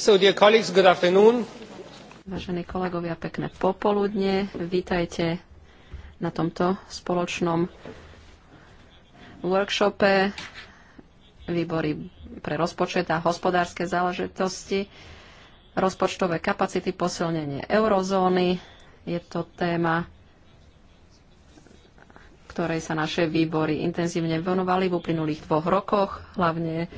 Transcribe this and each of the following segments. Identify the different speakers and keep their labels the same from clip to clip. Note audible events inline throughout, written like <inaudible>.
Speaker 1: Vážení
Speaker 2: kolegovia, pekné popoludne. Vítajte na tomto spoločnom workshope výbory pre rozpočet a hospodárske záležitosti, rozpočtové kapacity, posilnenie eurozóny. Je to téma, ktorej sa naše výbory intenzívne venovali v uplynulých dvoch rokoch, hlavne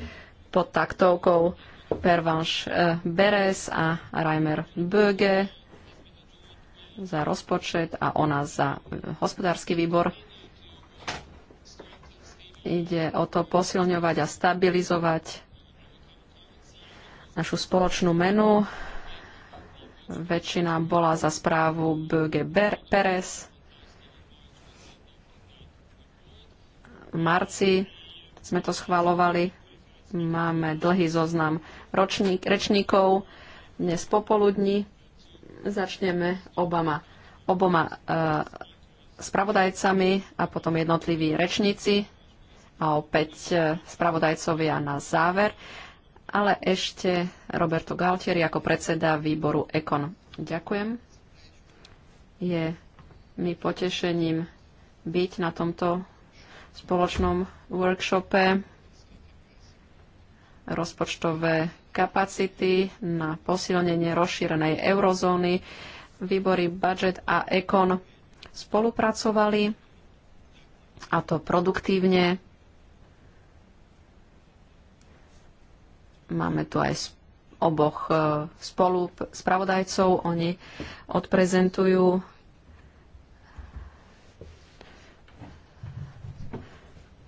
Speaker 2: pod taktovkou Pervanš e, Beres a Reimer Böge za rozpočet a ona za e, hospodársky výbor. Ide o to posilňovať a stabilizovať našu spoločnú menu. Väčšina bola za správu Böge Beres. V marci sme to schvalovali Máme dlhý zoznam ročník, rečníkov. Dnes popoludní začneme obama, oboma e, spravodajcami a potom jednotliví rečníci a opäť e, spravodajcovia na záver. Ale ešte Roberto Galtieri ako predseda výboru EKON. Ďakujem. Je mi potešením byť na tomto spoločnom workshope rozpočtové kapacity na posilnenie rozšírenej eurozóny. Výbory budget a ekon spolupracovali a to produktívne. Máme tu aj oboch e, spolu spravodajcov. Oni odprezentujú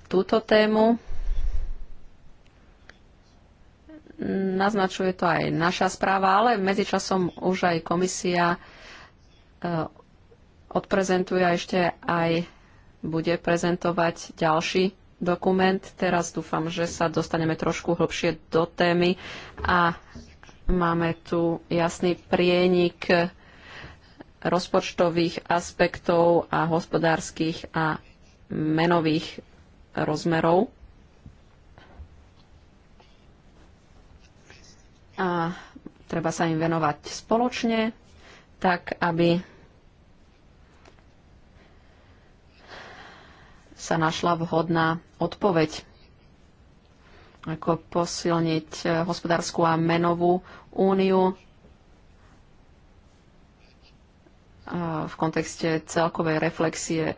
Speaker 2: túto tému. Naznačuje to aj naša správa, ale medzičasom už aj komisia e, odprezentuje a ešte aj bude prezentovať ďalší dokument. Teraz dúfam, že sa dostaneme trošku hlbšie do témy a máme tu jasný prienik rozpočtových aspektov a hospodárskych a menových rozmerov a treba sa im venovať spoločne, tak aby sa našla vhodná odpoveď, ako posilniť eh, hospodárskú a menovú úniu eh, v kontexte celkovej reflexie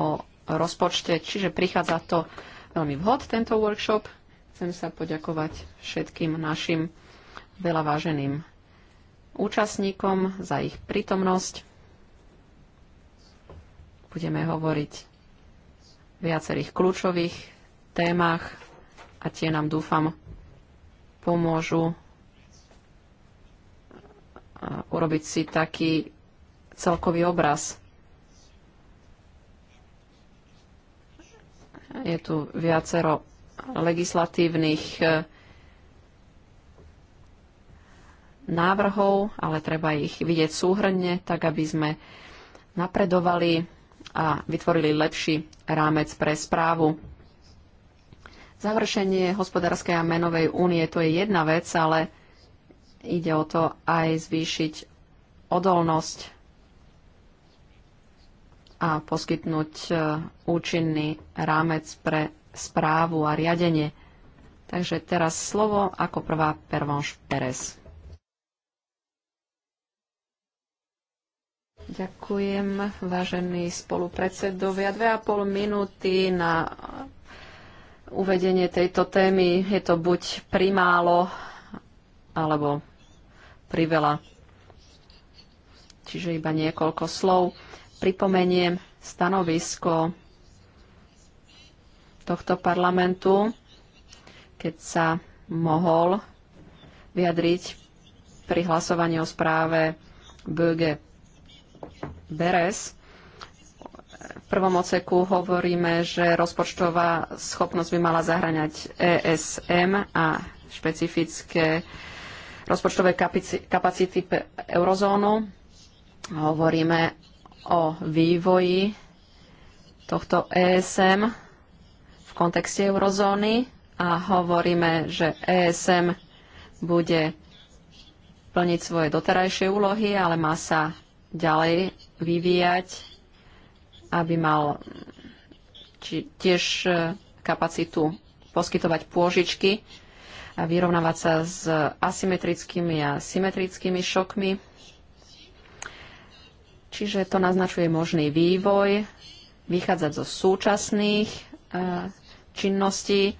Speaker 2: o rozpočte. Čiže prichádza to veľmi vhod, tento workshop. Chcem sa poďakovať všetkým našim veľa váženým účastníkom za ich prítomnosť. Budeme hovoriť o viacerých kľúčových témach a tie nám dúfam pomôžu urobiť si taký celkový obraz. Je tu viacero legislatívnych e, návrhov, ale treba ich vidieť súhrne, tak aby sme napredovali a vytvorili lepší rámec pre správu. Završenie hospodárskej a menovej únie to je jedna vec, ale ide o to aj zvýšiť odolnosť a poskytnúť e, účinný rámec pre správu a riadenie. Takže teraz slovo ako prvá Pervonš Perez. Ďakujem, vážení spolupredsedovia. Dve a pol minúty na uvedenie tejto témy. Je to buď primálo, alebo priveľa. Čiže iba niekoľko slov. Pripomeniem stanovisko tohto parlamentu, keď sa mohol vyjadriť pri hlasovaní o správe Böge. Beres. V prvom oceku hovoríme, že rozpočtová schopnosť by mala zahraňať ESM a špecifické rozpočtové kapacity pre eurozónu. Hovoríme o vývoji tohto ESM v kontexte eurozóny a hovoríme, že ESM bude plniť svoje doterajšie úlohy, ale má sa ďalej vyvíjať, aby mal či tiež e, kapacitu poskytovať pôžičky a vyrovnávať sa s asymetrickými a symetrickými šokmi. Čiže to naznačuje možný vývoj, vychádzať zo súčasných e, činností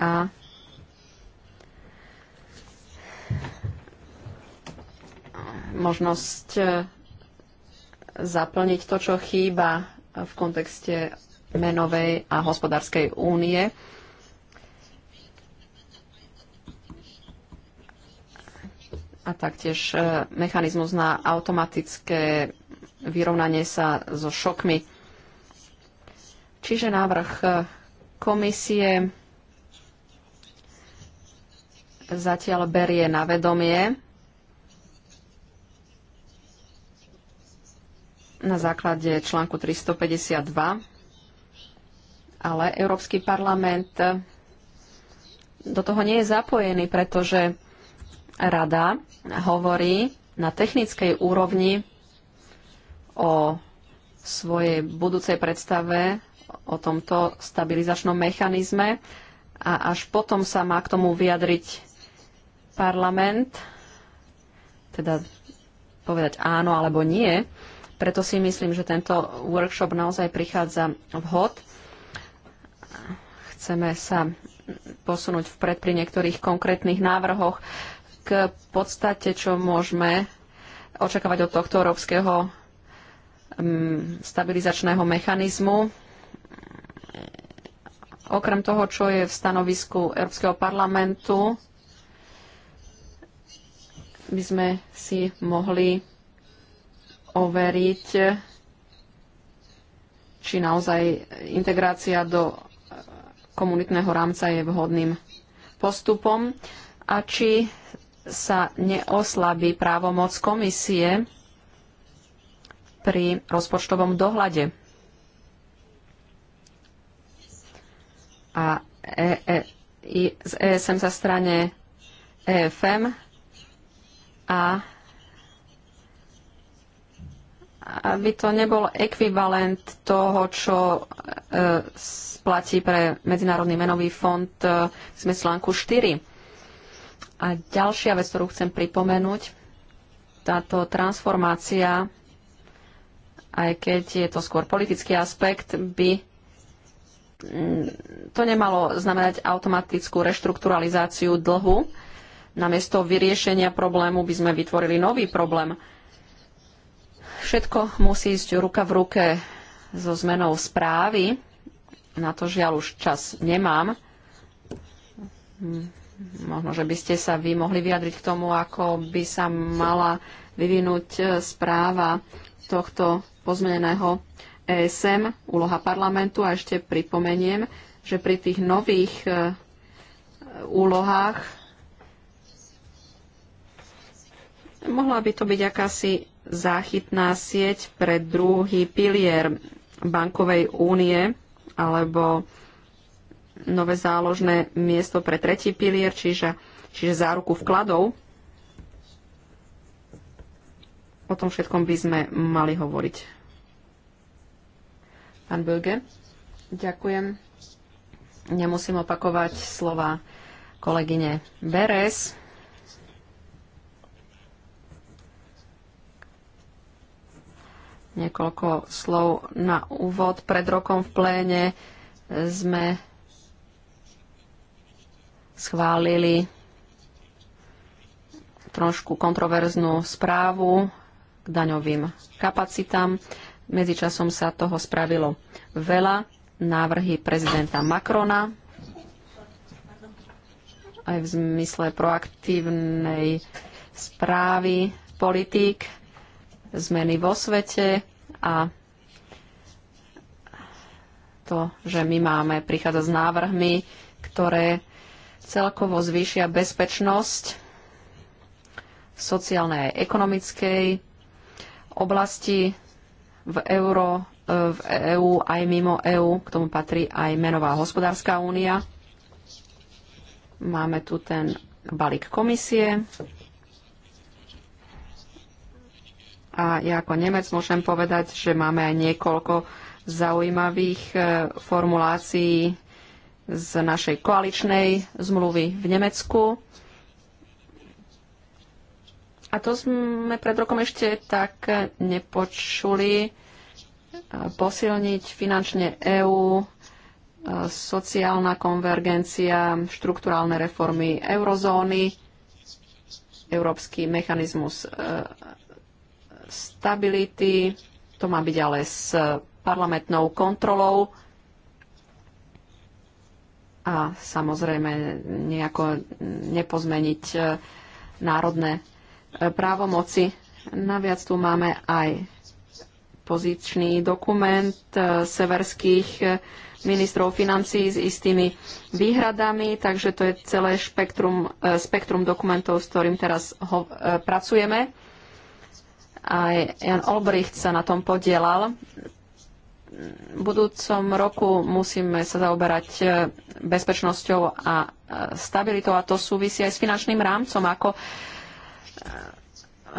Speaker 2: a možnosť e, zaplniť to, čo chýba v kontexte menovej a hospodárskej únie. A taktiež e, mechanizmus na automatické vyrovnanie sa so šokmi. Čiže návrh e, komisie zatiaľ berie na vedomie na základe článku 352, ale Európsky parlament do toho nie je zapojený, pretože rada hovorí na technickej úrovni o svojej budúcej predstave o tomto stabilizačnom mechanizme a až potom sa má k tomu vyjadriť parlament, teda povedať áno alebo nie. Preto si myslím, že tento workshop naozaj prichádza vhod. Chceme sa posunúť vpred pri niektorých konkrétnych návrhoch k podstate, čo môžeme očakávať od tohto európskeho mm, stabilizačného mechanizmu. Okrem toho, čo je v stanovisku Európskeho parlamentu, by sme si mohli overiť, či naozaj integrácia do komunitného rámca je vhodným postupom a či sa neoslabí právomoc komisie pri rozpočtovom dohľade. A e, e, i z ESM sa strane EFM a aby to nebol ekvivalent toho, čo e, platí pre Medzinárodný menový fond e, v článku 4. A ďalšia vec, ktorú chcem pripomenúť, táto transformácia, aj keď je to skôr politický aspekt, by to nemalo znamenať automatickú reštrukturalizáciu dlhu. Namiesto vyriešenia problému by sme vytvorili nový problém všetko musí ísť ruka v ruke so zmenou správy. Na to žiaľ už čas nemám. Možno, že by ste sa vy mohli vyjadriť k tomu, ako by sa mala vyvinúť e, správa tohto pozmeneného ESM, úloha parlamentu. A ešte pripomeniem, že pri tých nových e, úlohách mohla by to byť akási záchytná sieť pre druhý pilier bankovej únie alebo nové záložné miesto pre tretí pilier, čiže, čiže záruku vkladov. O tom všetkom by sme mali hovoriť. Pán Böge, ďakujem. Nemusím opakovať slova kolegyne Beres. Niekoľko slov na úvod. Pred rokom v pléne sme schválili trošku kontroverznú správu k daňovým kapacitám. Medzičasom sa toho spravilo veľa. Návrhy prezidenta Macrona aj v zmysle proaktívnej správy politík, zmeny vo svete, a to, že my máme prichádzať s návrhmi, ktoré celkovo zvýšia bezpečnosť v sociálnej a ekonomickej oblasti v euro, e, v EÚ aj mimo EÚ. K tomu patrí aj menová hospodárska únia. Máme tu ten balík komisie. A ja ako Nemec môžem povedať, že máme aj niekoľko zaujímavých e, formulácií z našej koaličnej zmluvy v Nemecku. A to sme pred rokom ešte tak nepočuli. E, posilniť finančne EÚ, e, sociálna konvergencia, štruktúrálne reformy eurozóny, európsky mechanizmus stability. To má byť ale s parlamentnou kontrolou a samozrejme nejako nepozmeniť e, národné e, právomoci. Naviac tu máme aj pozičný dokument e, severských ministrov financí s istými výhradami, takže to je celé spektrum, spektrum dokumentov, s ktorým teraz ho, pracujeme. Aj Jan Olbricht sa na tom podielal. V budúcom roku musíme sa zaoberať e, bezpečnosťou a e, stabilitou a to súvisí aj s finančným rámcom, ako e,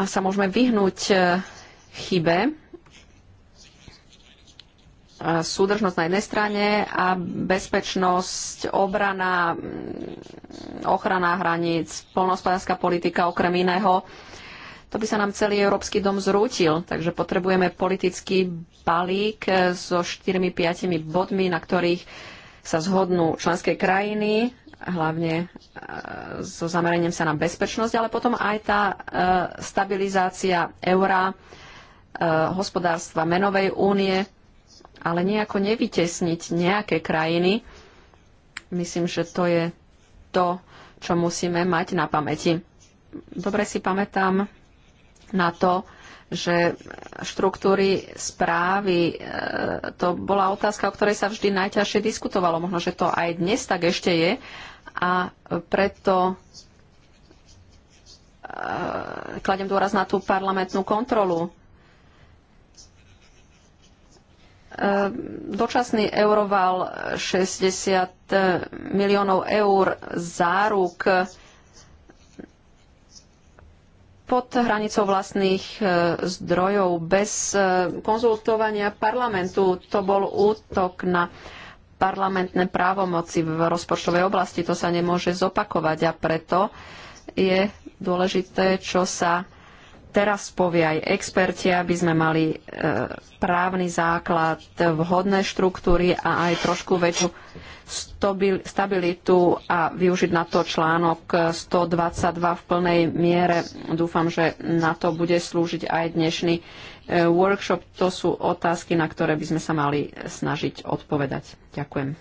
Speaker 2: sa môžeme vyhnúť chybe. Súdržnosť na jednej strane a bezpečnosť, obrana, ochrana hraníc, polnospodárska politika okrem iného to by sa nám celý Európsky dom zrútil. Takže potrebujeme politický balík so 4-5 bodmi, na ktorých sa zhodnú členské krajiny, hlavne e, so zameraním sa na bezpečnosť, ale potom aj tá e, stabilizácia eura, e, hospodárstva, menovej únie, ale nejako nevytesniť nejaké krajiny. Myslím, že to je to, čo musíme mať na pamäti. Dobre si pamätám na to, že štruktúry správy, e, to bola otázka, o ktorej sa vždy najťažšie diskutovalo. Možno, že to aj dnes tak ešte je. A preto e, kladem dôraz na tú parlamentnú kontrolu. E, dočasný euroval 60 miliónov eur záruk pod hranicou vlastných e, zdrojov bez e, konzultovania parlamentu. To bol útok na parlamentné právomoci v rozpočtovej oblasti. To sa nemôže zopakovať a preto je dôležité, čo sa teraz povie aj experti, aby sme mali e, právny základ, vhodné štruktúry a aj trošku väčšiu stabilitu a využiť na to článok 122 v plnej miere. Dúfam, že na to bude slúžiť aj dnešný e, workshop. To sú otázky, na ktoré by sme sa mali snažiť odpovedať. Ďakujem.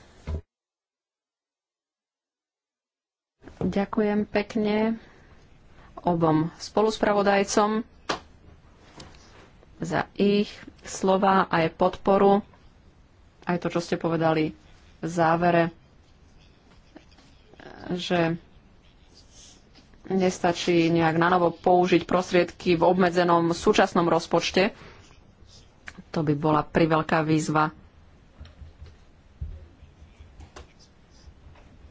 Speaker 2: Ďakujem pekne obom spoluspravodajcom za ich slova a aj podporu, aj to, čo ste povedali v závere, že nestačí nejak nanovo použiť prostriedky v obmedzenom súčasnom rozpočte. To by bola priveľká výzva.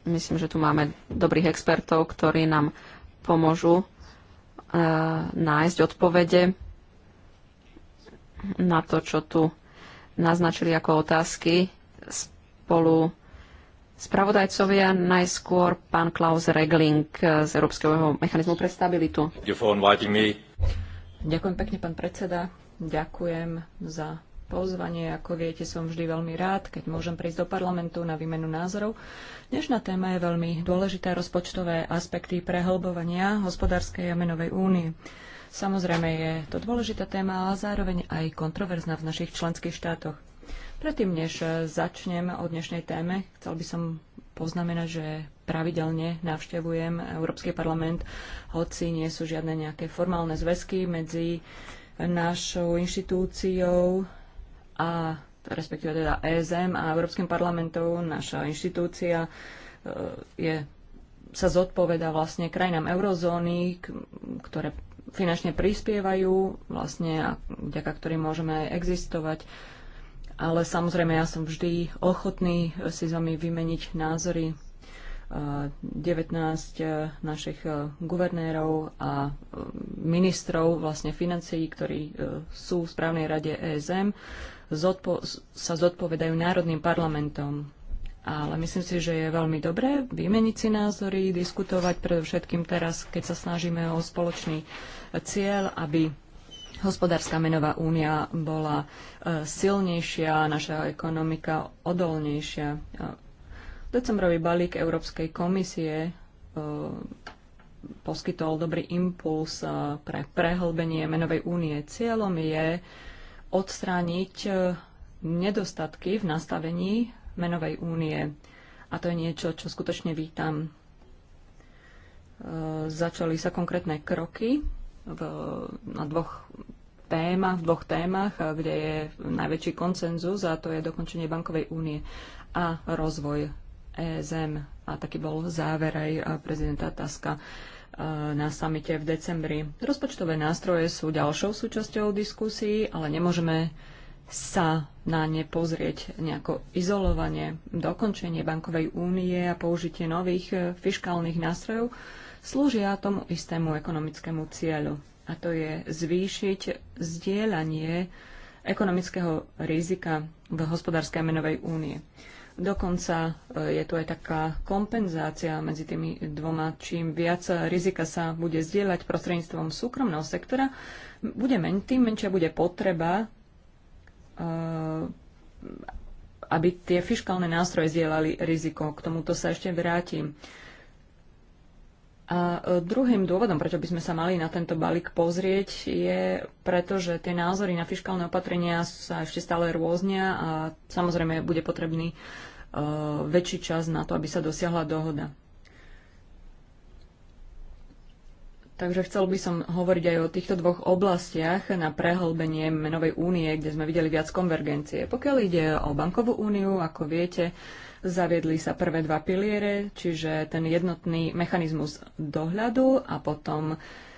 Speaker 2: Myslím, že tu máme dobrých expertov, ktorí nám pomôžu Eh, nájsť odpovede na to, čo tu naznačili ako otázky spolu spravodajcovia, najskôr pán Klaus Regling eh, z Európskeho mechanizmu pre
Speaker 1: stabilitu. Ďakujem pekne, pán predseda. Ďakujem za pozvanie. Ako viete, som vždy veľmi rád, keď môžem prísť do parlamentu na výmenu názorov. Dnešná téma je veľmi dôležitá rozpočtové aspekty prehlbovania hospodárskej a menovej únie. Samozrejme je to dôležitá téma a zároveň aj kontroverzná v našich členských štátoch. Predtým, než začnem o dnešnej téme, chcel by som poznamenať, že pravidelne navštevujem Európsky parlament, hoci nie sú žiadne nejaké formálne zväzky medzi našou inštitúciou a respektíve teda ESM a Európskym parlamentom, naša inštitúcia e, je, sa zodpoveda vlastne krajinám eurozóny, ktoré finančne prispievajú, vlastne a vďaka ktorým môžeme aj existovať. Ale samozrejme, ja som vždy ochotný si s vami vymeniť názory 19 eh, našich eh, guvernérov a eh, ministrov vlastne financií, ktorí sú v správnej rade ESM, zodpo- sa zodpovedajú národným parlamentom. Ale myslím si, že je veľmi dobré vymeniť si názory, diskutovať predovšetkým teraz, keď sa snažíme o spoločný cieľ, aby hospodárska menová únia bola silnejšia, naša ekonomika odolnejšia Decembrový balík Európskej komisie e, poskytol dobrý impuls e, pre prehlbenie menovej únie. Cieľom je odstrániť e, nedostatky v nastavení menovej únie. A to je niečo, čo skutočne vítam. Začali sa konkrétne kroky v, na dvoch témach, v dvoch témach, kde je najväčší koncenzus a to je dokončenie bankovej únie a rozvoj ESM. A taký bol záver aj prezidenta Taska e, na samite v decembri. Rozpočtové nástroje sú ďalšou súčasťou diskusí, ale nemôžeme sa na ne pozrieť nejako izolovanie, dokončenie bankovej únie a použitie nových e, fiškálnych nástrojov slúžia tomu istému ekonomickému cieľu. A to je zvýšiť zdieľanie ekonomického rizika v hospodárskej menovej únie. Dokonca e, je tu aj taká kompenzácia medzi tými dvoma. Čím viac rizika sa bude zdieľať prostredníctvom súkromného sektora, bude men, tým menšia bude potreba, e, aby tie fiskálne nástroje zdieľali riziko. K tomuto sa ešte vrátim. A e, druhým dôvodom, prečo by sme sa mali na tento balík pozrieť, je preto, že tie názory na fiskálne opatrenia sa ešte stále rôznia a samozrejme bude potrebný uh, Eh, väčší čas na to, aby sa dosiahla dohoda. Takže chcel by som hovoriť aj o týchto dvoch oblastiach na prehlbenie menovej únie, kde sme videli viac konvergencie. Pokiaľ ide o bankovú úniu, ako viete, zaviedli sa prvé dva piliere, čiže ten jednotný mechanizmus dohľadu a potom uh,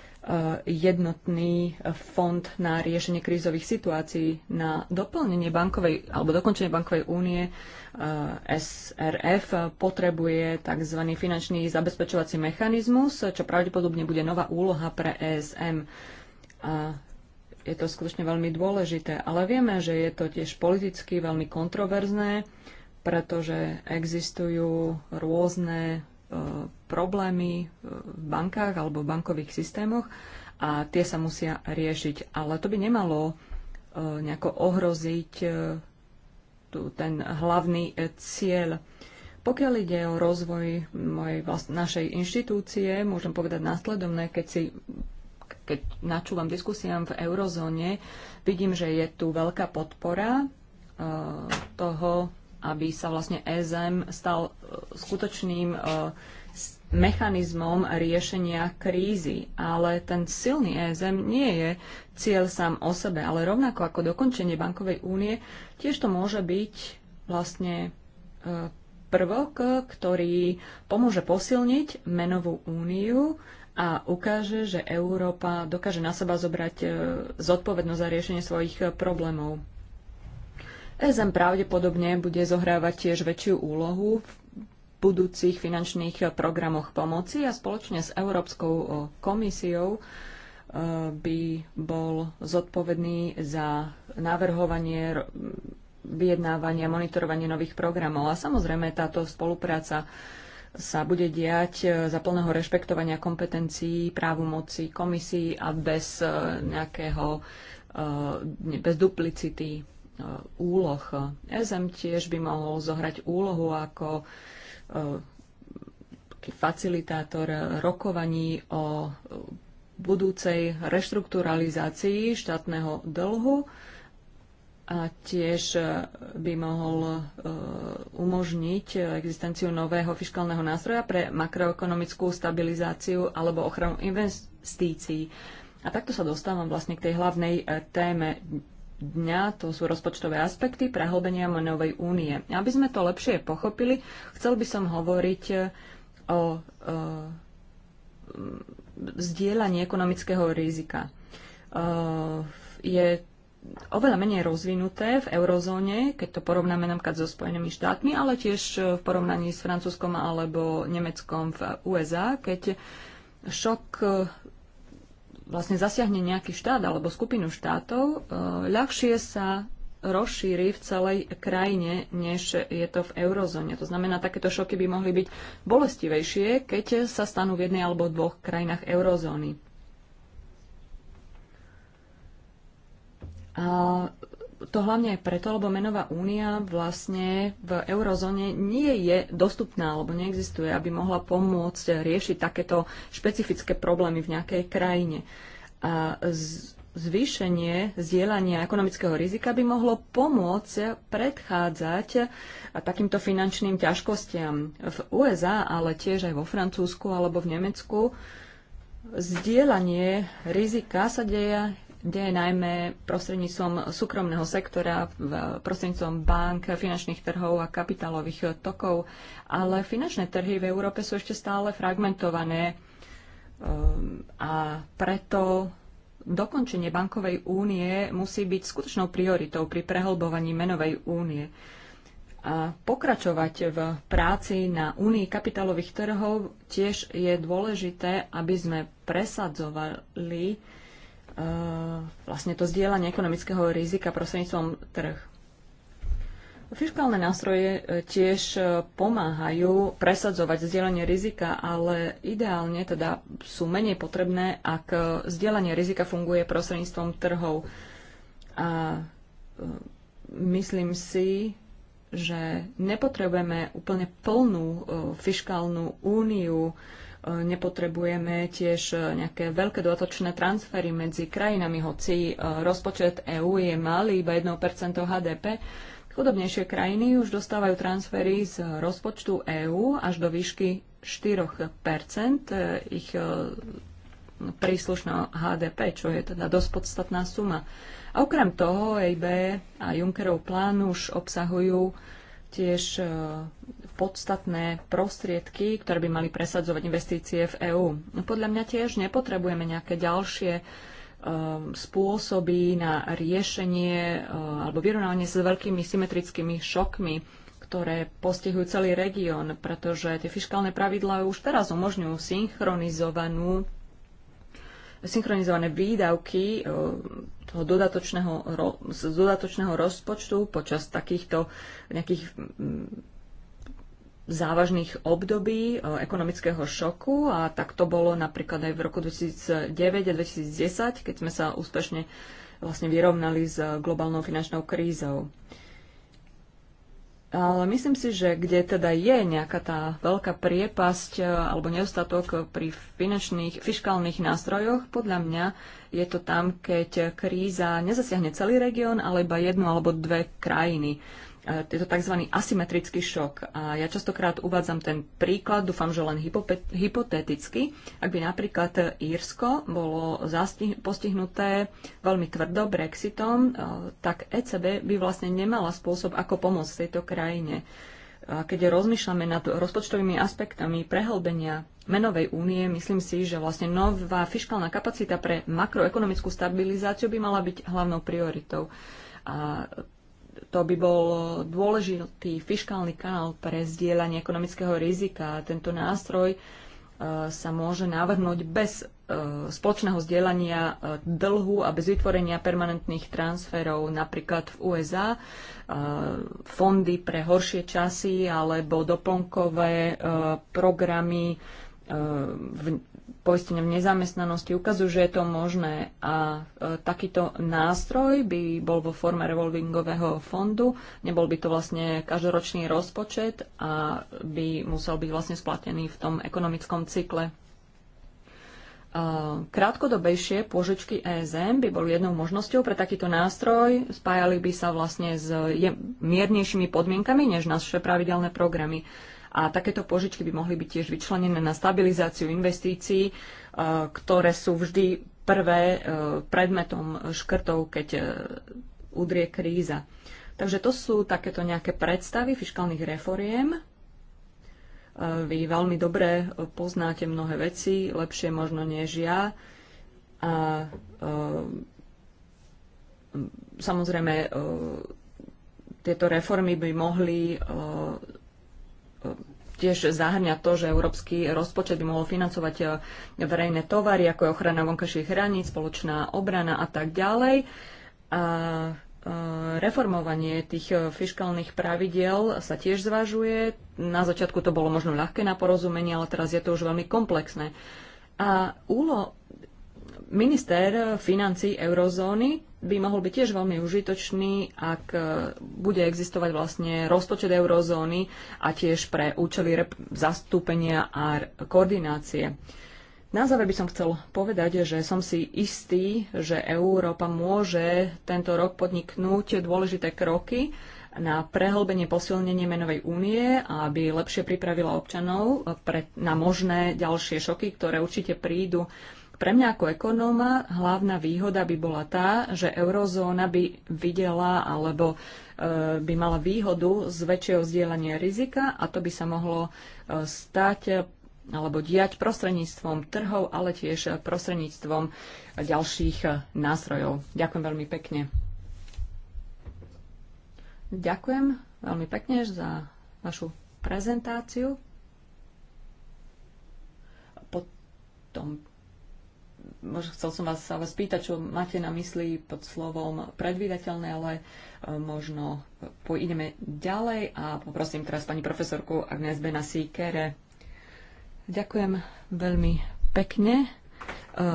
Speaker 1: jednotný fond na riešenie krízových situácií, na doplnenie bankovej alebo dokončenie bankovej únie eh, SRF potrebuje tzv. finančný zabezpečovací mechanizmus, čo pravdepodobne bude nová úloha pre ESM. A je to skutočne veľmi dôležité, ale vieme, že je to tiež politicky veľmi kontroverzné, pretože existujú rôzne E, problémy e, v bankách alebo v bankových systémoch a tie sa musia riešiť. Ale to by nemalo e, nejako ohroziť ten hlavný cieľ. Pokiaľ ide o rozvoj mojej vlast- našej inštitúcie, môžem povedať následovné, keď si keď načúvam diskusiám v eurozóne, vidím, že je tu veľká podpora uh, toho aby sa vlastne EZM stal e, skutočným e, mechanizmom riešenia krízy. Ale ten silný ESM nie je cieľ sám o sebe, ale rovnako ako dokončenie bankovej únie, tiež to môže byť vlastne e, prvok, ktorý pomôže posilniť menovú úniu a ukáže, že Európa dokáže na seba zobrať zodpovednosť za riešenie svojich problémov. ESM pravdepodobne bude zohrávať tiež väčšiu úlohu v budúcich finančných programoch pomoci a spoločne s Európskou eh, komisiou eh, by bol zodpovedný za navrhovanie, vyjednávanie a monitorovanie nových programov. A samozrejme táto spolupráca sa bude diať eh, za plného rešpektovania kompetencií, moci komisii a bez nejakého, bez duplicity Eh, úloh. SM e tiež by mohol zohrať úlohu ako eh, facilitátor rokovaní o eh, budúcej reštrukturalizácii štátneho dlhu a tiež by mohol umožniť existenciu nového fiskálneho nástroja pre makroekonomickú stabilizáciu alebo ochranu investícií. A takto sa dostávam vlastne k tej hlavnej téme dňa, to sú rozpočtové aspekty prehlbenia menovej únie. Aby sme to lepšie pochopili, chcel by som hovoriť e, o, o e, zdieľaní ekonomického rizika. E, je oveľa menej rozvinuté v eurozóne, keď to porovnáme napríklad so Spojenými štátmi, ale tiež v porovnaní s Francúzskom alebo Nemeckom v USA, keď šok vlastne zasiahne nejaký štát alebo skupinu štátov, eh, ľahšie sa rozšíri v celej krajine, než je to v eurozóne. To znamená, takéto šoky by mohli byť bolestivejšie, keď sa stanú v jednej alebo dvoch krajinách eurozóny. A to hlavne aj preto, lebo menová únia vlastne v eurozóne nie je dostupná alebo neexistuje, aby mohla pomôcť riešiť takéto špecifické problémy v nejakej krajine. A z, zvýšenie zdieľania ekonomického rizika by mohlo pomôcť predchádzať takýmto finančným ťažkostiam. V USA, ale tiež aj vo Francúzsku alebo v Nemecku zdieľanie rizika sa deje deje najmä prostredníctvom súkromného sektora, prostredníctvom bank, finančných trhov a kapitálových tokov, ale finančné trhy v Európe sú ešte stále fragmentované um, a preto dokončenie bankovej únie musí byť skutočnou prioritou pri prehlbovaní menovej únie. A pokračovať v práci na únii kapitálových trhov tiež je dôležité, aby sme presadzovali E, vlastne to zdieľanie ekonomického rizika prostredníctvom trh. Fiskálne nástroje e, tiež e, pomáhajú presadzovať zdieľanie rizika, ale ideálne teda sú menej potrebné, ak zdieľanie rizika funguje prostredníctvom trhov. A myslím si, že nepotrebujeme úplne plnú fiskálnu úniu, nepotrebujeme tiež e, nejaké veľké dodatočné transfery medzi krajinami, hoci e, rozpočet EÚ je malý, iba 1% HDP. Chudobnejšie krajiny už dostávajú transfery z rozpočtu EÚ až do výšky 4% e, ich príslušného HDP, čo je teda dosť podstatná suma. A okrem toho EIB a Junckerov plán už obsahujú tiež podstatné prostriedky, ktoré by mali presadzovať investície v EÚ. Podľa mňa tiež nepotrebujeme nejaké ďalšie e, spôsoby na riešenie e, alebo vyrovnanie sa s veľkými symetrickými šokmi, ktoré postihujú celý región, pretože tie fiskálne pravidlá už teraz umožňujú synchronizovanú synchronizované výdavky e, toho dodatočného, z dodatočného rozpočtu počas takýchto nejakých závažných období e, ekonomického šoku a tak to bolo napríklad aj v roku 2009 a 2010, keď sme sa úspešne vlastne vyrovnali s globálnou finančnou krízou. Ale myslím si, že kde teda je nejaká tá veľká priepasť e, alebo nedostatok pri finančných, fiskálnych nástrojoch, podľa mňa je to tam, keď kríza nezasiahne celý región, ale iba jednu alebo dve krajiny. E, je to tzv. asymetrický šok. A ja častokrát uvádzam ten príklad, dúfam, že len hypoteticky, ak by napríklad Írsko bolo postihnuté veľmi tvrdo Brexitom, e, tak ECB by vlastne nemala spôsob, ako pomôcť tejto krajine. A e, keď rozmýšľame nad rozpočtovými aspektami prehlbenia menovej únie, myslím si, že vlastne nová fiskálna kapacita pre makroekonomickú stabilizáciu by mala byť hlavnou prioritou. A to by bol dôležitý fiškálny kanál pre zdieľanie ekonomického rizika. Tento nástroj e, sa môže navrhnúť bez e, spoločného zdieľania e, dlhu a bez vytvorenia permanentných transferov, napríklad v USA, fondy pre horšie časy alebo doplnkové programy v poisteniam nezamestnanosti ukazujú, že je to možné a e, takýto nástroj by bol vo forme revolvingového fondu, nebol by to vlastne každoročný rozpočet a by musel byť vlastne splatený v tom ekonomickom cykle. E, krátkodobejšie pôžičky ESM by boli jednou možnosťou pre takýto nástroj, spájali by sa vlastne s miernejšími podmienkami než naše pravidelné programy. E, a takéto požičky by mohli byť tiež vyčlenené na stabilizáciu investícií, e, ktoré sú vždy prvé e, predmetom škrtov, keď e, udrie kríza. Takže to sú takéto nejaké predstavy fiskálnych reforiem. Vy veľmi dobre poznáte mnohé veci, lepšie možno než ja. A samozrejme tieto reformy by mohli tiež zahrňa to, že európsky rozpočet by mohol financovať e, verejné tovary, ako je ochrana vonkajších hraníc, spoločná obrana a tak ďalej. A e, reformovanie tých e, fiskálnych pravidiel sa tiež zvažuje. Na začiatku to bolo možno ľahké na porozumenie, ale teraz je to už veľmi komplexné. A úlo, Minister financí eurozóny by mohol byť tiež veľmi užitočný, ak e, bude existovať vlastne rozpočet eurozóny a tiež pre účely zastúpenia a koordinácie. Na záver by som chcel povedať, že som si istý, že Európa môže tento rok podniknúť dôležité kroky na prehlbenie posilnenie menovej únie, aby lepšie pripravila občanov pre, na možné ďalšie šoky, ktoré určite prídu pre mňa ako ekonóma hlavná výhoda by bola tá, že eurozóna by videla alebo e, by mala výhodu z väčšieho vzdielania rizika a to by sa mohlo e, stať alebo diať prostredníctvom trhov, ale tiež prostredníctvom ďalších e, nástrojov. Ďakujem veľmi pekne. Ďakujem veľmi pekne za vašu prezentáciu. Potom chcel som vás ale spýtať, čo máte na mysli pod slovom predvídateľné, ale e, možno pôjdeme ďalej a poprosím teraz pani profesorku Agnes Benasíkere. Ďakujem veľmi pekne. E, e,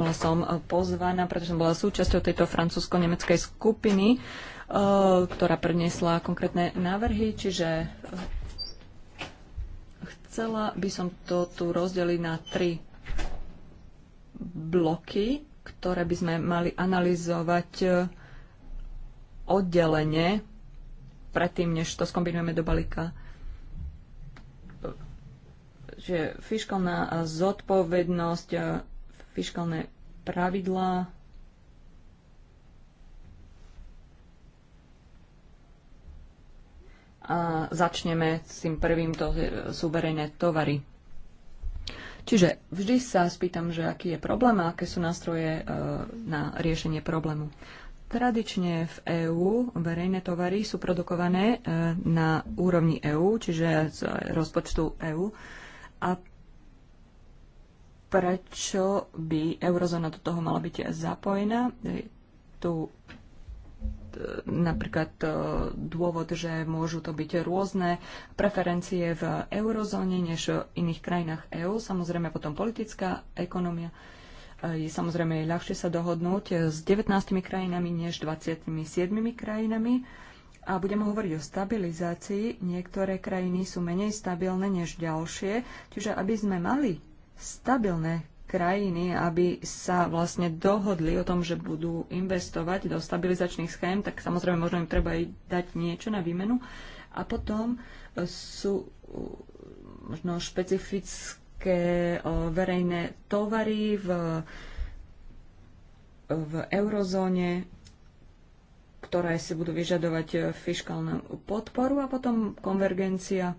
Speaker 1: bola som pozvaná, pretože som bola súčasťou tejto francúzsko-nemeckej skupiny, ktorá predniesla konkrétne návrhy, čiže chcela by som to tu rozdeliť na tri bloky, ktoré by sme mali analyzovať e, oddelenie predtým, než to skombinujeme do balíka. Že fiskálna zodpovednosť, e, fiskálne pravidlá, a začneme s tým prvým, to sú verejné tovary. Čiže vždy sa spýtam, že aký je problém a aké sú nástroje e, na riešenie problému. Tradične v EÚ verejné tovary sú produkované e, na úrovni EÚ, čiže z rozpočtu EÚ. A prečo by eurozóna do toho mala byť zapojená? E, tu napríklad e, dôvod, že môžu to byť rôzne preferencie v eurozóne než v iných krajinách EÚ, samozrejme potom politická ekonomia. E, je samozrejme ľahšie sa dohodnúť s 19 krajinami než 27 krajinami. A budeme hovoriť o stabilizácii. Niektoré krajiny sú menej stabilné než ďalšie, čiže aby sme mali stabilné krajiny, aby sa vlastne dohodli o tom, že budú investovať do stabilizačných schém, tak samozrejme možno im treba aj dať niečo na výmenu. A potom e, sú e, možno špecifické e, verejné tovary v, v eurozóne, ktoré si budú vyžadovať fiskálnu podporu a potom konvergencia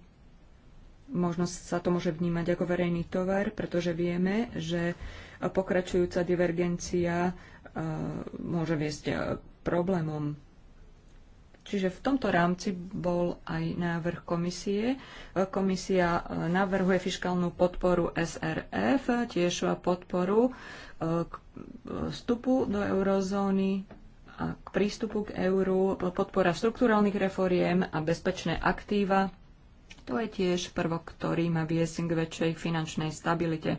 Speaker 1: možno sa to môže vnímať ako verejný tovar, pretože vieme, že pokračujúca divergencia e, môže viesť e, problémom. Čiže v tomto rámci bol aj návrh komisie. E, komisia navrhuje fiskálnu podporu SRF, tiež podporu k vstupu do eurozóny a k prístupu k euru, podpora štruktúrálnych refóriem a bezpečné aktíva to je tiež prvok, ktorý má viesť k väčšej finančnej stabilite.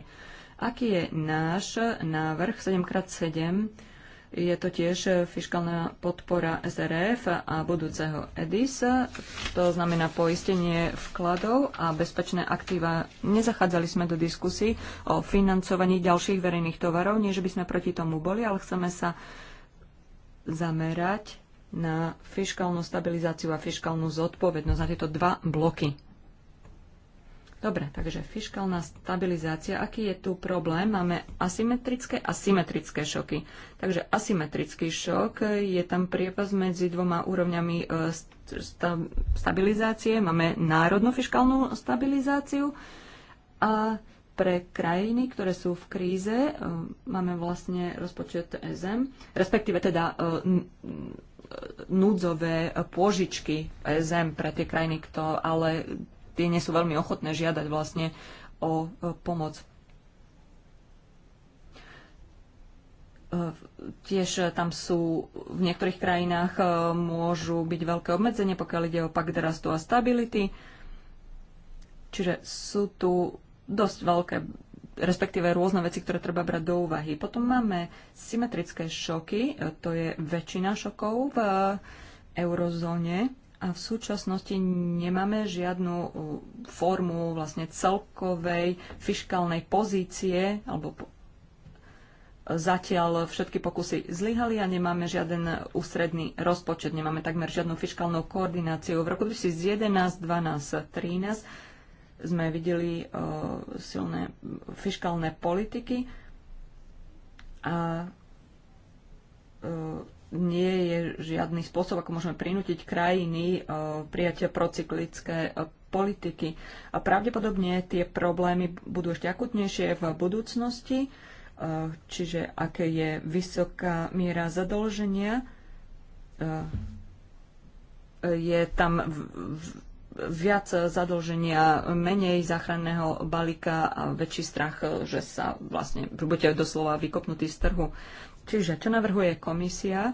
Speaker 1: Aký je náš návrh 7x7? Je to tiež fiskálna podpora SRF a budúceho EDIS. To znamená poistenie vkladov a bezpečné aktíva. Nezachádzali sme do diskusí o financovaní ďalších verejných tovarov, nie že by sme proti tomu boli, ale chceme sa zamerať na fiskálnu stabilizáciu a fiskálnu zodpovednosť, na tieto dva bloky. Dobre, takže fiskálna stabilizácia. Aký je tu problém? Máme asymetrické a symetrické šoky. Takže asymetrický šok, je tam priepas medzi dvoma úrovňami e, stabilizácie. Máme národnú fiskálnu stabilizáciu a pre krajiny, ktoré sú v kríze, e, máme vlastne rozpočet ESM, respektíve teda e, núdzové pôžičky ESM pre tie krajiny, kto, ale tie nie sú veľmi ochotné žiadať vlastne o e, pomoc. E, tiež tam sú, v niektorých krajinách e, môžu byť veľké obmedzenie, pokiaľ ide o pakt rastu a stability. Čiže sú tu dosť veľké, respektíve rôzne veci, ktoré treba brať do úvahy. Potom máme symetrické šoky, to je väčšina šokov v eurozóne. A v súčasnosti nemáme žiadnu uh, formu vlastne celkovej fiškálnej pozície, alebo zatiaľ všetky pokusy zlyhali a nemáme žiaden ústredný rozpočet, nemáme takmer žiadnu fiskálnu koordináciu. V roku 2011, 12, 13 sme videli uh, silné fiškálne politiky a uh, nie je žiadny spôsob, ako môžeme prinútiť krajiny e, prijatia procyklické e, politiky. A pravdepodobne tie problémy budú ešte akutnejšie v budúcnosti, e, čiže aké je vysoká miera zadlženia. Je tam viac zadlženia, menej záchranného balíka a väčší strach, že sa vlastne budete doslova vykopnutí z trhu. Čiže, čo navrhuje komisia? E,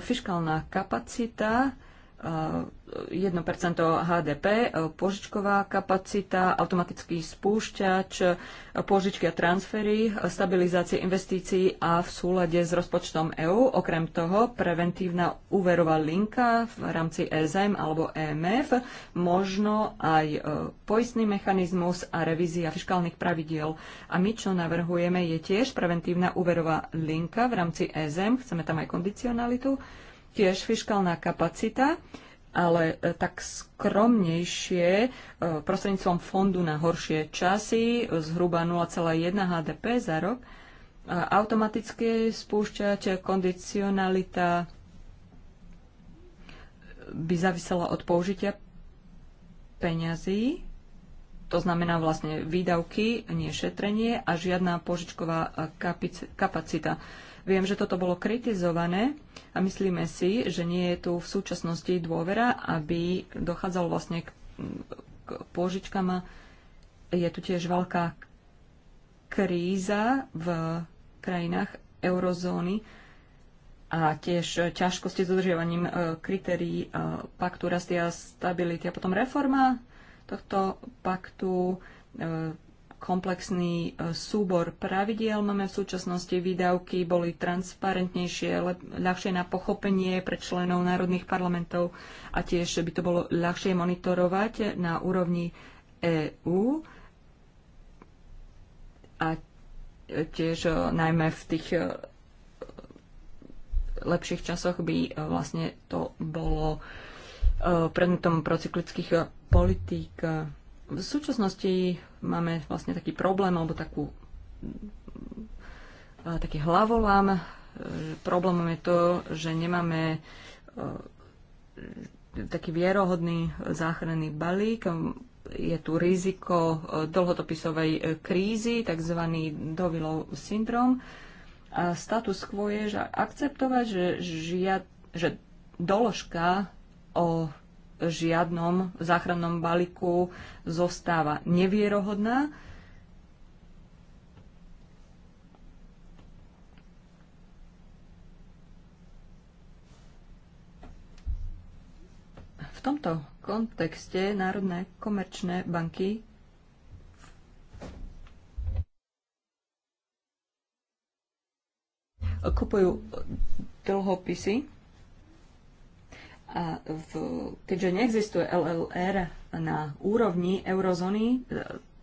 Speaker 1: Fiškálna kapacita 1% eh, HDP, eh, požičková kapacita, automatický spúšťač, eh, požičky a transfery, stabilizácie investícií a v súlade s rozpočtom EÚ. Okrem toho, preventívna úverová linka v rámci EZM e alebo EMF, možno aj poistný mechanizmus a revízia fiskálnych pravidiel. A my, čo navrhujeme, je tiež preventívna úverová linka v rámci EZM, e chceme tam aj kondicionalitu tiež fiškálna kapacita, ale e, tak skromnejšie e, prostredníctvom fondu na horšie časy, e, zhruba 0,1 HDP za rok, automaticky spúšťať kondicionalita by závisela od použitia peňazí, to znamená vlastne výdavky, nie šetrenie a žiadna požičková kapacita. Viem, že toto bolo kritizované a myslíme si, že nie je tu v súčasnosti dôvera, aby dochádzalo vlastne k, k pôžičkama. Je tu tiež veľká kríza v krajinách eurozóny a tiež ťažkosti s dodržiavaním e, kritérií e, paktu rastia a stability a potom reforma tohto paktu e, komplexný e, súbor pravidiel. Máme v súčasnosti výdavky, boli transparentnejšie, ľahšie na pochopenie pre členov národných parlamentov a tiež by to bolo ľahšie monitorovať na úrovni EÚ a tiež e, najmä v tých e, lepších časoch by vlastne to bolo predmetom procyklických politík v súčasnosti máme vlastne taký problém alebo takú, e, taký hlavolám. E, problémom je to, že nemáme e, taký vierohodný záchranný balík. Je tu riziko dlhodopisovej krízy, tzv. Dovilov syndrom. A status quo je, že akceptovať, že, žia že doložka o žiadnom záchrannom balíku zostáva nevierohodná. V tomto kontexte národné komerčné banky kupujú dlhopisy a v, keďže neexistuje LLR na úrovni eurozóny, e,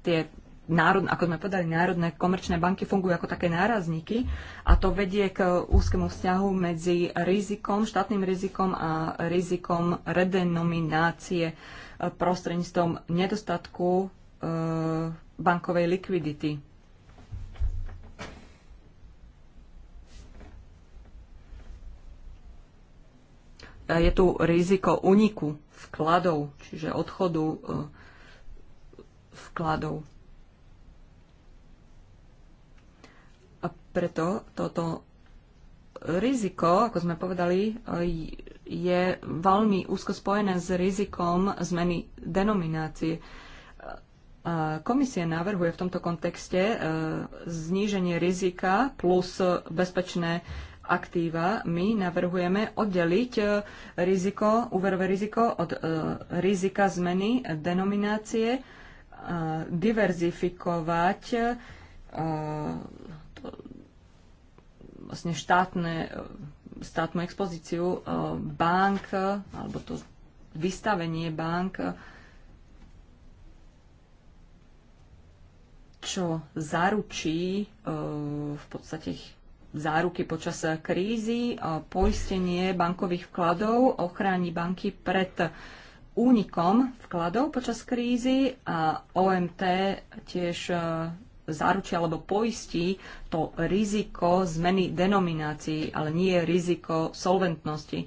Speaker 1: tie národ, ako sme povedali, národné komerčné banky fungujú ako také nárazníky a to vedie k úzkému vzťahu medzi rizikom, štátnym rizikom a rizikom redenominácie e, prostredníctvom nedostatku e, bankovej likvidity. je tu riziko uniku vkladov, čiže odchodu e, vkladov. A preto toto riziko, ako sme povedali, e, je veľmi úzko spojené s rizikom zmeny denominácie. Komisie navrhuje v tomto kontexte e, zníženie rizika plus bezpečné aktíva, my navrhujeme oddeliť e, riziko, úverové riziko od e, rizika zmeny e, denominácie, diverzifikovať vlastne štátne, štátnu expozíciu bank, alebo to vystavenie bank, čo zaručí v podstate záruky počas krízy, poistenie bankových vkladov ochráni banky pred únikom vkladov počas krízy a OMT tiež e, zaručia alebo poistí to riziko zmeny denominácií, ale nie riziko solventnosti.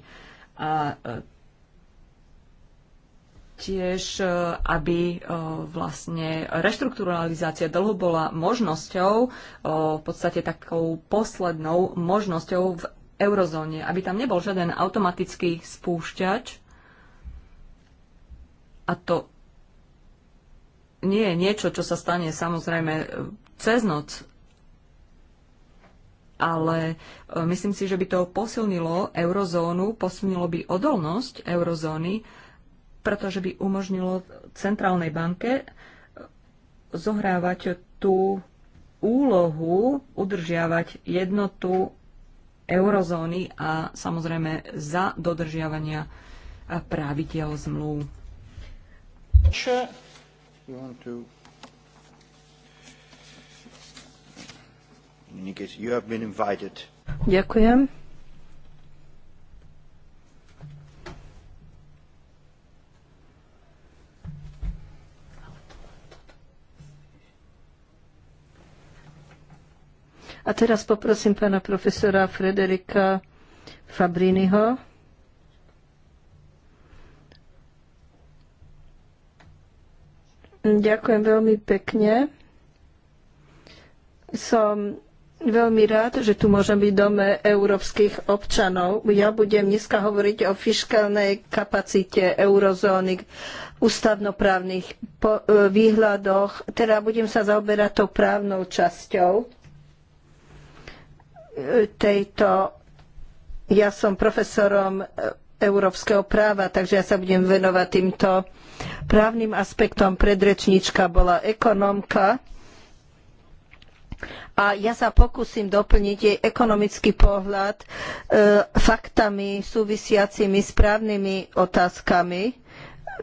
Speaker 1: A e, tiež, e, aby e, vlastne reštrukturalizácia dlhu bola možnosťou, e, v podstate takou poslednou možnosťou v eurozóne, aby tam nebol žiaden automatický spúšťač. A to nie je niečo, čo sa stane samozrejme cez noc, ale myslím si, že by to posilnilo eurozónu, posilnilo by odolnosť eurozóny pretože by umožnilo centrálnej banke zohrávať tú úlohu udržiavať jednotu eurozóny a samozrejme za dodržiavania pravidel zmluv. Sure.
Speaker 3: Ďakujem. A teraz poprosím pána profesora Frederika Fabriniho. Ďakujem veľmi pekne. Som veľmi rád, že tu môžem byť v dome európskych občanov. Ja budem dneska hovoriť o fiškálnej kapacite eurozóny, ústavnoprávnych eh, výhľadoch, teda budem sa zaoberať tou právnou časťou tejto... Ja som profesorom európskeho práva, takže ja sa budem venovať týmto právnym aspektom. Predrečníčka bola ekonomka a ja sa pokúsim doplniť jej ekonomický pohľad e, faktami súvisiacimi s právnymi otázkami.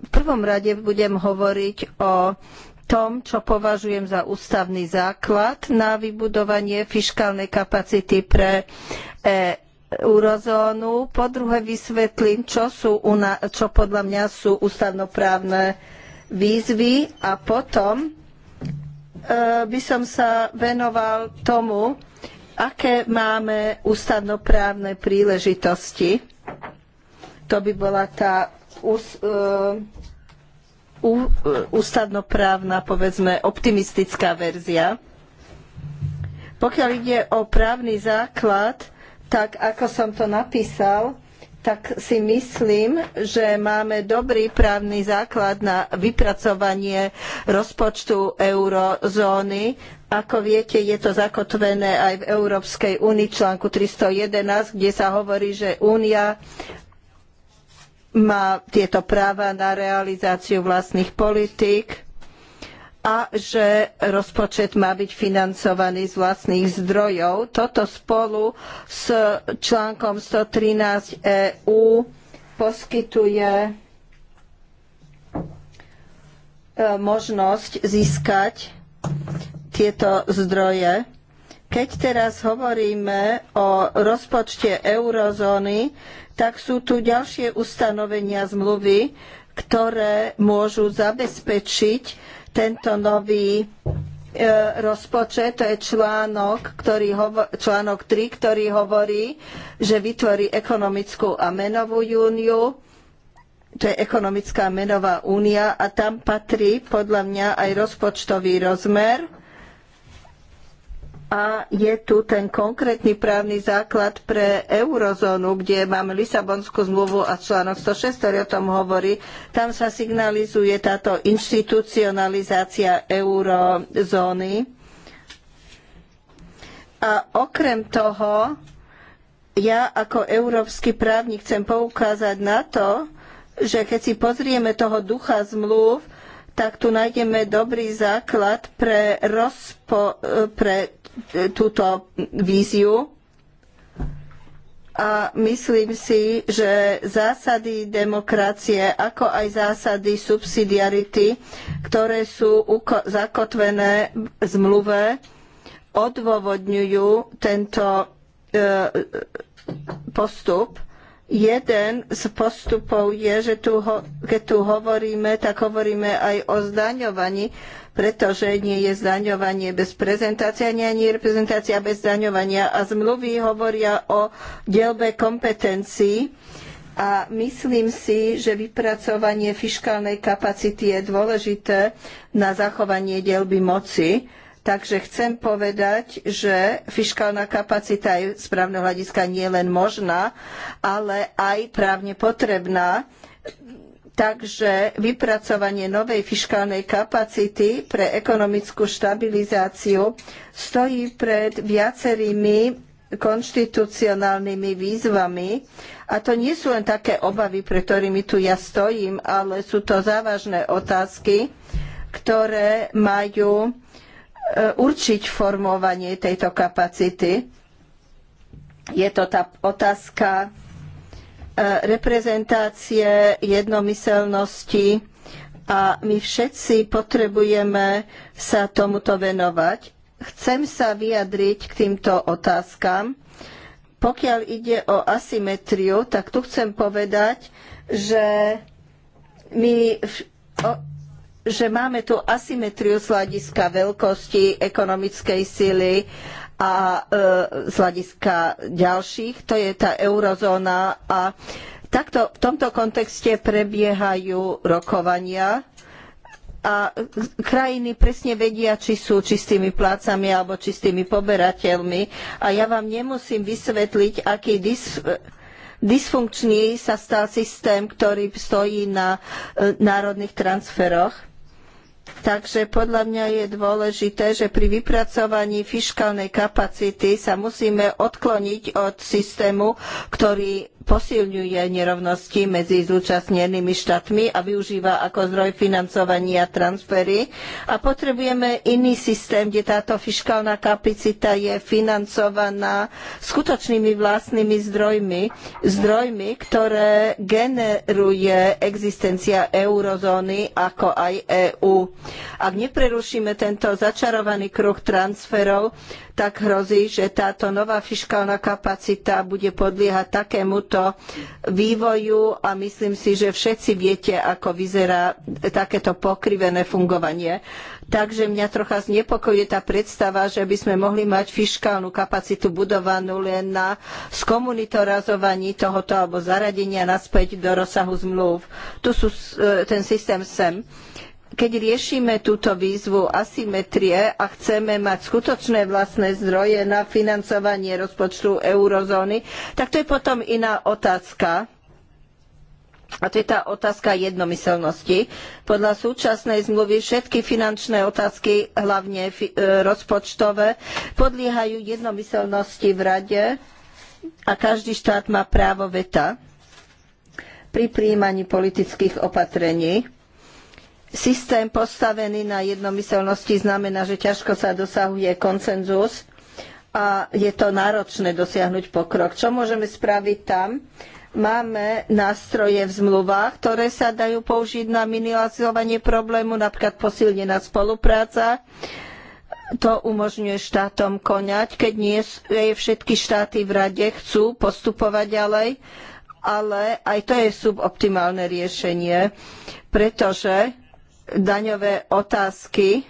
Speaker 3: V prvom rade budem hovoriť o tom, čo považujem za ústavný základ na vybudovanie fiškálnej kapacity pre e, eurozónu. Po druhé vysvetlím, čo, sú, čo podľa mňa sú ústavnoprávne výzvy a potom e, by som sa venoval tomu, aké máme ústavnoprávne príležitosti. To by bola tá e, ústavnoprávna, povedzme, optimistická verzia. Pokiaľ ide o právny základ, tak ako som to napísal, tak si myslím, že máme dobrý právny základ na vypracovanie rozpočtu eurozóny. Ako viete, je to zakotvené aj v Európskej únii článku 311, kde sa hovorí, že únia má tieto práva na realizáciu vlastných politík a že rozpočet má byť financovaný z vlastných zdrojov. Toto spolu s článkom 113 EU poskytuje e, možnosť získať tieto zdroje. Keď teraz hovoríme o rozpočte eurozóny, tak sú tu ďalšie ustanovenia zmluvy, ktoré môžu zabezpečiť tento nový e, rozpočet, to je článok, ktorý hovo- článok 3, ktorý hovorí, že vytvorí ekonomickú a menovú úniu, to je ekonomická menová únia a tam patrí podľa mňa aj rozpočtový rozmer a je tu ten konkrétny právny základ pre eurozónu, kde máme Lisabonskú zmluvu a článok 106, ktorý o tom hovorí. Tam sa signalizuje táto inštitucionalizácia eurozóny. A okrem toho, ja ako európsky právnik chcem poukázať na to, že keď si pozrieme toho ducha zmluv, tak tu nájdeme dobrý základ pre, rozpo, pre túto víziu. A myslím si, že zásady demokracie, ako aj zásady subsidiarity, ktoré sú zakotvené v zmluve, odôvodňujú tento e, postup Jeden z postupov je, že tu keď tu hovoríme, tak hovoríme aj o zdaňovaní, pretože nie je zdaňovanie bez prezentácia, nie je reprezentácia bez zdaňovania. A zmluvy hovoria o dielbe kompetencií a myslím si, že vypracovanie fiškálnej kapacity je dôležité na zachovanie dielby moci Takže chcem povedať, že fiškálna kapacita je z právneho hľadiska nie len možná, ale aj právne potrebná. Takže vypracovanie novej fiškálnej kapacity pre ekonomickú stabilizáciu stojí pred viacerými konštitucionálnymi výzvami. A to nie sú len také obavy, pre ktorými tu ja stojím, ale sú to závažné otázky, ktoré majú E, určiť formovanie tejto kapacity. Je to tá otázka e, reprezentácie, jednomyselnosti a my všetci potrebujeme sa tomuto venovať. Chcem sa vyjadriť k týmto otázkam. Pokiaľ ide o asymetriu, tak tu chcem povedať, že my že máme tu asymetriu z hľadiska veľkosti ekonomickej sily a e, z hľadiska ďalších, to je tá eurozóna a takto v tomto kontexte prebiehajú rokovania a krajiny presne vedia, či sú čistými plácami alebo čistými poberateľmi a ja vám nemusím vysvetliť, aký dis dysfunkčný sa stal systém, ktorý stojí na e, národných transferoch Takže podľa mňa je dôležité, že pri vypracovaní fiškálnej kapacity sa musíme odkloniť od systému, ktorý posilňuje nerovnosti medzi zúčastnenými štátmi a využíva ako zdroj financovania transfery. A potrebujeme iný systém, kde táto fiškálna kapacita je financovaná skutočnými vlastnými zdrojmi, zdrojmi, ktoré generuje existencia eurozóny ako aj EÚ. Ak neprerušíme tento začarovaný kruh transferov, tak hrozí, že táto nová fiškálna kapacita bude podliehať takémuto vývoju a myslím si, že všetci viete, ako vyzerá takéto pokrivené fungovanie. Takže mňa trocha znepokojuje tá predstava, že by sme mohli mať fiškálnu kapacitu budovanú len na skomunitorazovaní tohoto alebo zaradenia naspäť do rozsahu zmluv. Tu sú e, ten systém SEM keď riešime túto výzvu asymetrie a chceme mať skutočné vlastné zdroje na financovanie rozpočtu eurozóny, tak to je potom iná otázka. A to je tá otázka jednomyseľnosti. Podľa súčasnej zmluvy všetky finančné otázky, hlavne e, rozpočtové, podliehajú jednomyseľnosti v rade a každý štát má právo veta pri príjmaní politických opatrení systém postavený na jednomyseľnosti znamená, že ťažko sa dosahuje koncenzus a je to náročné dosiahnuť pokrok. Čo môžeme spraviť tam? Máme nástroje v zmluvách, ktoré sa dajú použiť na minimalizovanie problému, napríklad posilnená spolupráca. To umožňuje štátom konať, keď nie všetky štáty v rade chcú postupovať ďalej, ale aj to je suboptimálne riešenie, pretože daňové otázky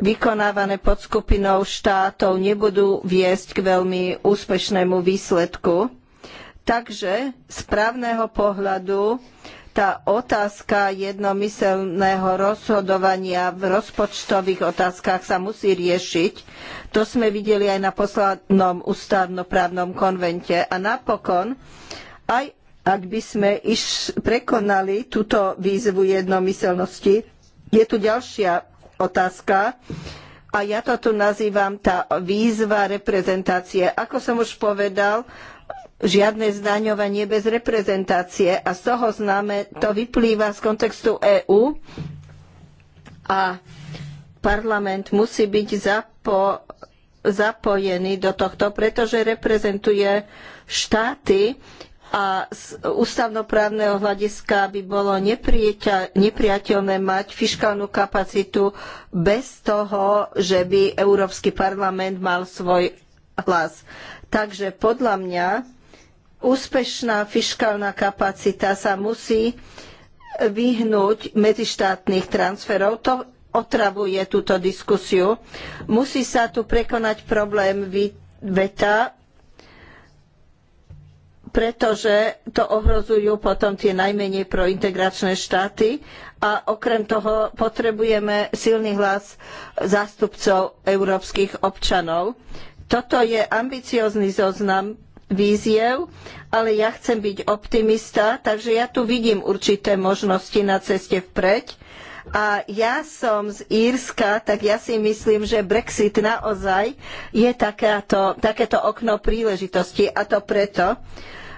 Speaker 3: vykonávané pod skupinou štátov nebudú viesť k veľmi úspešnému výsledku. Takže z právneho pohľadu tá otázka jednomyseľného rozhodovania v rozpočtových otázkach sa musí riešiť. To sme videli aj na poslednom ústavnoprávnom konvente. A napokon, aj ak by sme prekonali túto výzvu jednomyseľnosti, je tu ďalšia otázka a ja to tu nazývam tá výzva reprezentácie. Ako som už povedal, žiadne zdaňovanie bez reprezentácie a z toho známe, to vyplýva z kontextu EÚ a parlament musí byť zapo, zapojený do tohto, pretože reprezentuje štáty a z ústavnoprávneho hľadiska by bolo neprijateľné mať fiškálnu kapacitu bez toho, že by Európsky parlament mal svoj hlas. Takže podľa mňa úspešná fiškálna kapacita sa musí vyhnúť medzištátnych transferov. To otravuje túto diskusiu. Musí sa tu prekonať problém veta pretože to ohrozujú potom tie najmenej prointegračné štáty a okrem toho potrebujeme silný hlas zástupcov európskych občanov. Toto je ambiciózny zoznam víziev, ale ja chcem byť optimista, takže ja tu vidím určité možnosti na ceste vpreď. A ja som z Írska, tak ja si myslím, že Brexit naozaj je takéto okno príležitosti. A to preto,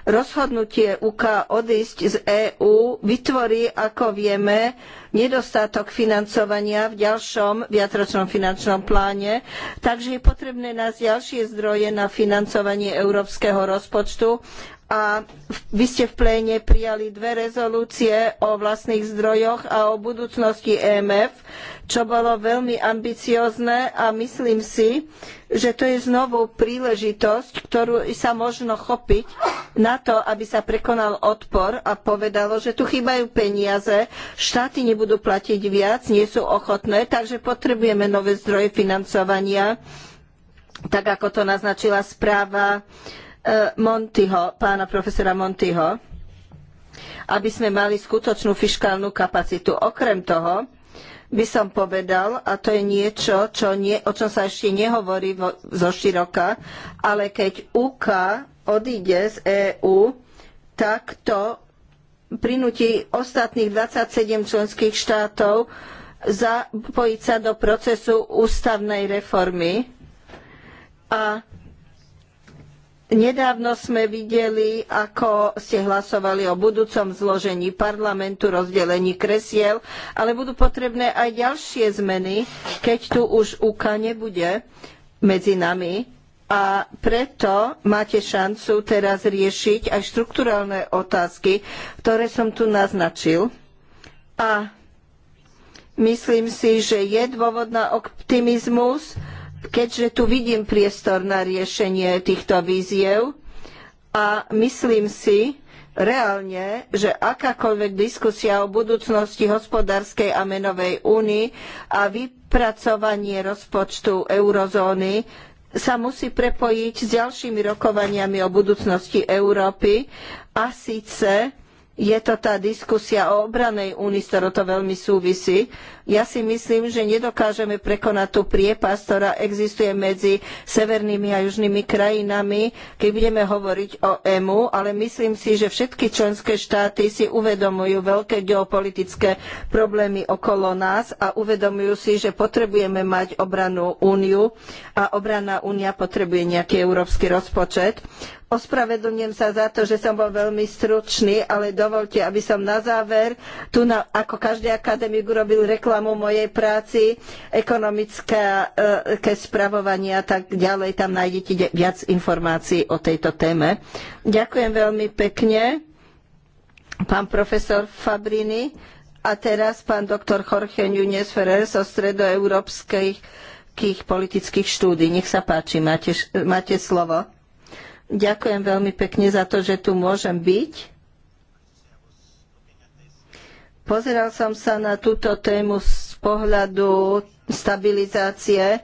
Speaker 3: Rozhodnutie UK odísť z EÚ vytvorí, ako vieme, nedostatok financovania v ďalšom viacročnom finančnom pláne, takže je potrebné nájsť ďalšie zdroje na financovanie európskeho rozpočtu a vy ste v pléne prijali dve rezolúcie o vlastných zdrojoch a o budúcnosti EMF, čo bolo veľmi ambiciozne a myslím si, že to je znovu príležitosť, ktorú sa možno chopiť na to, aby sa prekonal odpor a povedalo, že tu chýbajú peniaze, štáty nebudú platiť viac, nie sú ochotné, takže potrebujeme nové zdroje financovania, tak ako to naznačila správa E, Montiho, pána profesora Montiho, aby sme mali skutočnú fiškálnu kapacitu. Okrem toho by som povedal, a to je niečo, čo nie, o čom sa ešte nehovorí vo, zo široka, ale keď UK odíde z EÚ, tak to prinúti ostatných 27 členských štátov zapojiť sa do procesu ústavnej reformy a Nedávno sme videli, ako ste hlasovali o budúcom zložení parlamentu, rozdelení kresiel, ale budú potrebné aj ďalšie zmeny, keď tu už UKA nebude medzi nami. A preto máte šancu teraz riešiť aj štrukturálne otázky, ktoré som tu naznačil. A myslím si, že je dôvod na optimizmus, keďže tu vidím priestor na riešenie týchto víziev a myslím si reálne, že akákoľvek diskusia o budúcnosti hospodárskej a menovej únii a vypracovanie rozpočtu eurozóny sa musí prepojiť s ďalšími rokovaniami o budúcnosti Európy a síce je to tá diskusia o obranej únii, s ktorou to veľmi súvisí. Ja si myslím, že nedokážeme prekonať tú priepas, ktorá existuje medzi severnými a južnými krajinami, keď budeme hovoriť o EMU, ale myslím si, že všetky členské štáty si uvedomujú veľké geopolitické problémy okolo nás a uvedomujú si, že potrebujeme mať obranú úniu a obranná únia potrebuje nejaký európsky rozpočet. Ospravedlňujem sa za to, že som bol veľmi stručný, ale dovolte, aby som na záver tu na, ako každý akademik urobil reklamu mojej práci, ekonomické eh, e, spravovanie a tak ďalej. Tam nájdete viac informácií o tejto téme. Ďakujem veľmi pekne, pán profesor Fabrini. A teraz pán doktor Jorge Núñez Ferrer zo stredoeurópskych politických štúdí. Nech sa páči, máte, máte slovo. Ďakujem veľmi pekne za to, že tu môžem byť. Pozeral som sa na túto tému z pohľadu stabilizácie.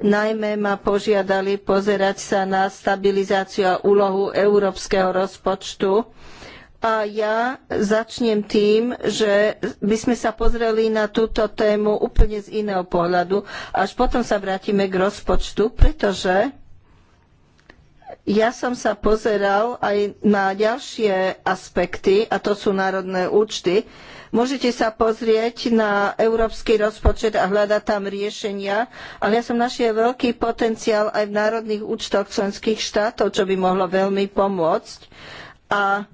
Speaker 3: Najmä ma požiadali pozerať sa na stabilizáciu a úlohu európskeho rozpočtu. A ja začnem tým, že by sme sa pozreli na túto tému úplne z iného pohľadu. Až potom sa vrátime k rozpočtu, pretože ja som sa pozeral aj na ďalšie aspekty, a to sú národné účty. Môžete sa pozrieť na európsky rozpočet a hľadať tam riešenia, ale ja som našiel veľký potenciál aj v národných účtoch členských štátov, čo by mohlo veľmi pomôcť. A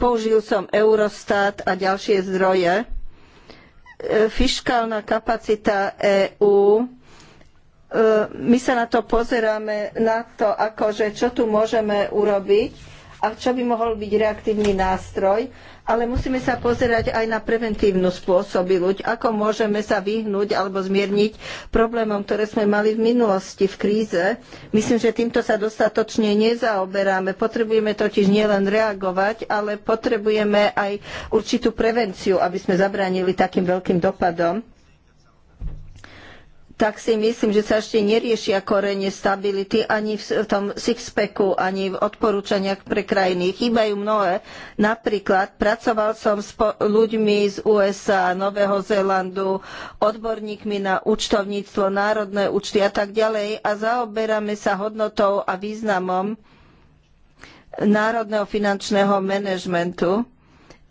Speaker 3: použil som Eurostat a ďalšie zdroje. E, Fiškálna kapacita EÚ E, my sa na to pozeráme na to, akože čo tu môžeme urobiť a čo by mohol byť reaktívny nástroj, ale musíme sa pozerať aj na preventívnu ľuď, ako môžeme sa vyhnúť alebo zmierniť problémom, ktoré sme mali v minulosti v kríze. Myslím, že týmto sa dostatočne nezaoberáme. Potrebujeme totiž nielen reagovať, ale potrebujeme aj určitú prevenciu, aby sme zabránili takým veľkým dopadom tak si myslím, že sa ešte neriešia korene stability ani v tom sixpacku, ani v odporúčaniach pre krajiny. Chýbajú mnohé. Napríklad pracoval som s ľuďmi z USA, Nového Zélandu, odborníkmi na účtovníctvo, národné účty a tak ďalej a zaoberáme sa hodnotou a významom národného finančného manažmentu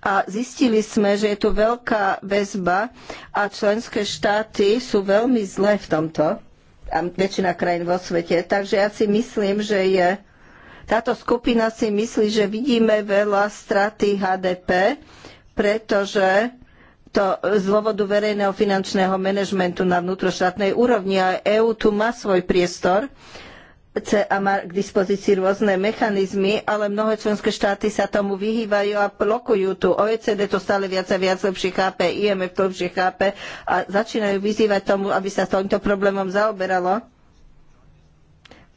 Speaker 3: a zistili sme, že je tu veľká väzba a členské štáty sú veľmi zlé v tomto a väčšina krajín vo svete. Takže ja si myslím, že je táto skupina si myslí, že vidíme veľa straty HDP, pretože to z dôvodu verejného finančného manažmentu na vnútroštátnej úrovni a EÚ tu má svoj priestor a má k dispozícii rôzne mechanizmy, ale mnohé členské štáty sa tomu vyhýbajú a blokujú tu. OECD to stále viac a viac lepšie chápe, IMF to lepšie chápe a začínajú vyzývať tomu, aby sa týmto problémom zaoberalo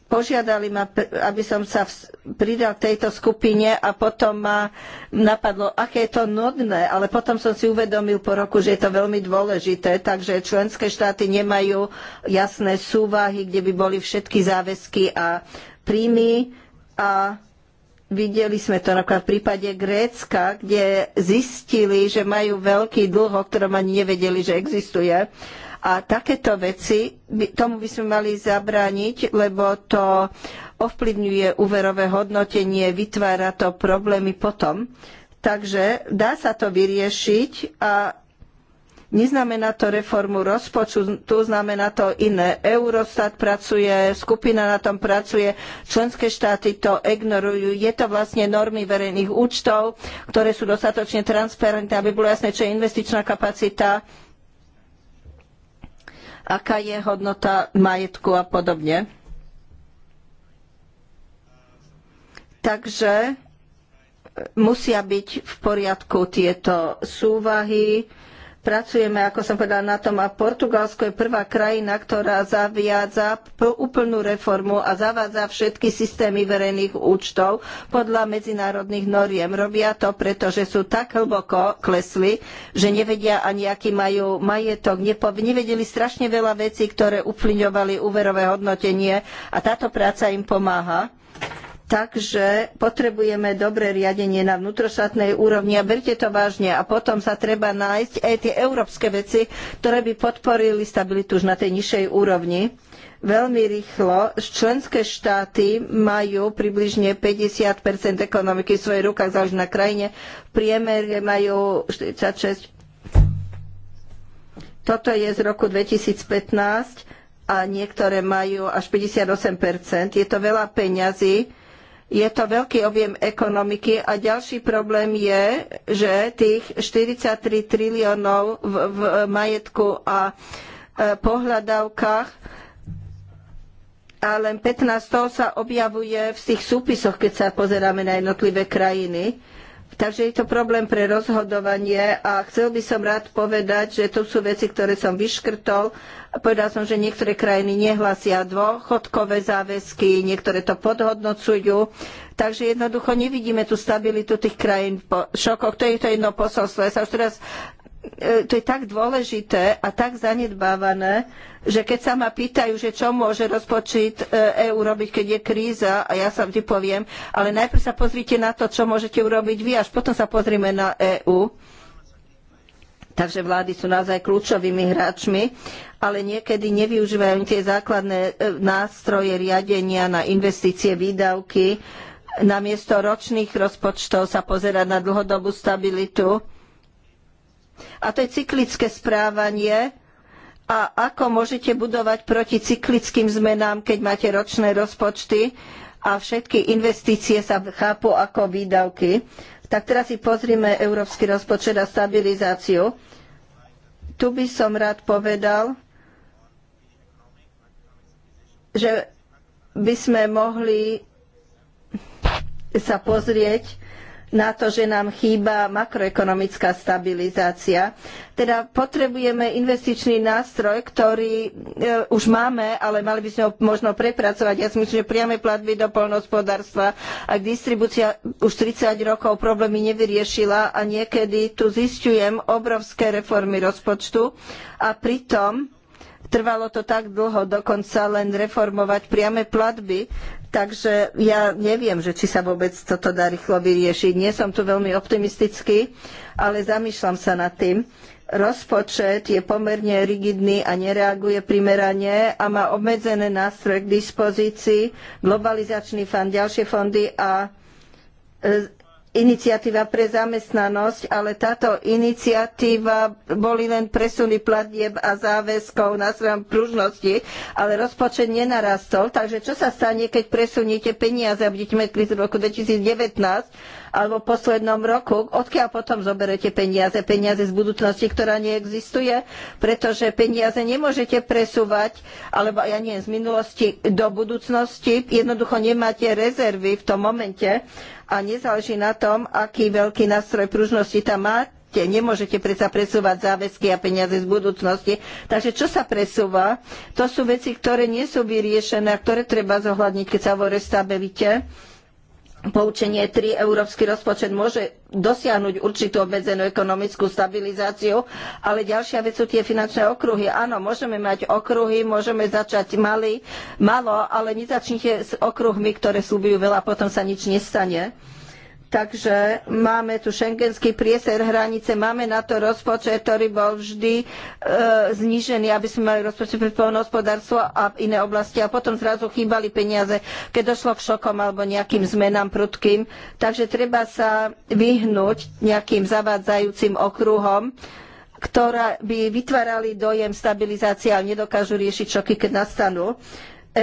Speaker 3: požiadali ma, aby som sa pridal k tejto skupine a potom ma napadlo, aké je to nudné, ale potom som si uvedomil po roku, že je to veľmi dôležité, takže členské štáty nemajú jasné súvahy, kde by boli všetky záväzky a príjmy a Videli sme to napríklad v prípade Grécka, kde zistili, že majú veľký dlh, o ktorom ani nevedeli, že existuje. A takéto veci, tomu by sme mali zabrániť, lebo to ovplyvňuje úverové hodnotenie, vytvára to problémy potom. Takže dá sa to vyriešiť a Neznamená to reformu rozpočtu, tu znamená to iné. Eurostat pracuje, skupina na tom pracuje, členské štáty to ignorujú. Je to vlastne normy verejných účtov, ktoré sú dostatočne transparentné, aby bolo jasné, čo je investičná kapacita, aká je hodnota majetku a podobne. Takže e, musia byť v poriadku tieto súvahy, Pracujeme, ako som povedala, na tom a Portugalsko je prvá krajina, ktorá zaviaza úplnú reformu a zavádza všetky systémy verejných účtov podľa medzinárodných noriem. Robia to, pretože sú tak hlboko klesli, že nevedia ani aký majú majetok. Nevedeli strašne veľa vecí, ktoré uplyňovali úverové hodnotenie a táto práca im pomáha. Takže potrebujeme dobré riadenie na vnútroštátnej úrovni a berte to vážne a potom sa treba nájsť aj tie európske veci, ktoré by podporili stabilitu už na tej nižšej úrovni. Veľmi rýchlo členské štáty majú približne 50 ekonomiky v svojich rukách záleží na krajine. V priemere majú 46. Toto je z roku 2015 a niektoré majú až 58 Je to veľa peňazí je to veľký objem ekonomiky a ďalší problém je, že tých 43 triliónov v, v majetku a e, pohľadávkach a len 15 toho sa objavuje v tých súpisoch, keď sa pozeráme na jednotlivé krajiny. Takže je to problém pre rozhodovanie a chcel by som rád povedať, že to sú veci, ktoré som vyškrtol. Povedal som, že niektoré krajiny nehlasia dôchodkové záväzky, niektoré to podhodnocujú. Takže jednoducho nevidíme tú stabilitu tých krajín po šokoch. To je to jedno posolstvo. Ja sa už teraz E, to je tak dôležité a tak zanedbávané, že keď sa ma pýtajú, že čo môže rozpočet e, EÚ robiť, keď je kríza, a ja sa vždy poviem, ale najprv sa pozrite na to, čo môžete urobiť vy, až potom sa pozrime na EÚ. Takže vlády sú naozaj kľúčovými hráčmi, ale niekedy nevyužívajú tie základné e, nástroje riadenia na investície, výdavky, namiesto ročných rozpočtov sa pozerať na dlhodobú stabilitu a to je cyklické správanie. A ako môžete budovať proti cyklickým zmenám, keď máte ročné rozpočty a všetky investície sa chápu ako výdavky? Tak teraz si pozrime európsky rozpočet a stabilizáciu. Tu by som rád povedal, že by sme mohli sa pozrieť na to, že nám chýba makroekonomická stabilizácia. Teda potrebujeme investičný nástroj, ktorý e, už máme, ale mali by sme ho možno prepracovať. Ja si myslím, že priame platby do poľnohospodárstva, ak distribúcia už 30 rokov problémy nevyriešila a niekedy tu zistujem obrovské reformy rozpočtu a pritom Trvalo to tak dlho, dokonca len reformovať priame platby. Takže ja neviem, že či sa vôbec toto dá rýchlo vyriešiť. Nie som tu veľmi optimistický, ale zamýšľam sa nad tým. Rozpočet je pomerne rigidný a nereaguje primerane a má obmedzené nástroje k dispozícii, globalizačný fond, ďalšie fondy a e, iniciatíva pre zamestnanosť, ale táto iniciatíva boli len presuny platieb a záväzkov na svojom pružnosti, ale rozpočet nenarastol. Takže čo sa stane, keď presuniete peniaze a budete mať krízu v roku 2019? alebo v poslednom roku, odkiaľ potom zoberete peniaze, peniaze z budúcnosti, ktorá neexistuje, pretože peniaze nemôžete presúvať, alebo ja nie, z minulosti do budúcnosti, jednoducho nemáte rezervy v tom momente a nezáleží na tom, aký veľký nástroj pružnosti tam máte, máte. Nemôžete predsa presúvať záväzky a peniaze z budúcnosti. Takže čo sa presúva? To sú veci, ktoré nie sú vyriešené a ktoré treba zohľadniť, keď sa hovorí o stabilite poučenie 3 európsky rozpočet môže dosiahnuť určitú obmedzenú ekonomickú stabilizáciu, ale ďalšia vec sú tie finančné okruhy. Áno, môžeme mať okruhy, môžeme začať malo, ale nezačnite s okruhmi, ktoré slúbujú veľa, potom sa nič nestane. Takže máme tu šengenský prieser hranice, máme na to rozpočet, ktorý bol vždy e, znížený, aby sme mali rozpočet pre poľnohospodárstvo a iné oblasti. A potom zrazu chýbali peniaze, keď došlo k šokom alebo nejakým zmenám prudkým. Takže treba sa vyhnúť nejakým zavádzajúcim okruhom, ktoré by vytvárali dojem stabilizácie, ale nedokážu riešiť šoky, keď nastanú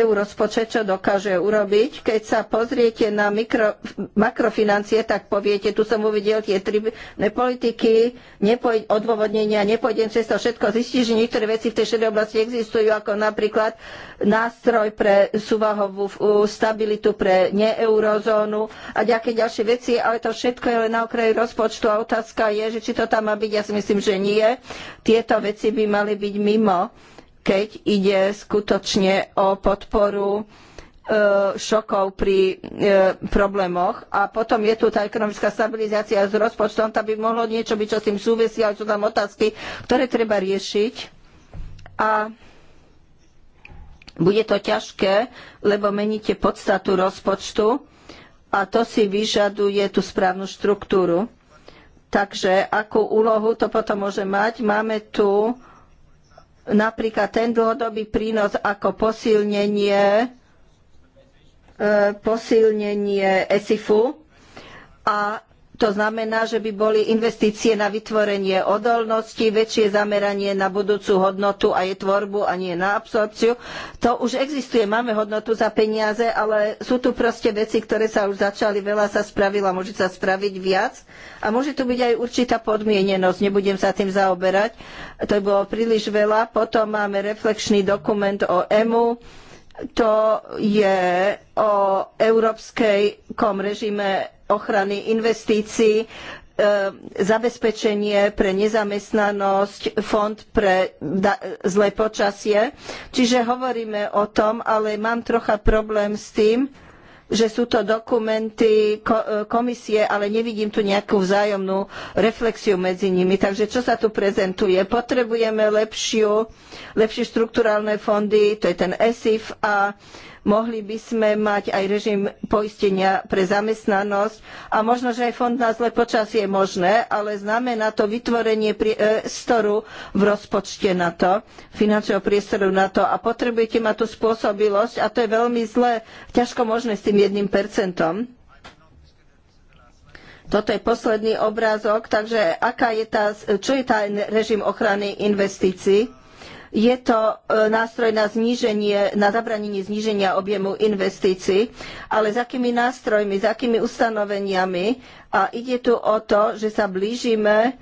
Speaker 3: rozpočet čo dokáže urobiť. Keď sa pozriete na mikro, makrofinancie, tak poviete, tu som uvidel tie tri politiky, nepoj, odôvodnenia, nepôjdem cez to všetko. Zistíte, že niektoré veci v tej šedej oblasti existujú, ako napríklad nástroj pre súvahovú stabilitu pre neeurozónu a nejaké ďalšie veci, ale to všetko je len na okraji rozpočtu a otázka je, že či to tam má byť. Ja si myslím, že nie. Tieto veci by mali byť mimo keď ide skutočne o podporu e, šokov pri e, problémoch. A potom je tu tá ekonomická stabilizácia s rozpočtom, tam by mohlo niečo byť, čo s tým súvisí, ale sú tam otázky, ktoré treba riešiť. A bude to ťažké, lebo meníte podstatu rozpočtu a to si vyžaduje tú správnu štruktúru. Takže akú úlohu to potom môže mať? Máme tu napríklad ten dlhodobý prínos ako posilnenie, e, posilnenie ESIFu a to znamená, že by boli investície na vytvorenie odolnosti, väčšie zameranie na budúcu hodnotu a jej tvorbu a nie na absorpciu. To už existuje, máme hodnotu za peniaze, ale sú tu proste veci, ktoré sa už začali, veľa sa spravila, môže sa spraviť viac a môže tu byť aj určitá podmienenosť, nebudem sa tým zaoberať, to by bolo príliš veľa. Potom máme reflexný dokument o EMU, to je o kom režime ochrany investícií, e, zabezpečenie pre nezamestnanosť, fond pre zlé počasie. Čiže hovoríme o tom, ale mám trocha problém s tým, že sú to dokumenty e, komisie, ale nevidím tu nejakú vzájomnú reflexiu medzi nimi. Takže čo sa tu prezentuje? Potrebujeme lepšiu, lepšie štrukturálne fondy, to je ten ESIF a Mohli by sme mať aj režim poistenia pre zamestnanosť a možno, že aj fond na zlé počasie je možné, ale znamená to vytvorenie priestoru v rozpočte na to, finančného priestoru na to a potrebujete mať tú spôsobilosť a to je veľmi zlé, ťažko možné s tým jedným percentom. Toto je posledný obrázok, takže aká je tá, čo je tá režim ochrany investícií? Je to e, nástroj na zníženie, na zabranenie zníženia objemu investícií, ale s akými nástrojmi, s akými ustanoveniami a ide tu o to, že sa blížime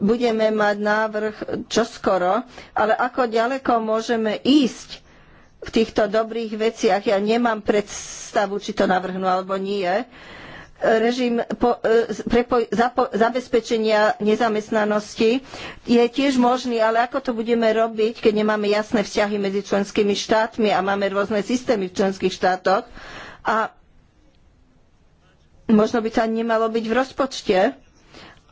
Speaker 3: budeme mať návrh čoskoro, ale ako ďaleko môžeme ísť v týchto dobrých veciach, ja nemám predstavu, či to navrhnú alebo nie. Uh, režim po, e, zapo, zabezpečenia nezamestnanosti je tiež možný, ale ako to budeme robiť, keď nemáme jasné vzťahy medzi členskými štátmi a máme rôzne systémy v členských štátoch a možno by to ani nemalo byť v rozpočte,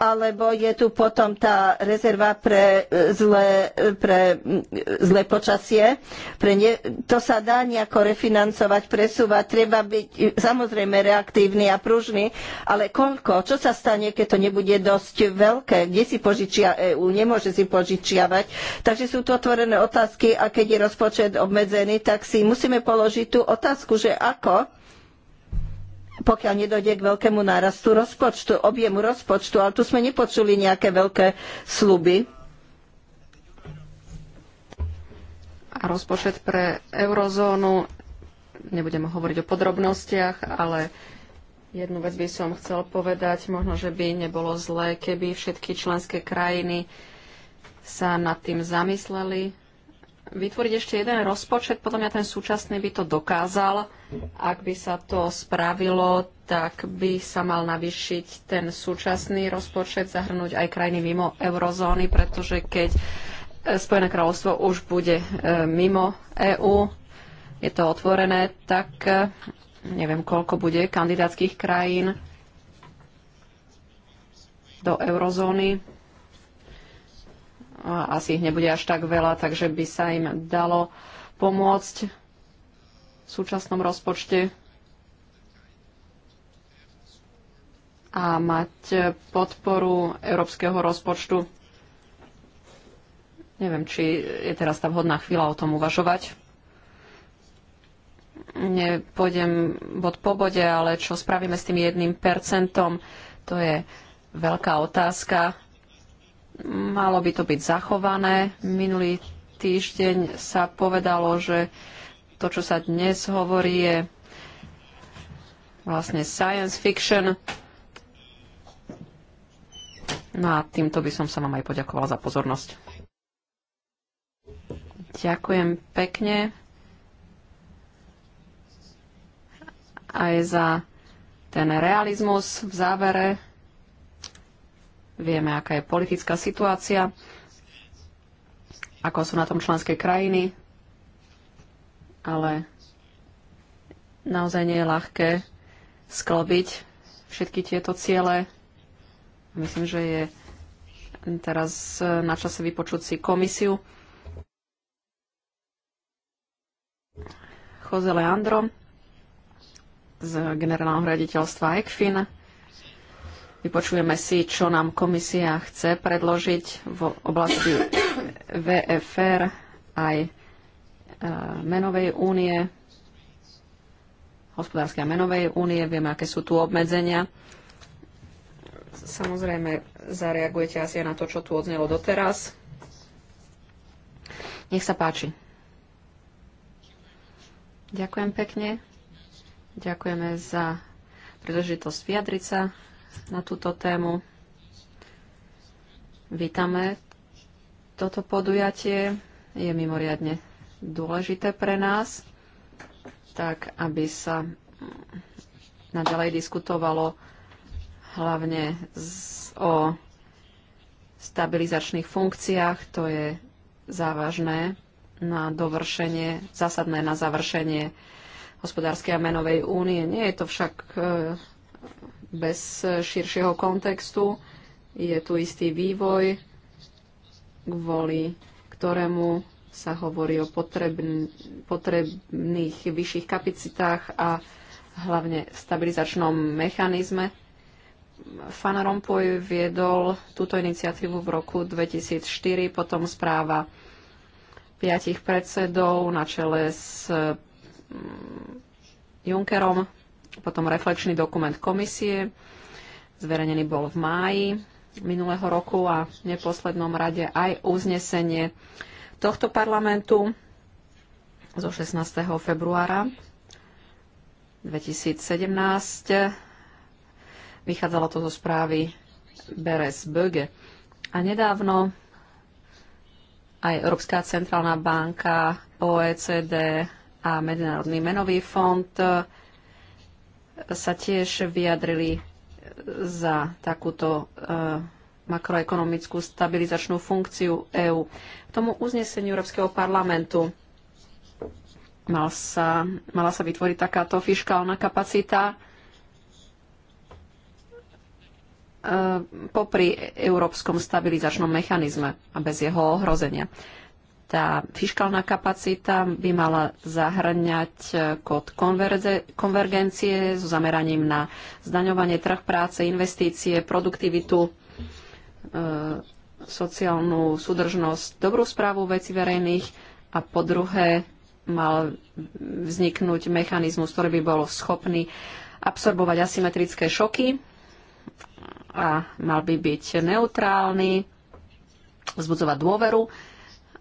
Speaker 3: alebo je tu potom tá rezerva pre e, zlé, e, pre e, zlé počasie. Pre ne, to sa dá nejako refinancovať, presúvať. Treba byť samozrejme reaktívny a pružný, ale koľko? Čo sa stane, keď to nebude dosť veľké? Kde si požičia EÚ? Nemôže si požičiavať. Takže sú tu otvorené otázky a keď je rozpočet obmedzený, tak si musíme položiť tú otázku, že ako pokiaľ nedojde k veľkému nárastu rozpočtu, objemu rozpočtu, ale tu sme nepočuli nejaké veľké sluby.
Speaker 2: A rozpočet pre eurozónu, nebudem hovoriť o podrobnostiach, ale jednu vec by som chcel povedať, možno, že by nebolo zlé, keby všetky členské krajiny sa nad tým zamysleli vytvoriť ešte jeden rozpočet. Podľa mňa ten súčasný by to dokázal. Ak by sa to spravilo, tak by sa mal navýšiť ten súčasný rozpočet, zahrnúť aj krajiny mimo eurozóny, pretože keď e, Spojené kráľovstvo už bude e, mimo EÚ, je to otvorené, tak e, neviem, koľko bude kandidátskych krajín do eurozóny asi ich nebude až tak veľa, takže by sa im dalo pomôcť v súčasnom rozpočte a mať podporu európskeho rozpočtu. Neviem, či je teraz tá vhodná chvíľa o tom uvažovať. Nepôjdem bod po bode, ale čo spravíme s tým jedným percentom, to je veľká otázka Malo by to byť zachované. Minulý týždeň sa povedalo, že to, čo sa dnes hovorí, je vlastne science fiction. No a týmto by som sa vám aj poďakovala za pozornosť. Ďakujem pekne aj za ten realizmus v závere Vieme, aká je politická situácia, ako sú na tom členské krajiny, ale naozaj nie je ľahké sklobiť všetky tieto ciele. Myslím, že je teraz na čase vypočuť si komisiu. Jose Leandro z generálneho raditeľstva ECFIN Vypočujeme si, čo nám komisia chce predložiť v oblasti VFR aj e, menovej únie, hospodárskej a menovej únie. Vieme, aké sú tu obmedzenia. Samozrejme, zareagujete asi aj na to, čo tu odznelo doteraz. Nech sa páči. Ďakujem pekne. Ďakujeme za príležitosť vyjadriť sa na túto tému. Vítame toto podujatie. Je mimoriadne dôležité pre nás, tak aby sa naďalej diskutovalo hlavne z, o stabilizačných funkciách. To je závažné na dovršenie, zásadné na završenie hospodárskej a menovej únie. Nie je to však e, bez širšieho kontextu. Je tu istý vývoj, kvôli ktorému sa hovorí o potrebných vyšších kapacitách a hlavne stabilizačnom mechanizme. Fan Rompuy viedol túto iniciatívu v roku 2004, potom správa piatich predsedov na čele s mm, Junckerom potom reflekčný dokument komisie, zverejnený bol v máji minulého roku a v neposlednom rade aj uznesenie tohto parlamentu zo 16. februára 2017. Vychádzalo to zo správy Beres Böge. A nedávno aj Európska centrálna banka, OECD a Medzinárodný menový fond sa tiež vyjadrili za takúto eh, makroekonomickú stabilizačnú funkciu EÚ. K tomu uzneseniu Európskeho parlamentu mal sa, mala sa vytvoriť takáto fiškálna kapacita eh, popri európskom stabilizačnom mechanizme a bez jeho ohrozenia tá fiskálna kapacita by mala zahrňať eh, kód konvergencie so zameraním na zdaňovanie trh práce, investície, produktivitu, e, sociálnu súdržnosť, dobrú správu veci verejných a po druhé mal vzniknúť mechanizmus, ktorý by bol schopný absorbovať asymetrické šoky a mal by byť neutrálny, vzbudzovať dôveru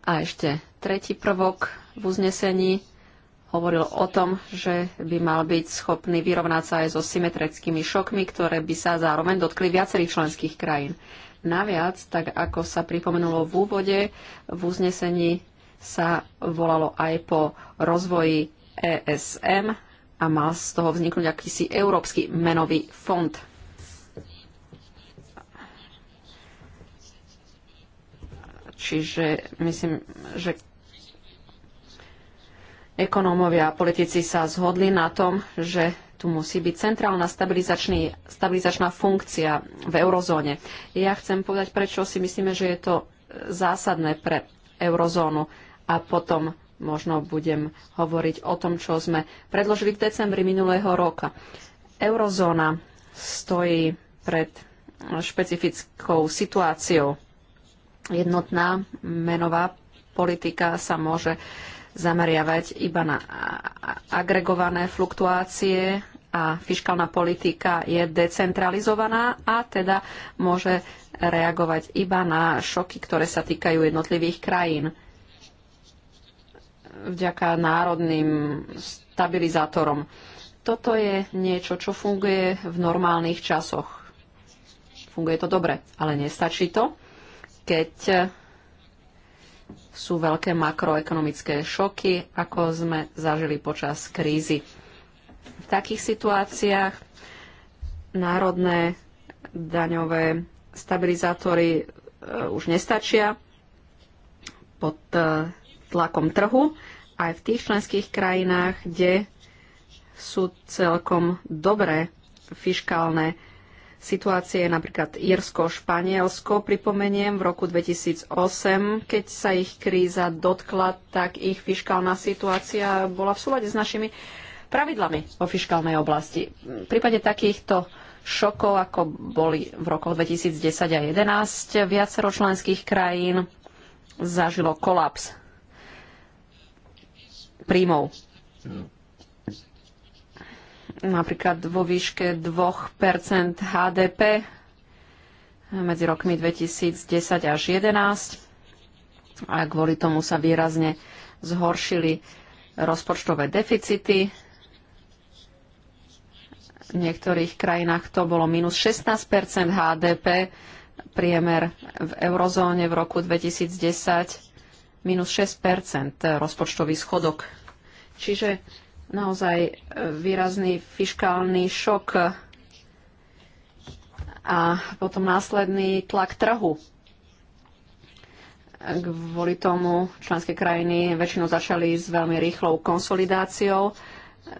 Speaker 2: a ešte tretí prvok v uznesení hovoril o tom, že by mal byť schopný vyrovnať sa aj so symetrickými šokmi, ktoré by sa zároveň dotkli viacerých členských krajín. Naviac, tak ako sa pripomenulo v úvode, v uznesení sa volalo aj po rozvoji ESM a mal z toho vzniknúť akýsi Európsky menový fond. Čiže myslím, že ekonómovia a politici sa zhodli na tom, že tu musí byť centrálna stabilizačná funkcia v eurozóne. Ja chcem povedať, prečo si myslíme, že je to zásadné pre eurozónu a potom možno budem hovoriť o tom, čo sme predložili v decembri minulého roka. Eurozóna stojí pred špecifickou situáciou Jednotná menová politika sa môže zameriavať iba na agregované fluktuácie a fiškálna politika je decentralizovaná a teda môže reagovať iba na šoky, ktoré sa týkajú jednotlivých krajín. Vďaka národným stabilizátorom. Toto je niečo, čo funguje v normálnych časoch. Funguje to dobre, ale nestačí to keď e, sú veľké makroekonomické šoky, ako sme zažili počas krízy. V takých situáciách národné daňové stabilizátory e, už nestačia pod e, tlakom trhu aj v tých členských krajinách, kde sú celkom dobré fiškálne situácie, napríklad Irsko, Španielsko, pripomeniem, v roku 2008, keď sa ich kríza dotkla, tak ich fiskálna situácia bola v súlade s našimi pravidlami o fiskálnej oblasti. V prípade takýchto šokov, ako boli v rokoch 2010 a 2011, viacero členských krajín zažilo kolaps príjmov napríklad vo výške 2 HDP medzi rokmi 2010 až 2011 a kvôli tomu sa výrazne zhoršili rozpočtové deficity. V niektorých krajinách to bolo minus 16 HDP, priemer v eurozóne v roku 2010 minus 6 rozpočtový schodok. Čiže naozaj e, výrazný fiškálny šok a potom následný tlak trhu. Kvôli tomu členské krajiny väčšinou začali s veľmi rýchlou konsolidáciou.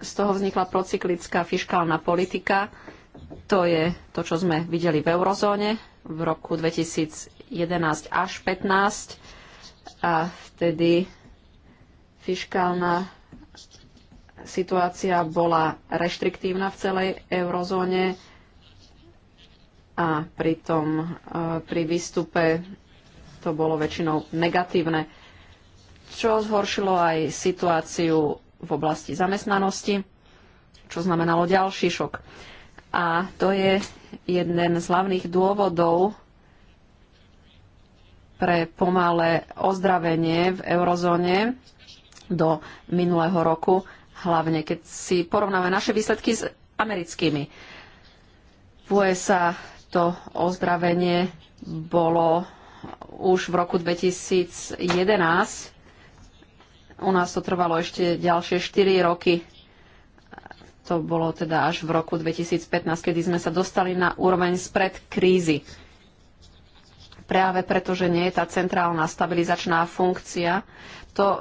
Speaker 2: Z toho vznikla procyklická fiškálna politika. To je to, čo sme videli v eurozóne v roku 2011 až 2015. A vtedy fiškálna situácia bola reštriktívna v celej eurozóne a pritom e, pri výstupe to bolo väčšinou negatívne, čo zhoršilo aj situáciu v oblasti zamestnanosti, čo znamenalo ďalší šok. A to je jeden z hlavných dôvodov pre pomalé ozdravenie v eurozóne do minulého roku hlavne keď si porovnáme naše výsledky s americkými. V USA to ozdravenie bolo už v roku 2011. U nás to trvalo ešte ďalšie 4 roky. To bolo teda až v roku 2015, kedy sme sa dostali na úroveň spred krízy práve preto, že nie je tá centrálna stabilizačná funkcia. To e,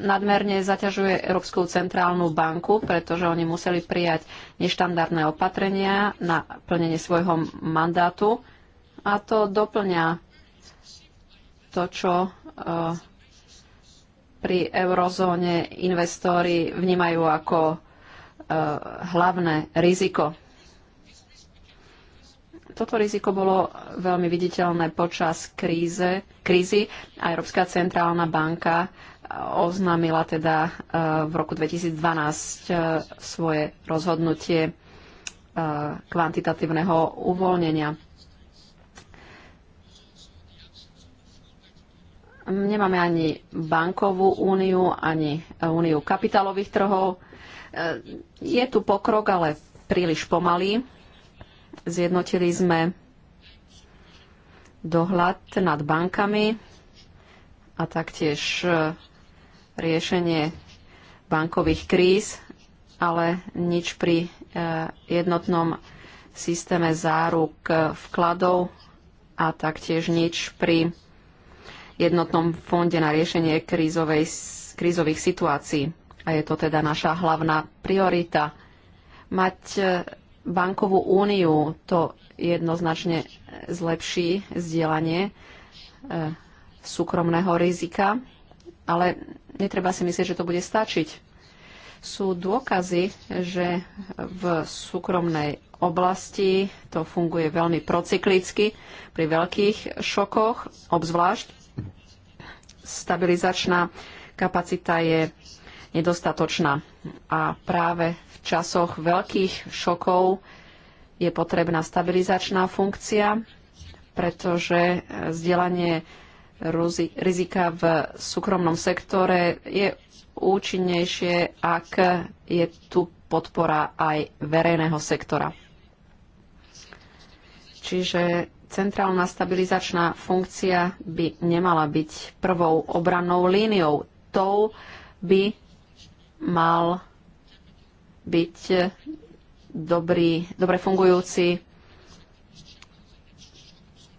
Speaker 2: nadmerne zaťažuje Európsku centrálnu banku, pretože oni museli prijať neštandardné opatrenia na plnenie svojho mandátu a to doplňa to, čo e, pri eurozóne investóri vnímajú ako e, hlavné riziko. Toto riziko bolo veľmi viditeľné počas kríze, krízy a Európska centrálna banka eh, oznámila teda eh, v roku 2012 eh, svoje rozhodnutie kvantitatívneho uvoľnenia. Nemáme ani bankovú úniu, ani úniu kapitálových trhov. Je tu pokrok, ale príliš pomalý. Zjednotili sme dohľad nad bankami a taktiež e, riešenie bankových kríz, ale nič pri e, jednotnom systéme záruk e, vkladov a taktiež nič pri jednotnom fonde na riešenie krízovej, krízových situácií. A je to teda naša hlavná priorita mať bankovú úniu. To jednoznačne zlepší zdieľanie e, súkromného rizika, ale netreba si myslieť, že to bude stačiť. Sú dôkazy, že v súkromnej oblasti to funguje veľmi procyklicky pri veľkých šokoch, obzvlášť stabilizačná kapacita je nedostatočná. A práve časoch veľkých šokov je potrebná stabilizačná funkcia, pretože e, zdieľanie rizika v súkromnom sektore je účinnejšie, ak je tu podpora aj verejného sektora. Čiže centrálna stabilizačná funkcia by nemala byť prvou obrannou líniou. Tou by mal byť e, dobrý, dobre fungujúci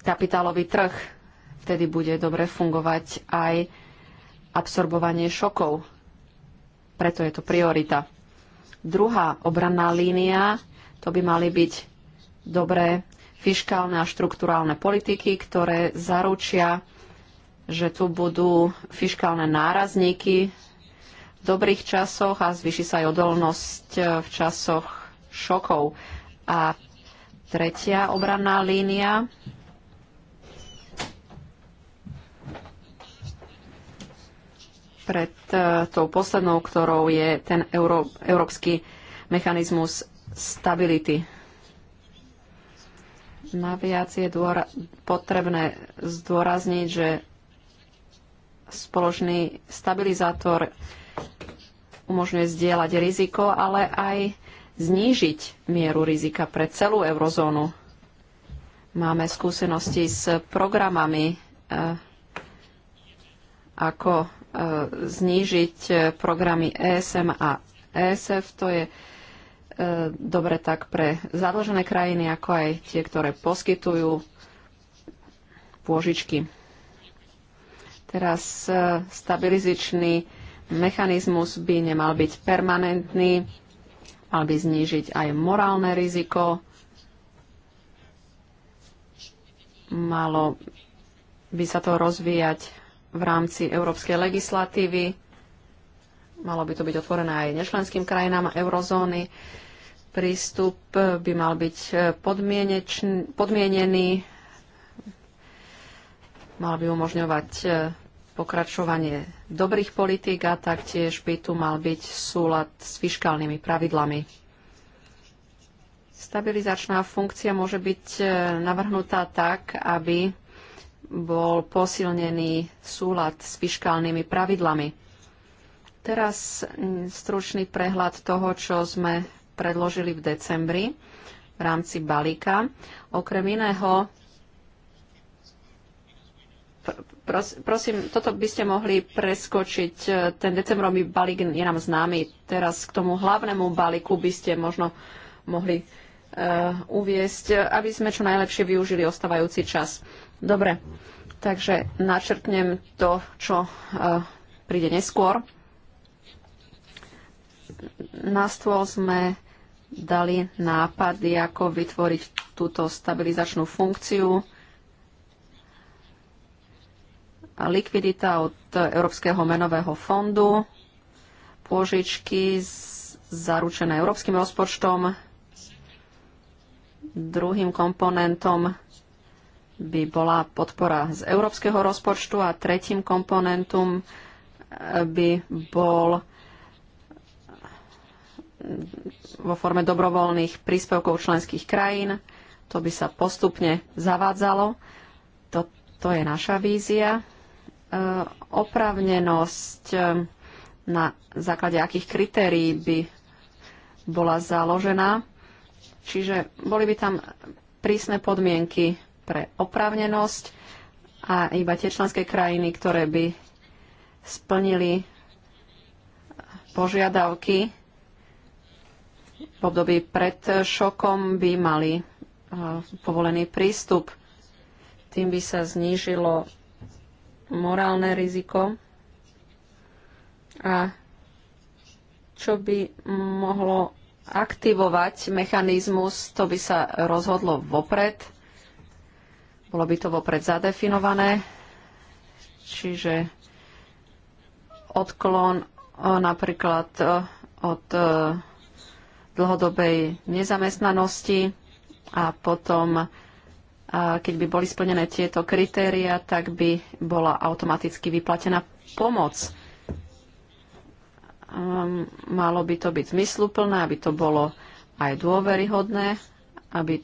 Speaker 2: kapitálový trh. Vtedy bude dobre fungovať aj absorbovanie šokov. Preto je to priorita. Druhá obranná línia, to by mali byť dobré fiskálne a štruktúrálne politiky, ktoré zaručia, že tu budú fiškálne nárazníky dobrých časoch a zvyši sa aj odolnosť e, v časoch šokov. A tretia obranná línia pred e, tou poslednou, ktorou je ten euró, európsky mechanizmus stability. Naviac je dôra, potrebné zdôrazniť, že spoločný stabilizátor umožňuje zdieľať riziko, ale aj znížiť mieru rizika pre celú eurozónu. Máme skúsenosti s programami, eh, ako eh, znížiť eh, programy ESM a ESF. To je dobre tak pre zadlžené krajiny, ako aj tie, ktoré poskytujú pôžičky. Teraz stabilizičný mechanizmus by nemal byť permanentný, mal by znížiť aj morálne riziko, malo by sa to rozvíjať v rámci európskej legislatívy, malo by to byť otvorené aj nečlenským krajinám eurozóny. Prístup by mal byť e, podmienený, mal by umožňovať e, pokračovanie dobrých politík a taktiež by tu mal byť súlad s fiškálnymi pravidlami. Stabilizačná funkcia môže byť e, navrhnutá tak, aby bol posilnený súlad s fiškálnymi pravidlami. Teraz stručný prehľad toho, čo sme predložili v decembri v rámci balíka. Okrem iného pros, prosím, toto by ste mohli preskočiť. E, ten decembrový balík je nám známy. Teraz k tomu hlavnému balíku by ste možno mohli uh, uviesť, aby sme čo najlepšie využili ostávajúci čas. Dobre, takže načrtnem to, čo uh, príde neskôr. Na stôl sme dali nápady, ako vytvoriť túto stabilizačnú funkciu likvidita od Európskeho menového fondu, pôžičky zaručené európskym rozpočtom. Druhým komponentom by bola podpora z európskeho rozpočtu a tretím komponentom eh, by bol eh, vo forme dobrovoľných príspevkov členských krajín. To by sa postupne zavádzalo. To, to je naša vízia. Eh, oprávnenosť eh, na základe akých kritérií by bola založená. Čiže boli by tam prísne podmienky pre oprávnenosť a iba tie členské krajiny, ktoré by splnili požiadavky v období pred šokom by mali eh, povolený prístup. Tým by sa znížilo morálne riziko a čo by mohlo aktivovať mechanizmus, to by sa rozhodlo vopred. Bolo by to vopred zadefinované, čiže odklon e, napríklad e, od e, dlhodobej nezamestnanosti a potom a keď by boli splnené tieto kritéria, tak by bola automaticky vyplatená pomoc. Ehm, malo by to byť zmysluplné, aby to bolo aj dôveryhodné, aby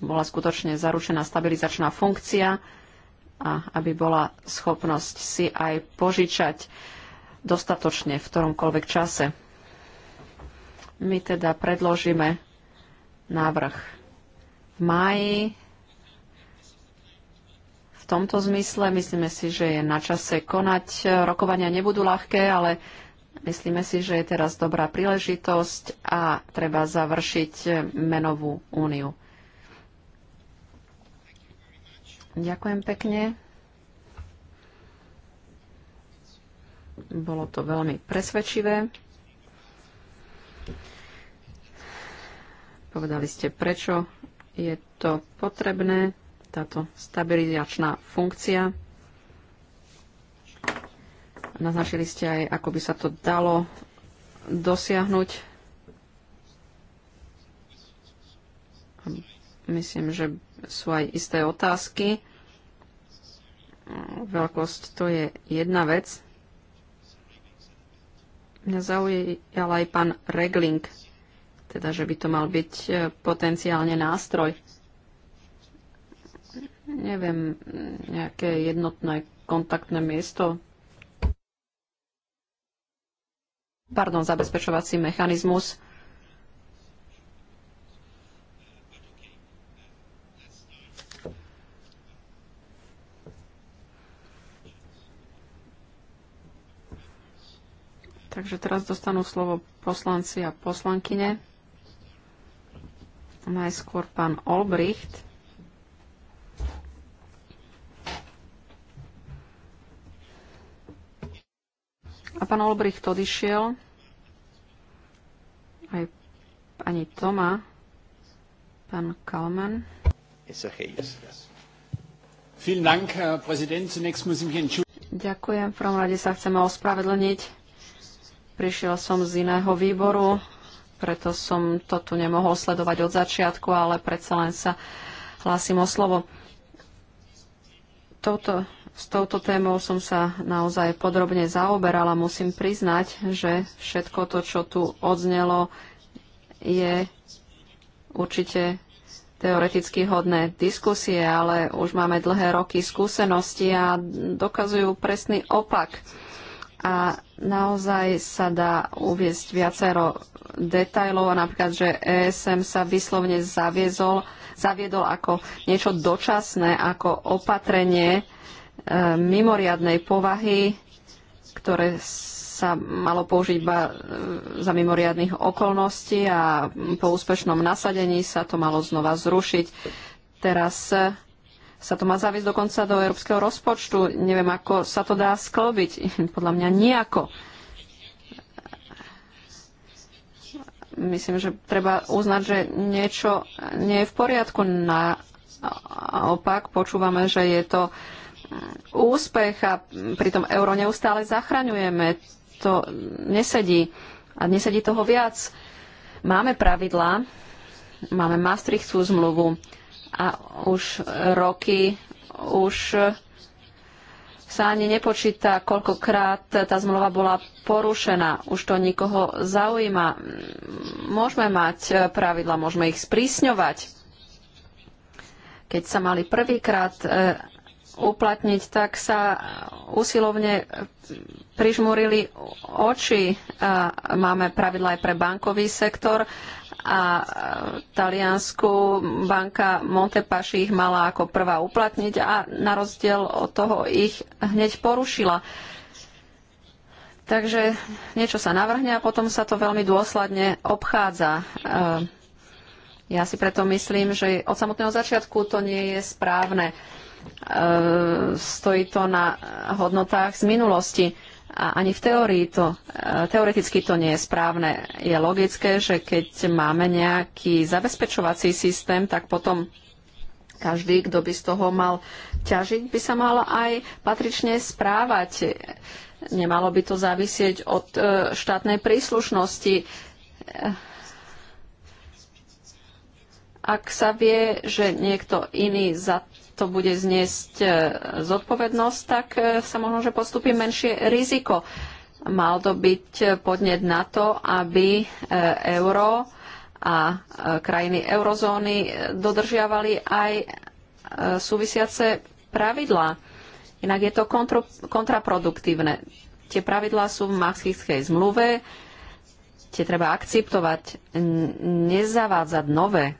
Speaker 2: bola skutočne zaručená stabilizačná funkcia a aby bola schopnosť si aj požičať dostatočne v ktoromkoľvek čase. My teda predložíme návrh v máji tomto zmysle. Myslíme si, že je na čase konať. Rokovania nebudú ľahké, ale myslíme si, že je teraz dobrá príležitosť a treba završiť menovú úniu. Ďakujem pekne. Bolo to veľmi presvedčivé. Povedali ste, prečo je to potrebné táto stabilizačná funkcia. Naznačili ste aj, ako by sa to dalo dosiahnuť. Myslím, že sú aj isté otázky. Veľkosť to je jedna vec. Mňa zaujal aj pán Regling, teda že by to mal byť eh, potenciálne nástroj neviem, nejaké jednotné kontaktné miesto. Pardon, zabezpečovací mechanizmus. Takže teraz dostanú slovo poslanci a poslankyne. Najskôr pán Olbricht. A pán Olbricht odišiel. Aj pani Toma, pán Kalman. Ďakujem. V prvom rade sa chceme ospravedlniť. Prišiel som z iného výboru, preto som to tu nemohol sledovať od začiatku, ale predsa len sa hlásim o slovo. Touto s touto témou som sa naozaj podrobne zaoberala. Musím priznať, že všetko to, čo tu odznelo, je určite teoreticky hodné diskusie, ale už máme dlhé roky skúsenosti a dokazujú presný opak. A naozaj sa dá uviesť viacero detajlov, napríklad, že ESM sa vyslovne zaviezol, zaviedol ako niečo dočasné, ako opatrenie, mimoriadnej povahy, ktoré sa malo použiť iba e, za mimoriadných okolností a po úspešnom nasadení sa to malo znova zrušiť. Teraz e, sa to má zaviesť dokonca do európskeho rozpočtu. Neviem, ako sa to dá sklobiť. <laughs> Podľa mňa nejako. Myslím, že treba uznať, že niečo nie je v poriadku. Naopak počúvame, že je to uh, úspech a pritom euro neustále zachraňujeme. To nesedí a nesedí toho viac. Máme pravidlá, máme Maastrichtskú zmluvu a už roky už sa ani nepočíta, koľkokrát tá zmluva bola porušená. Už to nikoho zaujíma. Môžeme mať pravidla, môžeme ich sprísňovať. Keď sa mali prvýkrát eh, uplatniť, tak sa usilovne prižmurili oči. Máme pravidla aj pre bankový sektor a Taliansku banka Montepaschi ich mala ako prvá uplatniť a na rozdiel od toho ich hneď porušila. Takže niečo sa navrhne a potom sa to veľmi dôsledne obchádza. E, ja si preto myslím, že od samotného začiatku to nie je správne. E, stojí to na hodnotách z minulosti. A ani v teórii to, e, teoreticky to nie je správne. Je logické, že keď máme nejaký zabezpečovací systém, tak potom každý, kto by z toho mal ťažiť, by sa mal aj patrične správať. Nemalo by to závisieť od e, štátnej príslušnosti. Ak sa vie, že niekto iný za to bude zniesť e, zodpovednosť, tak e, sa možno, že postupí menšie riziko. Mal to byť e, podnet na to, aby euro a krajiny eurozóny dodržiavali aj súvisiace pravidlá. Inak je to kontraproduktívne. Tie pravidlá sú v maxickej zmluve, tie treba akceptovať, nezavádzať nové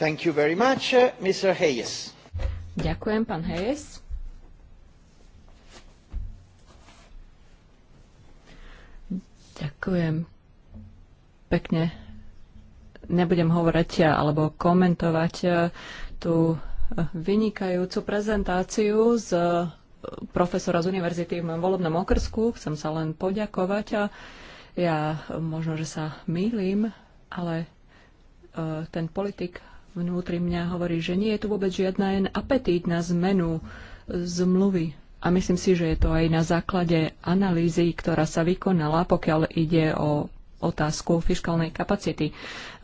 Speaker 1: Thank you very much, uh, Mr. Hayes. Ďakujem, pán Hayes. Ďakujem pekne. Nebudem hovoriť eh, alebo komentovať eh, tú eh, vynikajúcu prezentáciu z profesora z univerzity v mojom volebnom okrsku. Chcem sa len poďakovať a ja možno, že sa mýlim, ale ten politik vnútri mňa hovorí, že nie je tu vôbec žiadna apetít na zmenu zmluvy. A myslím si, že je to aj na základe analýzy, ktorá sa vykonala, pokiaľ ide o otázku fiskálnej kapacity.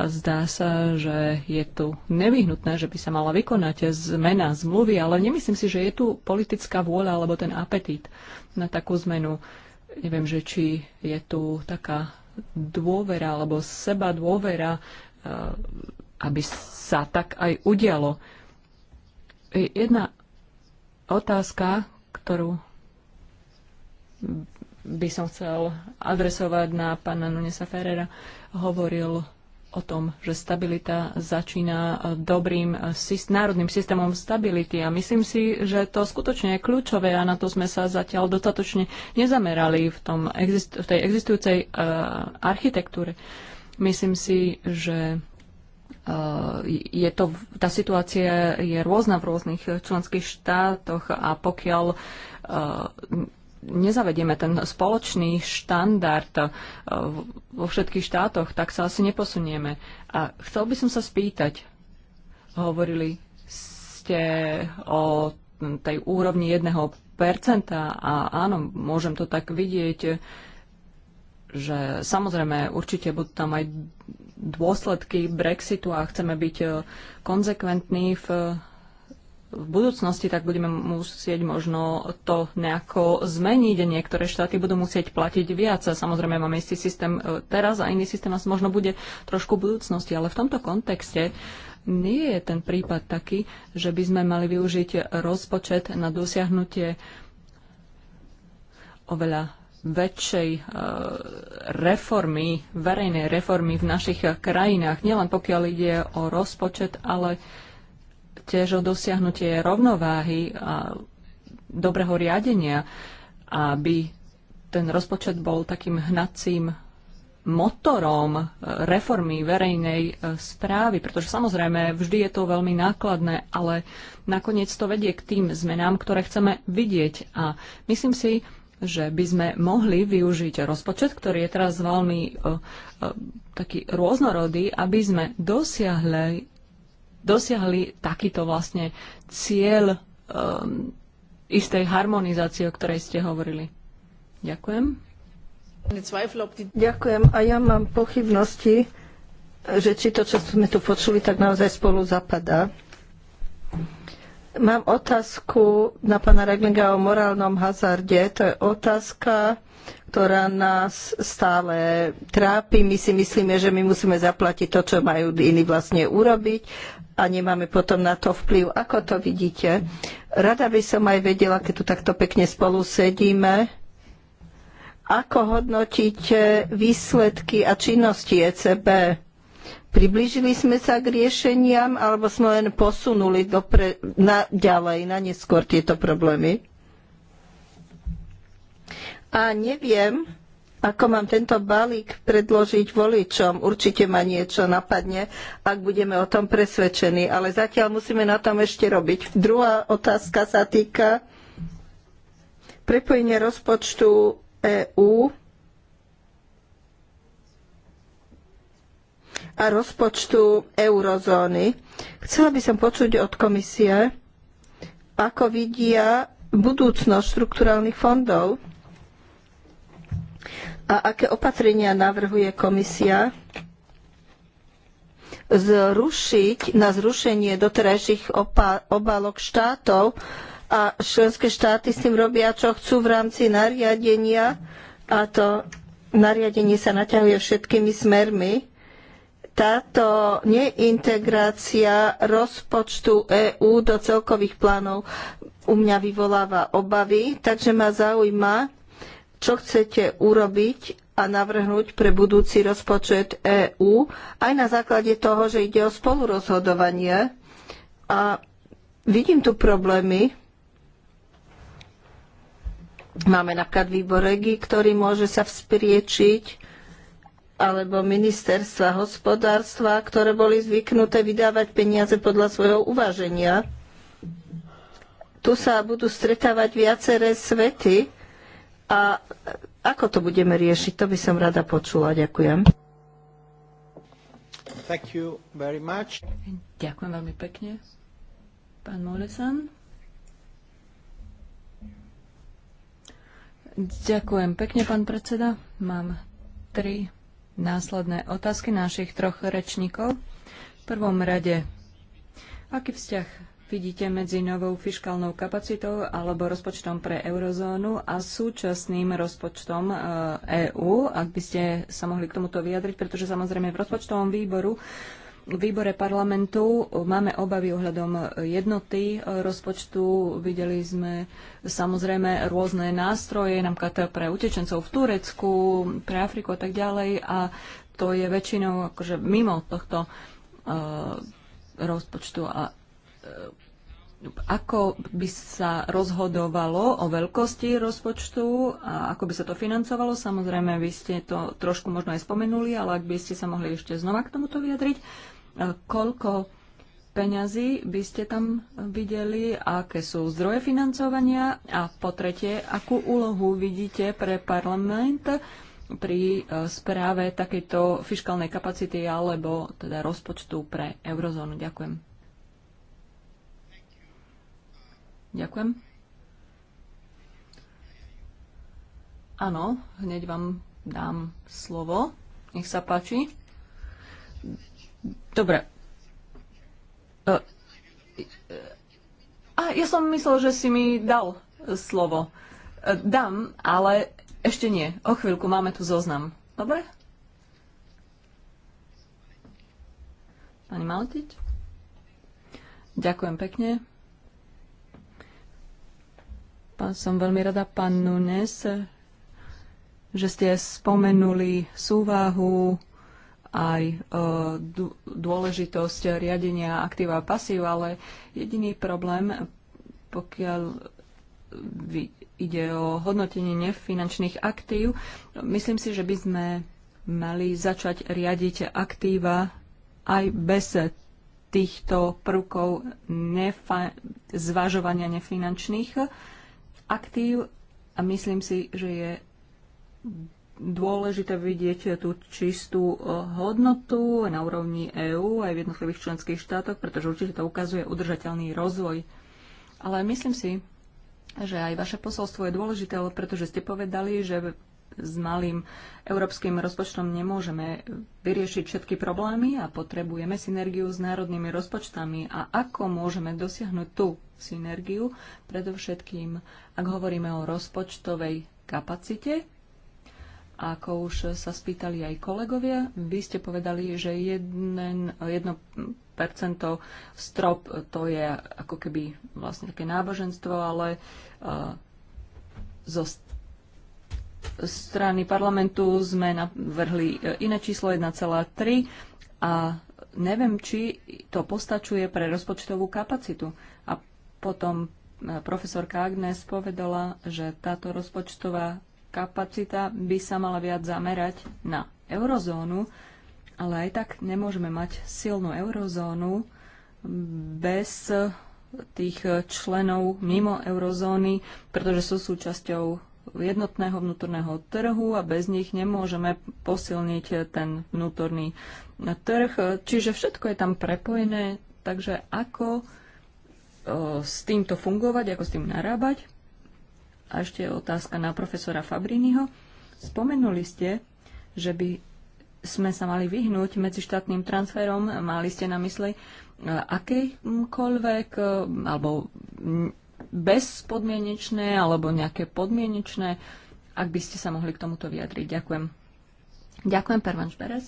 Speaker 1: Zdá sa, že je tu nevyhnutné, že by sa mala vykonať zmena zmluvy, ale nemyslím si, že je tu politická vôľa alebo ten apetít na takú zmenu. Neviem, že či je tu taká dôvera alebo seba dôvera aby sa tak aj udialo. Jedna otázka, ktorú by som chcel adresovať na pána Nunesa Ferrera, hovoril o tom, že stabilita začína dobrým národným systémom stability. A myslím si, že to skutočne je kľúčové a na to sme sa zatiaľ dostatočne nezamerali v, tom, v tej existujúcej uh, architektúre. Myslím si, že Eh, je to, tá situácia je rôzna v rôznych členských štátoch a pokiaľ eh, nezavedieme ten spoločný štandard eh, vo všetkých štátoch, tak sa asi neposunieme. A chcel by som sa spýtať, hovorili ste o tej úrovni jedného percenta a áno, môžem to tak vidieť, že samozrejme určite budú tam aj dôsledky Brexitu a chceme byť e, konzekventní v, v budúcnosti, tak budeme musieť možno to nejako zmeniť. Niektoré štáty budú musieť platiť viac. Samozrejme, máme istý systém e, teraz a iný systém nás možno bude trošku v budúcnosti, ale v tomto kontexte nie je ten prípad taký, že by sme mali využiť rozpočet na dosiahnutie oveľa väčšej eh, reformy, verejnej reformy v našich krajinách, nielen pokiaľ ide o rozpočet, ale tiež o dosiahnutie rovnováhy a dobrého riadenia, aby ten rozpočet bol takým hnacím motorom eh, reformy verejnej eh, správy, pretože samozrejme vždy je to veľmi nákladné, ale nakoniec to vedie k tým zmenám, ktoré chceme vidieť. A myslím si, že by sme mohli využiť rozpočet, ktorý je teraz veľmi uh, uh, taký rôznorodý, aby sme dosiahli, dosiahli takýto vlastne cieľ um, istej harmonizácie, o ktorej ste hovorili. Ďakujem.
Speaker 3: Ďakujem. A ja mám pochybnosti, že či to, čo sme tu počuli, tak naozaj spolu zapadá. Mám otázku na pána Reglinga o morálnom hazarde. To je otázka, ktorá nás stále trápi. My si myslíme, že my musíme zaplatiť to, čo majú iní vlastne urobiť a nemáme potom na to vplyv. Ako to vidíte? Rada by som aj vedela, keď tu takto pekne spolu sedíme, ako hodnotíte výsledky a činnosti ECB? Priblížili sme sa k riešeniam alebo sme len posunuli dopre, na, ďalej, na neskôr tieto problémy? A neviem, ako mám tento balík predložiť voličom. Určite ma niečo napadne, ak budeme o tom presvedčení, ale zatiaľ musíme na tom ešte robiť. Druhá otázka sa týka prepojenia rozpočtu EÚ a rozpočtu eurozóny. Chcela by som počuť od komisie, ako vidia budúcnosť štrukturálnych fondov a aké opatrenia navrhuje komisia zrušiť na zrušenie doterajších obálok štátov a členské štáty s tým robia, čo chcú v rámci nariadenia a to nariadenie sa naťahuje všetkými smermi táto neintegrácia rozpočtu EÚ do celkových plánov u mňa vyvoláva obavy, takže ma zaujíma, čo chcete urobiť a navrhnúť pre budúci rozpočet EÚ, aj na základe toho, že ide o spolurozhodovanie. A vidím tu problémy. Máme napríklad výbor REGI, ktorý môže sa vzpriečiť alebo ministerstva hospodárstva, ktoré boli zvyknuté vydávať peniaze podľa svojho uvaženia. Tu sa budú stretávať viaceré svety a ako to budeme riešiť, to by som rada počula. Ďakujem.
Speaker 1: Ďakujem veľmi pekne. Pán Moresan. Ďakujem pekne, pán predseda. Mám tri následné otázky našich troch rečníkov. V prvom rade, aký vzťah vidíte medzi novou fiskálnou kapacitou alebo rozpočtom pre eurozónu a súčasným rozpočtom e, EÚ, ak by ste sa mohli k tomuto vyjadriť, pretože samozrejme v rozpočtovom výboru výbore parlamentu máme obavy ohľadom jednoty rozpočtu. Videli sme samozrejme rôzne nástroje, napríklad pre utečencov v Turecku, pre Afriku a tak ďalej. A to je väčšinou akože mimo tohto uh, rozpočtu. A uh, ako by sa rozhodovalo o veľkosti rozpočtu a ako by sa to financovalo? Samozrejme, vy ste to trošku možno aj spomenuli, ale ak by ste sa mohli ešte znova k tomuto vyjadriť koľko peňazí by ste tam videli, aké sú zdroje financovania a po tretie, akú úlohu vidíte pre parlament pri e, správe takejto fiskálnej kapacity alebo teda rozpočtu pre eurozónu. Ďakujem. Ďakujem. Áno, hneď vám dám slovo. Nech sa páči. Dobre. E, e, a ja som myslel, že si mi dal slovo. E, dám, ale ešte nie. O chvíľku máme tu zoznam. Dobre? Pani Maltiť? Ďakujem pekne. Pán, som veľmi rada, pán Nunes, že ste spomenuli súvahu aj e, dôležitosť riadenia aktíva a pasív, ale jediný problém, pokiaľ ide o hodnotenie nefinančných aktív, myslím si, že by sme mali začať riadiť aktíva aj bez týchto prvkov nefa- zvažovania nefinančných aktív a myslím si, že je dôležité vidieť tú čistú eh, hodnotu na úrovni EÚ aj v jednotlivých členských štátoch, pretože určite to ukazuje udržateľný rozvoj. Ale myslím si, že aj vaše posolstvo je dôležité, pretože ste povedali, že s malým európskym rozpočtom nemôžeme vyriešiť všetky problémy a potrebujeme synergiu s národnými rozpočtami. A ako môžeme dosiahnuť tú synergiu? Predovšetkým, ak hovoríme o rozpočtovej kapacite, ako už sa spýtali aj kolegovia, vy ste povedali, že 1, strop to je ako keby vlastne také náboženstvo, ale uh, zo strany parlamentu sme navrhli e, iné číslo 1,3 a neviem, či to postačuje pre rozpočtovú kapacitu. A potom e, profesorka Agnes povedala, že táto rozpočtová kapacita by sa mala viac zamerať na eurozónu, ale aj tak nemôžeme mať silnú eurozónu bez tých členov mimo eurozóny, pretože sú súčasťou jednotného vnútorného trhu a bez nich nemôžeme posilniť ten vnútorný trh. Čiže všetko je tam prepojené, takže ako e, s týmto fungovať, ako s tým narábať. A ešte otázka na profesora Fabriniho. Spomenuli ste, že by sme sa mali vyhnúť medzištátnym transferom. Mali ste na mysli e, akejkoľvek e, alebo bezpodmienečné alebo nejaké podmienečné, ak by ste sa mohli k tomuto vyjadriť. Ďakujem. Ďakujem, Pervanš Perez.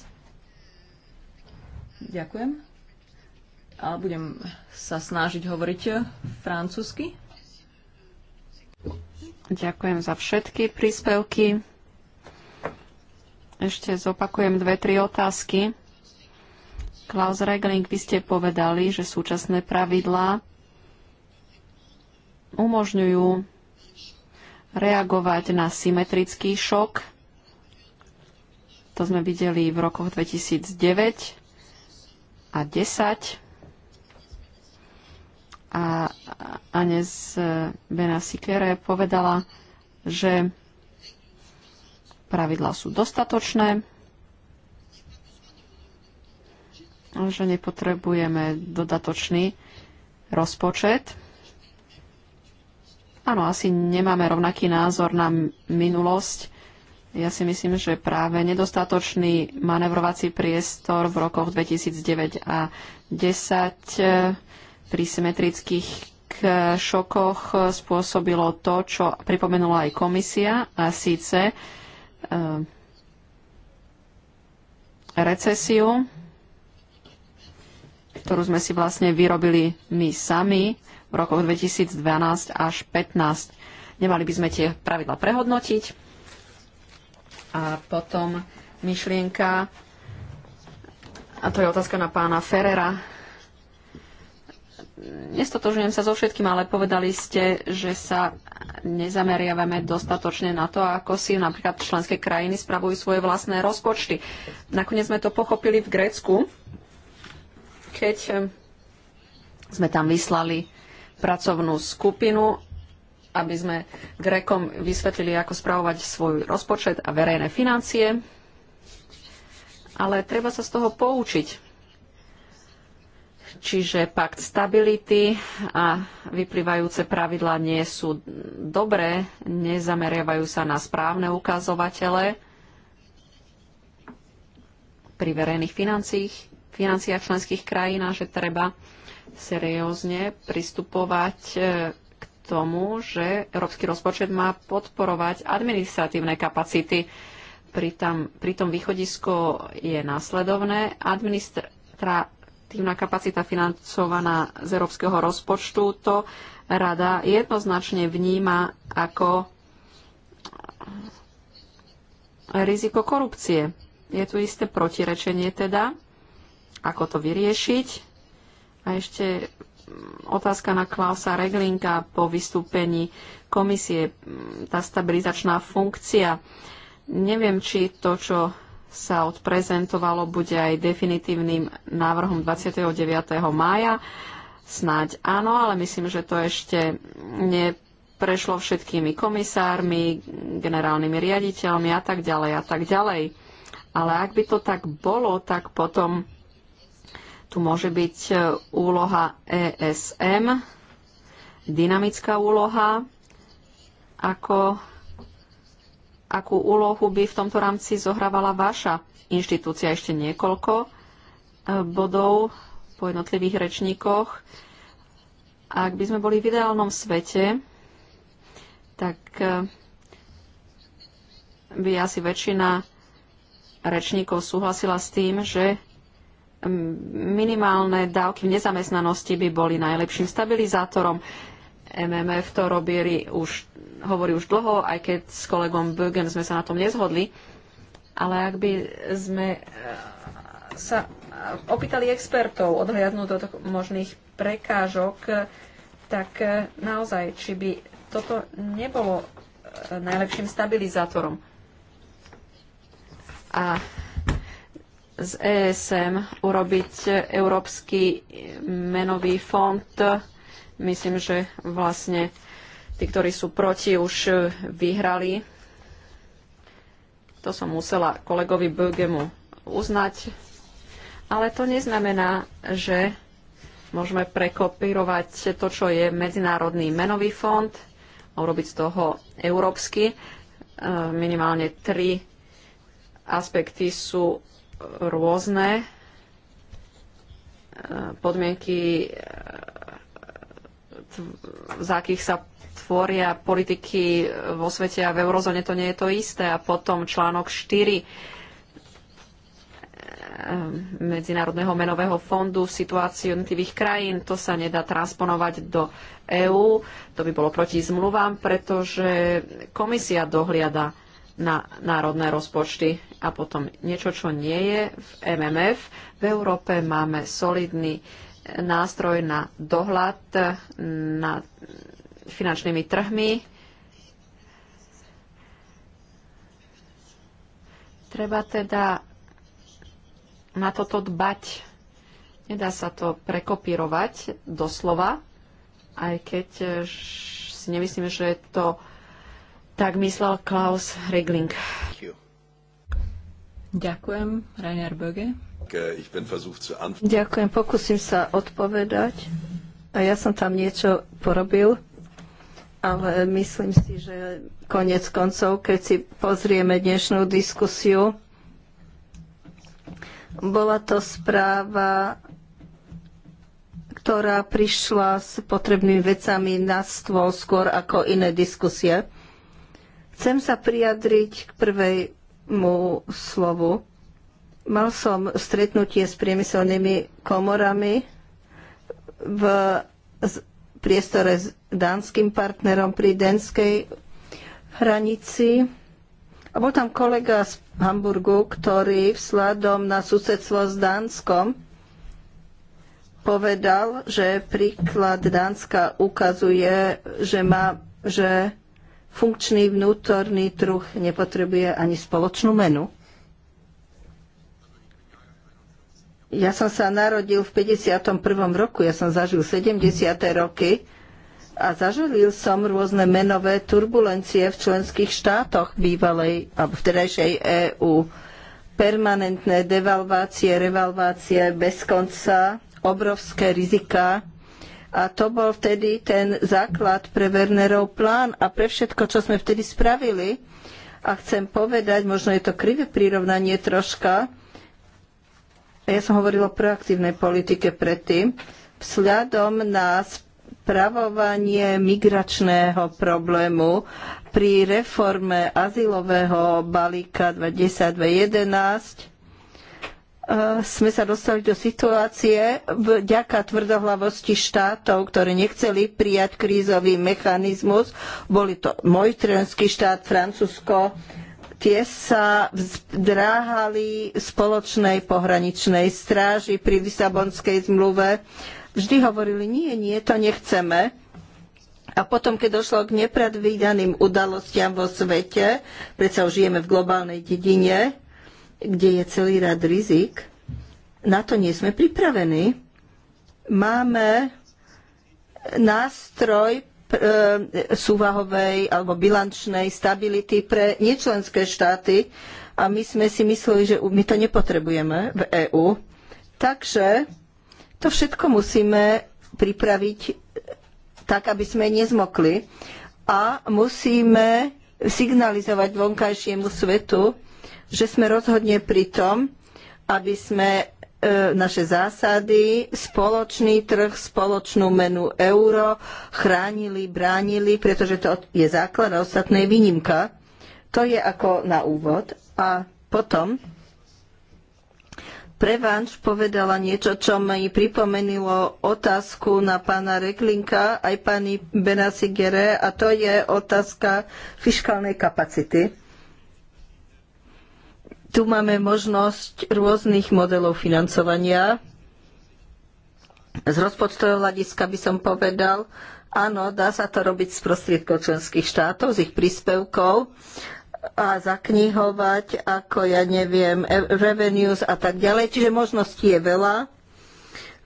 Speaker 1: Ďakujem. A budem sa snažiť hovoriť francúzsky. Ďakujem za všetky príspevky. Ešte
Speaker 2: zopakujem dve, tri otázky. Klaus Regling, vy ste povedali, že súčasné pravidlá umožňujú reagovať na symetrický šok. To sme videli v rokoch 2009 a 2010. A Anes Benasikere povedala, že pravidlá sú dostatočné, že nepotrebujeme dodatočný rozpočet. Áno, asi nemáme rovnaký názor na minulosť. Ja si myslím, že práve nedostatočný manevrovací priestor v rokoch 2009 a 2010 pri symetrických šokoch spôsobilo to, čo pripomenula aj komisia, a síce eh, recesiu, ktorú sme si vlastne vyrobili my sami v rokoch 2012 až 2015. Nemali by sme tie pravidla prehodnotiť. A potom myšlienka, a to je otázka na pána Ferrera, nestotožujem sa so všetkým, ale povedali ste, že sa nezameriavame dostatočne na to, ako si napríklad členské krajiny spravujú svoje vlastné rozpočty. Nakoniec sme to pochopili v Grécku, keď ehm, sme tam vyslali pracovnú skupinu, aby sme Grékom vysvetlili, ako spravovať svoj rozpočet a verejné financie. Ale treba sa z toho poučiť Čiže pakt stability a vyplývajúce pravidlá nie sú dobré, nezameriavajú sa na správne ukazovatele pri verejných financiách členských krajín a že treba seriózne pristupovať e, k tomu, že európsky rozpočet má podporovať administratívne kapacity. Pritom, tom východisko je následovné. Administra kolektívna kapacita financovaná z európskeho rozpočtu, to rada jednoznačne vníma ako riziko korupcie. Je tu isté protirečenie teda, ako to vyriešiť. A ešte otázka na Klausa Reglinka po vystúpení komisie, tá stabilizačná funkcia. Neviem, či to, čo sa odprezentovalo, bude aj definitívnym návrhom 29. mája. Snáď áno, ale myslím, že to ešte neprešlo všetkými komisármi, generálnymi riaditeľmi a tak ďalej a tak ďalej. Ale ak by to tak bolo, tak potom tu môže byť e, úloha ESM, dynamická úloha, ako akú úlohu by v tomto rámci zohrávala vaša inštitúcia. Ešte niekoľko e, bodov po jednotlivých rečníkoch. Ak by sme boli v ideálnom svete, tak e, by asi väčšina rečníkov súhlasila s tým, že minimálne dávky v nezamestnanosti by boli najlepším stabilizátorom. MMF to robili už hovorí už dlho, aj keď s kolegom Bögen sme sa na tom nezhodli. Ale ak by sme e, sa opýtali expertov odhľadnúť od možných prekážok, e, tak e, naozaj, či by toto nebolo najlepším stabilizátorom. A z ESM urobiť Európsky menový fond, myslím, že vlastne Tí, ktorí sú proti, už e, vyhrali. To som musela kolegovi Bögemu uznať. Ale to neznamená, že môžeme prekopírovať to, čo je Medzinárodný menový fond a urobiť z toho európsky. E, minimálne tri aspekty sú rôzne. E, podmienky, za akých sa Tvoria politiky vo svete a v eurozóne to nie je to isté. A potom článok 4 eh, Medzinárodného menového fondu situáciu jednotlivých krajín. To sa nedá transponovať do EÚ. To by bolo proti zmluvám, pretože komisia dohliada na národné rozpočty a potom niečo, čo nie je v MMF. V Európe máme solidný eh, nástroj na dohľad eh, na finančnými trhmi. Treba teda na toto dbať. Nedá sa to prekopírovať doslova, aj keď eh, si nemyslím, že to tak myslel Klaus Regling. Ďakujem, Rainer Böge. Ďakujem, pokúsim sa odpovedať.
Speaker 3: A ja som tam niečo porobil ale myslím si, že konec koncov, keď si pozrieme dnešnú diskusiu, bola to správa, ktorá prišla s potrebnými vecami na stôl skôr ako iné diskusie. Chcem sa prijadriť k prvému slovu. Mal som stretnutie s priemyselnými komorami v priestore s dánskym partnerom pri dánskej hranici. A bol tam kolega z Hamburgu, ktorý vzhľadom na susedstvo s Dánskom povedal, že príklad Dánska ukazuje, že má, že funkčný vnútorný trh nepotrebuje ani spoločnú menu. Ja som sa narodil v 51. roku, ja som zažil 70. roky a zažil som rôzne menové turbulencie v členských štátoch bývalej a vtedajšej EÚ. Permanentné devalvácie, revalvácie bez konca, obrovské rizika. A to bol vtedy ten základ pre Wernerov plán a pre všetko, čo sme vtedy spravili. A chcem povedať, možno je to krivé prirovnanie troška, ja som hovorila o proaktívnej politike predtým. Vzhľadom na spravovanie migračného problému pri reforme azylového balíka 2011 eh, sme sa dostali do situácie vďaka tvrdohlavosti štátov, ktoré nechceli prijať krízový mechanizmus. Boli to môj štát, Francúzsko, Tie sa zdráhali spoločnej pohraničnej stráži pri Lisabonskej zmluve. Vždy hovorili, nie, nie, to nechceme. A potom, keď došlo k nepredvídaným udalostiam vo svete, predsa už žijeme v globálnej dedine, kde je celý rad rizik, na to nie sme pripravení. Máme nástroj E, súvahovej alebo bilančnej stability pre nečlenské štáty a my sme si mysleli, že my to nepotrebujeme v EÚ. Takže to všetko musíme pripraviť tak, aby sme nezmokli a musíme signalizovať vonkajšiemu svetu, že sme rozhodne pri tom, aby sme E, naše zásady, spoločný trh, spoločnú menu euro chránili, bránili, pretože to je základ a ostatné výnimka. To je ako na úvod. A potom Prevanš povedala niečo, čo mi pripomenilo otázku na pána Reklinka, aj pani Benasigere, a to je otázka fiškálnej kapacity tu máme možnosť rôznych modelov financovania. Z rozpočtového hľadiska by som povedal, áno, dá sa to robiť z prostriedkov členských štátov, z ich príspevkov a zaknihovať, ako ja neviem, e, revenues a tak ďalej. Čiže možností je veľa.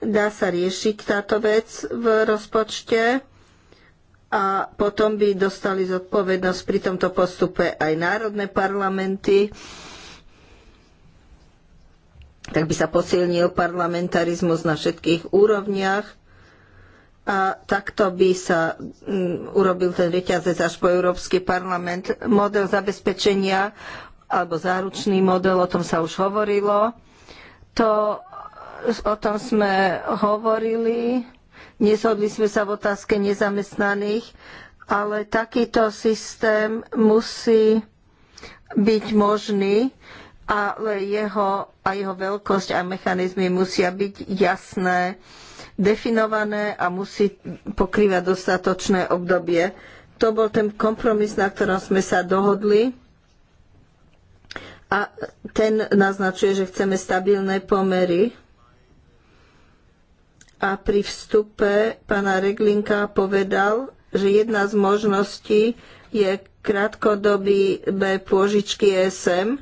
Speaker 3: Dá sa riešiť táto vec v rozpočte a potom by dostali zodpovednosť pri tomto postupe aj národné parlamenty tak by sa posilnil parlamentarizmus na všetkých úrovniach a takto by sa mm, urobil ten reťazec až po Európsky parlament. Model zabezpečenia alebo záručný model, o tom sa už hovorilo. To, o tom sme hovorili. Neshodli sme sa v otázke nezamestnaných, ale takýto systém musí byť možný ale jeho a jeho veľkosť a mechanizmy musia byť jasné, definované a musí pokrývať dostatočné obdobie. To bol ten kompromis, na ktorom sme sa dohodli a ten naznačuje, že chceme stabilné pomery. A pri vstupe pána Reglinka povedal, že jedna z možností je krátkodobý B pôžičky ESM,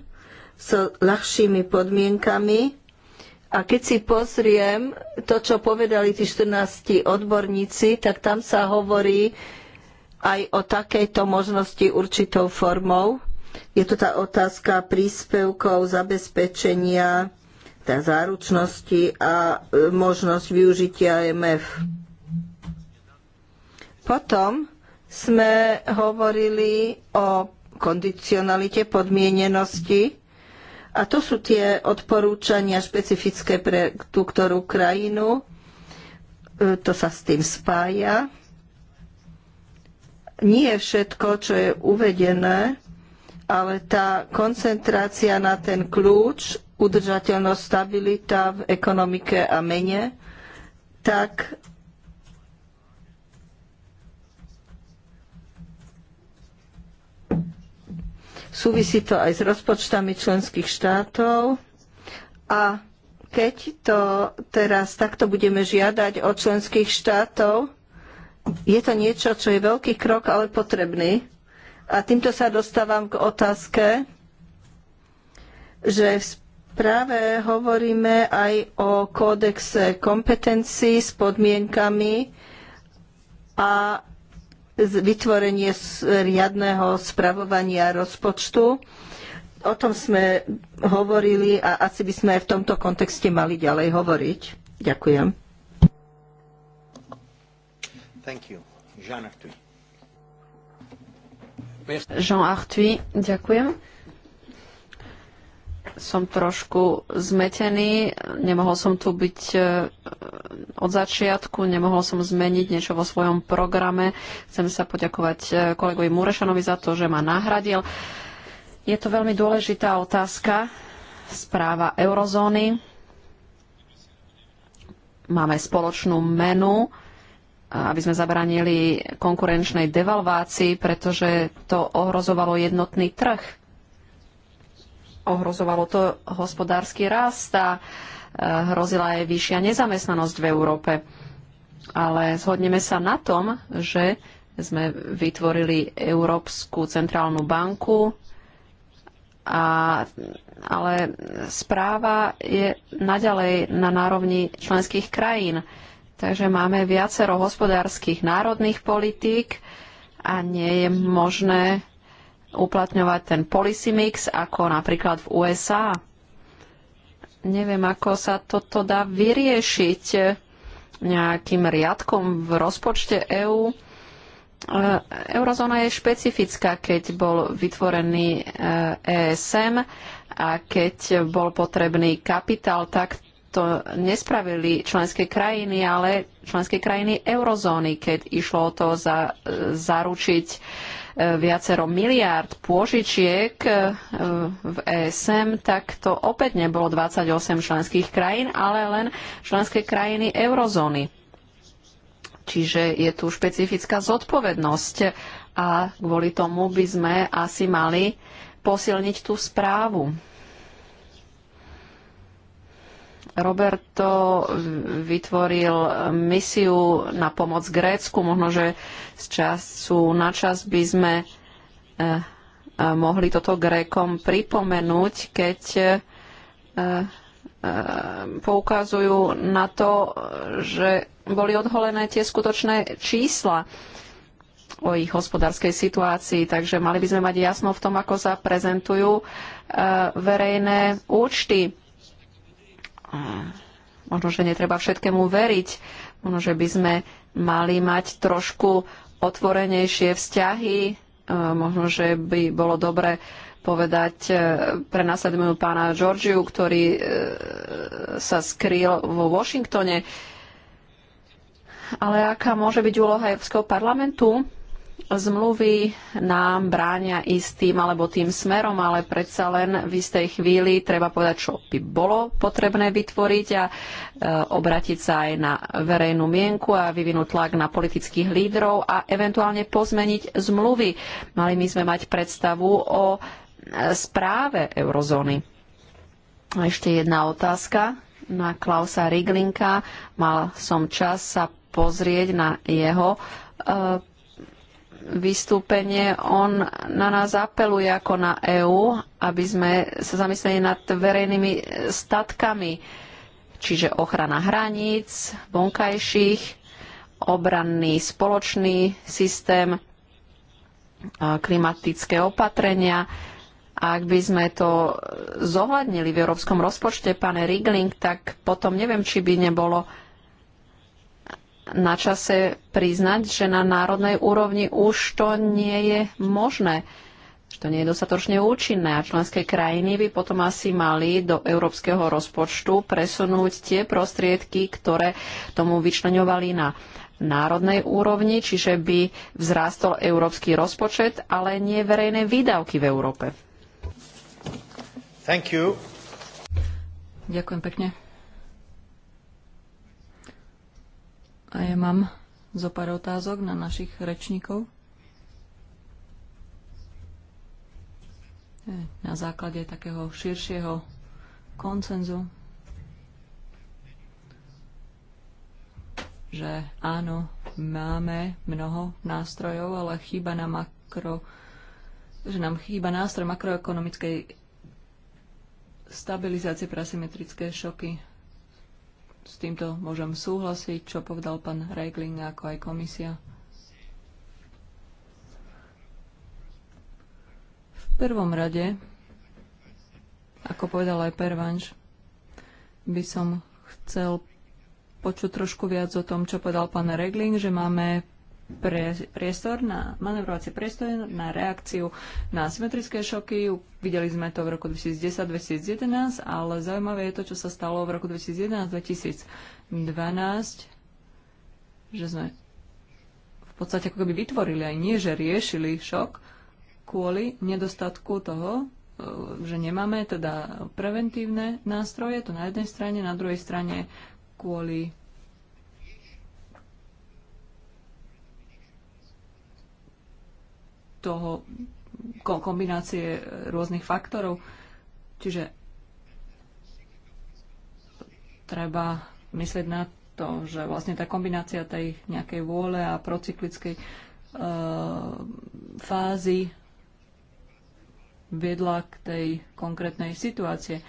Speaker 3: s ľahšími podmienkami. A keď si pozriem to, čo povedali tí 14 odborníci, tak tam sa hovorí aj o takejto možnosti určitou formou. Je to tá otázka príspevkov, zabezpečenia, tá záručnosti a e, možnosť využitia MF. Potom sme hovorili o kondicionalite podmienenosti a to sú tie odporúčania špecifické pre tú ktorú krajinu. E, to sa s tým spája. Nie všetko, čo je uvedené, ale tá koncentrácia na ten kľúč, udržateľnosť, stabilita v ekonomike a mene, tak Súvisí to aj s rozpočtami členských štátov a keď to teraz takto budeme žiadať od členských štátov, je to niečo, čo je veľký krok, ale potrebný. A týmto sa dostávam k otázke, že v správe hovoríme aj o kódexe kompetencií s podmienkami a vytvorenie riadného spravovania rozpočtu. O tom sme hovorili a asi by sme aj v tomto kontexte mali ďalej hovoriť. Ďakujem.
Speaker 2: Jean Arthuis. Jean Arthuis, ďakujem som trošku zmetený, nemohol som tu byť e, od začiatku, nemohol som zmeniť niečo vo svojom programe. Chcem sa poďakovať e, kolegovi Murešanovi za to, že ma nahradil. Je to veľmi dôležitá otázka, správa eurozóny. Máme spoločnú menu, aby sme zabranili konkurenčnej devalvácii, pretože to ohrozovalo jednotný trh ohrozovalo to hospodársky rast a e, hrozila aj vyššia nezamestnanosť v Európe. Ale zhodneme sa na tom, že sme vytvorili Európsku centrálnu banku, a, ale správa je naďalej na nárovni členských krajín. Takže máme viacero hospodárskych národných politík a nie je možné uplatňovať ten policy mix, ako napríklad v USA. Neviem, ako sa toto dá vyriešiť nejakým riadkom v rozpočte EÚ. E, eurozóna je špecifická, keď bol vytvorený ESM e a keď bol potrebný kapitál, tak to nespravili členské krajiny, ale členské krajiny eurozóny, keď išlo o to za, zaručiť viacero miliárd pôžičiek e, v ESM, tak to opäť nebolo 28 členských krajín, ale len členské krajiny eurozóny. Čiže je tu špecifická zodpovednosť a kvôli tomu by sme asi mali posilniť tú správu. Roberto vytvoril misiu na pomoc Grécku. Možno, že z času na čas by sme eh, mohli toto Grékom pripomenúť, keď eh, eh, poukazujú na to, že boli odholené tie skutočné čísla o ich hospodárskej situácii, takže mali by sme mať jasno v tom, ako sa prezentujú verejné účty možno, že netreba všetkému veriť. Možno, že by sme mali mať trošku otvorenejšie vzťahy. E, možno, že by bolo dobre povedať, e, pre prenasledujú pána Georgiu, ktorý e, sa skrýl vo Washingtone. Ale aká môže byť úloha Európskeho parlamentu? Zmluvy nám bránia ísť tým alebo tým smerom, ale predsa len v istej chvíli treba povedať, čo by bolo potrebné vytvoriť a e, obratiť sa aj na verejnú mienku a vyvinúť tlak na politických lídrov a eventuálne pozmeniť zmluvy. Mali my sme mať predstavu o e, správe eurozóny. A ešte jedna otázka na Klausa Riglinka. Mal som čas sa pozrieť na jeho e, vystúpenie, on na nás apeluje ako na EÚ, aby sme sa zamysleli nad verejnými e, statkami, čiže ochrana hraníc, vonkajších, obranný spoločný systém, klimatické opatrenia. A ak by sme to e, zohľadnili v európskom rozpočte, pane Rigling, tak potom neviem, či by nebolo na čase priznať, že na národnej úrovni už to nie je možné že to nie je dostatočne účinné a členské krajiny by potom asi mali do európskeho rozpočtu presunúť tie prostriedky, ktoré tomu vyčleňovali na národnej úrovni, čiže by vzrástol európsky rozpočet, ale nie verejné výdavky v Európe. Thank you.
Speaker 1: Ďakujem pekne. A ja mám zo pár otázok na našich rečníkov. E, na základe takého širšieho koncenzu, že áno, máme mnoho nástrojov, ale chýba nám makro, že nám chýba nástroj makroekonomickej stabilizácie pre asymetrické šoky s týmto môžem súhlasiť, čo povedal pán Regling, ako aj komisia. V prvom rade, ako povedal aj Pervanš, by som chcel počuť trošku viac o tom, čo povedal pán Regling, že máme priestor na manevrovací priestor na reakciu na symetrické šoky. Videli sme to v roku 2010-2011, ale zaujímavé je to, čo sa stalo v roku 2011-2012, že sme v podstate ako keby vytvorili aj nie, že riešili šok kvôli nedostatku toho, e, že nemáme teda preventívne nástroje, to na jednej strane, na druhej strane kvôli toho kombinácie rôznych faktorov. Čiže treba myslieť na to, že vlastne tá kombinácia tej nejakej vôle a procyklickej e, fázy viedla k tej konkrétnej situácie. E,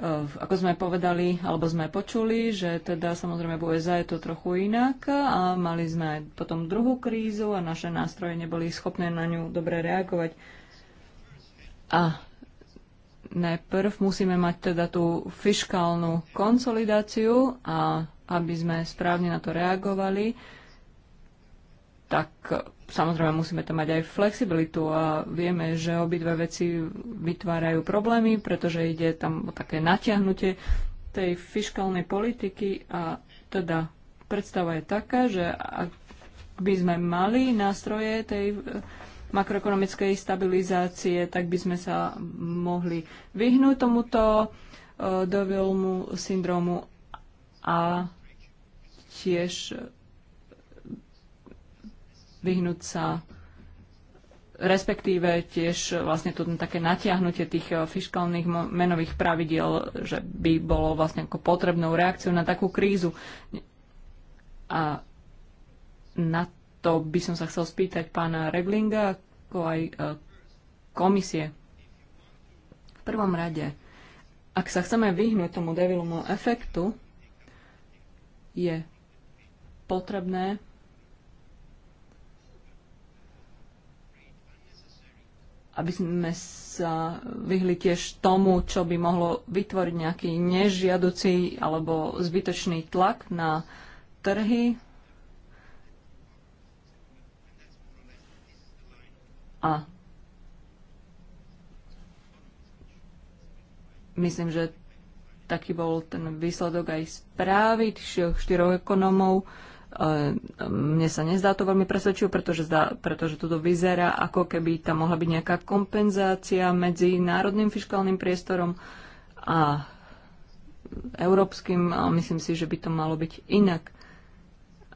Speaker 1: Eh, ako sme povedali, alebo sme počuli, že teda samozrejme v USA je to trochu inak a mali sme aj potom druhú krízu a naše nástroje neboli schopné na ňu dobre reagovať. A najprv musíme mať teda tú fiskálnu konsolidáciu a aby sme správne na to reagovali, tak Samozrejme, musíme tam mať aj flexibilitu a vieme, že obidve veci vytvárajú problémy, pretože ide tam o také natiahnutie tej fiskálnej politiky a teda predstava je taká, že ak by sme mali nástroje tej makroekonomickej stabilizácie, tak by sme sa mohli vyhnúť tomuto eh, dovilmu syndromu a tiež vyhnúť sa respektíve tiež vlastne to také natiahnutie tých eh, fiskálnych menových pravidiel, že by bolo vlastne ako potrebnou reakciou na takú krízu. A na to by som sa chcel spýtať pána Reglinga, ako aj eh, komisie. V prvom rade, ak sa chceme vyhnúť tomu devilomu efektu, je potrebné aby sme sa vyhli tiež tomu, čo by mohlo vytvoriť nejaký nežiaducí alebo zbytočný tlak na trhy. A myslím, že taký bol ten výsledok aj správy štyroch ekonomov, mne sa nezdá to veľmi presvedčivo, pretože, zdá, pretože toto vyzerá, ako keby tam mohla byť nejaká kompenzácia medzi národným fiskálnym priestorom a európskym, ale myslím si, že by to malo byť inak.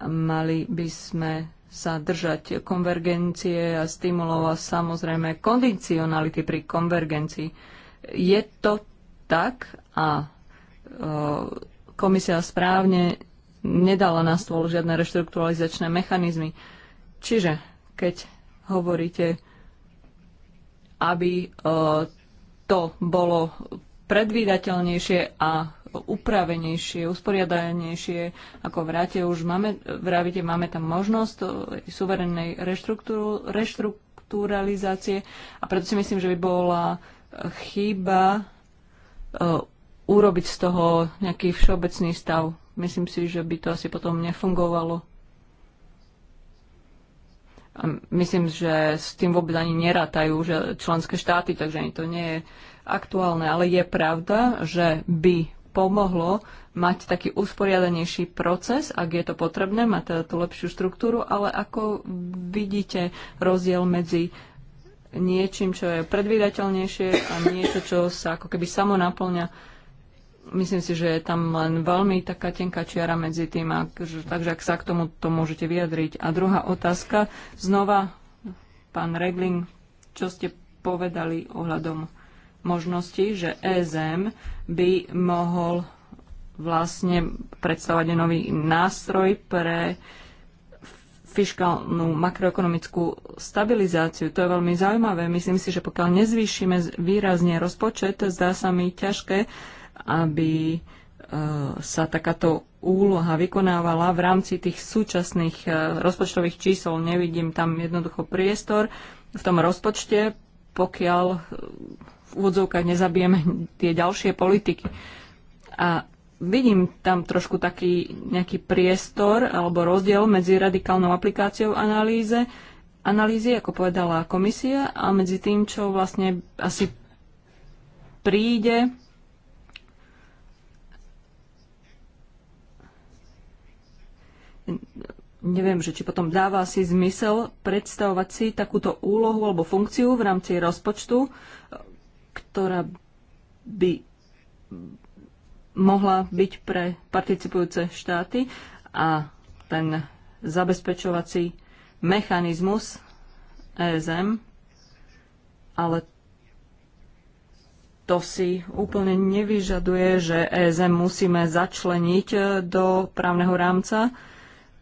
Speaker 1: Mali by sme sa držať konvergencie a stimulovať samozrejme kondicionality pri konvergencii. Je to tak a e, komisia správne nedala na stôl žiadne reštrukturalizačné mechanizmy. Čiže keď hovoríte, aby e, to bolo predvídateľnejšie a upravenejšie, usporiadanejšie, ako vráte už máme, vravíte, máme tam možnosť e, suverennej reštrukturalizácie a preto si myslím, že by bola e, chyba urobiť z toho nejaký všeobecný stav Myslím si, že by to asi potom nefungovalo. A myslím, že s tým vôbec ani nerátajú že členské štáty, takže ani to nie je aktuálne. Ale je pravda, že by pomohlo mať taký usporiadanejší proces, ak je to potrebné, mať teda tú lepšiu štruktúru, ale ako vidíte rozdiel medzi niečím, čo je predvídateľnejšie a niečo, čo sa ako keby samo naplňa myslím si, že je tam len veľmi taká tenká čiara medzi tým, ak, že, takže ak sa k tomu to môžete vyjadriť. A druhá otázka, znova, pán Regling, čo ste povedali ohľadom možnosti, že EZM by mohol vlastne predstavovať nový nástroj pre fiskálnu makroekonomickú stabilizáciu. To je veľmi zaujímavé. Myslím si, že pokiaľ nezvýšime výrazne rozpočet, zdá sa mi ťažké aby e, sa takáto úloha vykonávala v rámci tých súčasných e, rozpočtových čísel. Nevidím tam jednoducho priestor v tom rozpočte, pokiaľ e, v úvodzovkách nezabijeme tie ďalšie politiky. A vidím tam trošku taký nejaký priestor alebo rozdiel medzi radikálnou aplikáciou analýze, analýzy, ako povedala komisia, a medzi tým, čo vlastne asi príde neviem, že či potom dáva si zmysel predstavovať si takúto úlohu alebo funkciu v rámci rozpočtu, ktorá by mohla byť pre participujúce štáty a ten zabezpečovací mechanizmus ESM, ale to si úplne nevyžaduje, že ESM musíme začleniť do právneho rámca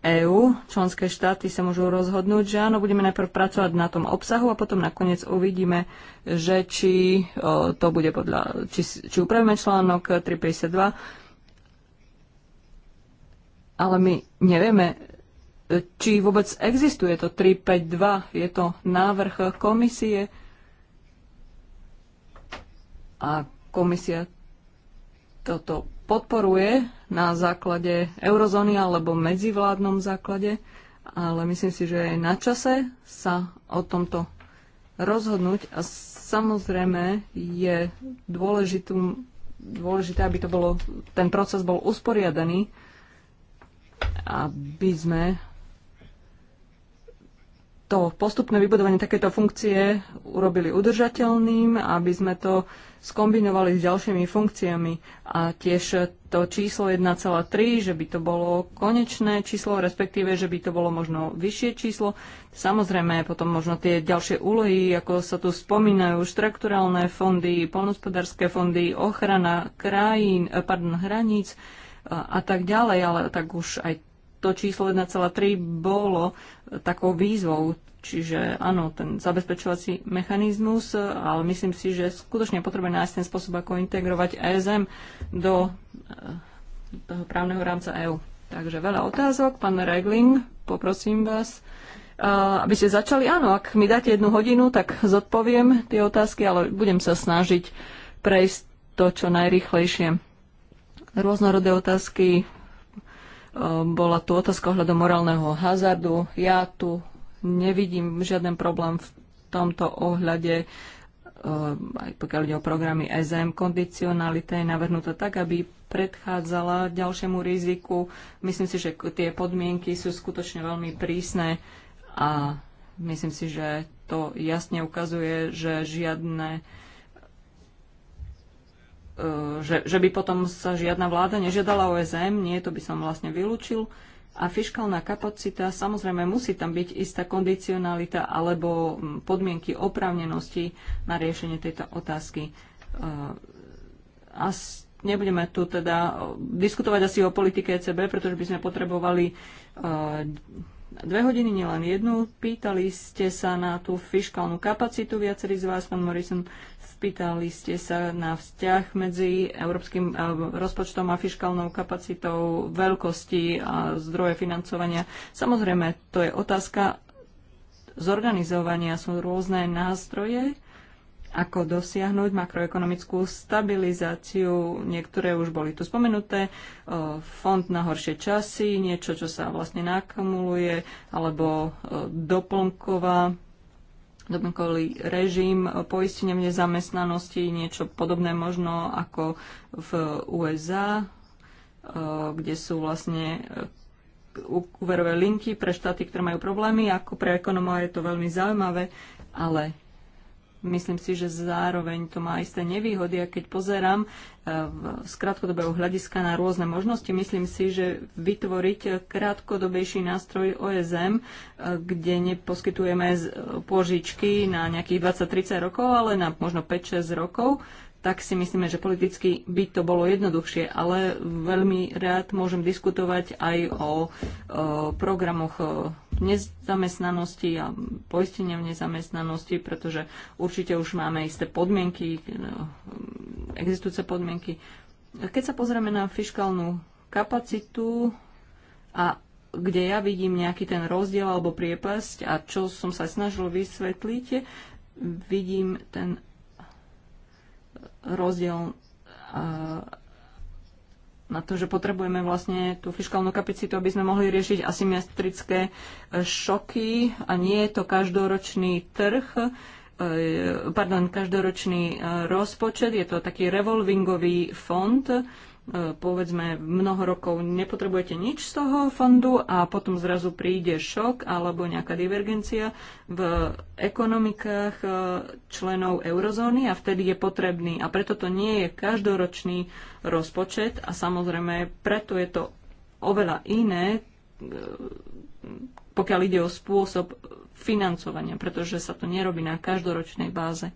Speaker 1: EÚ. Členské štáty sa môžu rozhodnúť, že áno, budeme najprv pracovať na tom obsahu a potom nakoniec uvidíme, že či o, to bude podľa, či, či upravíme článok 352. Ale my nevieme, či vôbec existuje to 352. Je to návrh komisie a komisia toto podporuje na základe eurozóny alebo medzivládnom základe, ale myslím si, že je na čase sa o tomto rozhodnúť a samozrejme je dôležitú, dôležité, aby to bolo, ten proces bol usporiadaný, aby sme to postupné vybudovanie takéto funkcie urobili udržateľným, aby sme to uh, skombinovali s ďalšími funkciami a tiež to číslo 1,3, že by to bolo konečné číslo, respektíve, že by to bolo možno vyššie číslo. Samozrejme, potom možno tie ďalšie úlohy, ako sa tu spomínajú, štrukturálne fondy, polnospodárske fondy, ochrana krajín, eh, pardon, hraníc a, eh, a tak ďalej, ale tak už aj to číslo 1,3 bolo takou výzvou Čiže áno, ten zabezpečovací mechanizmus, e, ale myslím si, že skutočne potrebujeme nájsť ten spôsob, ako integrovať ESM do e, toho právneho rámca EÚ. Takže veľa otázok. Pán Regling, poprosím vás, e, aby ste začali. Áno, ak mi dáte jednu hodinu, tak zodpoviem tie otázky, ale budem sa snažiť prejsť to čo najrychlejšie. Rôznorodé otázky. Bola tu otázka ohľadom morálneho hazardu. Ja tu nevidím žiaden problém v tomto ohľade, eh, aj pokiaľ ide o programy EZM, kondicionalita je navrhnutá tak, aby predchádzala ďalšiemu riziku. Myslím si, že tie podmienky sú skutočne veľmi prísne a myslím si, že to jasne ukazuje, že žiadne eh, že, že by potom sa žiadna vláda nežiadala o SM, nie, to by som vlastne vylúčil. A fiskálna kapacita, samozrejme, musí tam byť istá kondicionalita alebo mm, podmienky oprávnenosti na riešenie tejto otázky. E, a nebudeme tu teda e, diskutovať asi o politike ECB, pretože by sme potrebovali e, dve hodiny, nielen jednu. Pýtali ste sa na tú fiskálnu kapacitu, viacerí z vás, pán Morrison Pýtali ste sa na vzťah medzi európskym rozpočtom a fiskálnou kapacitou veľkosti a zdroje financovania. Samozrejme, to je otázka zorganizovania. Sú rôzne nástroje, ako dosiahnuť makroekonomickú stabilizáciu. Niektoré už boli tu spomenuté. Fond na horšie časy, niečo, čo sa vlastne nakumuluje, alebo doplnková dokonkolý režim poistenie v nezamestnanosti, niečo podobné možno ako v USA, e, kde sú vlastne e, úverové linky pre štáty, ktoré majú problémy. Ako pre ekonomov je to veľmi zaujímavé, ale Myslím si, že zároveň to má isté nevýhody a keď pozerám eh, z krátkodobého hľadiska na rôzne možnosti, myslím si, že vytvoriť krátkodobejší nástroj OSM, eh, kde neposkytujeme eh, pôžičky na nejakých 20-30 rokov, ale na možno 5-6 rokov, tak si myslíme, že politicky by to bolo jednoduchšie, ale veľmi rád môžem diskutovať aj o, o programoch nezamestnanosti a poistenia v nezamestnanosti, pretože určite už máme isté podmienky, no, existujúce podmienky. Keď sa pozrieme na fiskálnu kapacitu a kde ja vidím nejaký ten rozdiel alebo priepasť a čo som sa snažil vysvetliť, vidím ten rozdiel na to, že potrebujeme vlastne tú fiskálnu kapacitu, aby sme mohli riešiť asymetrické e, šoky a nie je to každoročný trh, e, pardon, každoročný e, rozpočet, je to taký revolvingový fond, E, povedzme mnoho rokov nepotrebujete nič z toho fondu a potom zrazu príde šok alebo nejaká divergencia v ekonomikách e, členov eurozóny a vtedy je potrebný. A preto to nie je každoročný rozpočet a samozrejme preto je to oveľa iné, e, pokiaľ ide o spôsob financovania, pretože sa to nerobí na každoročnej báze.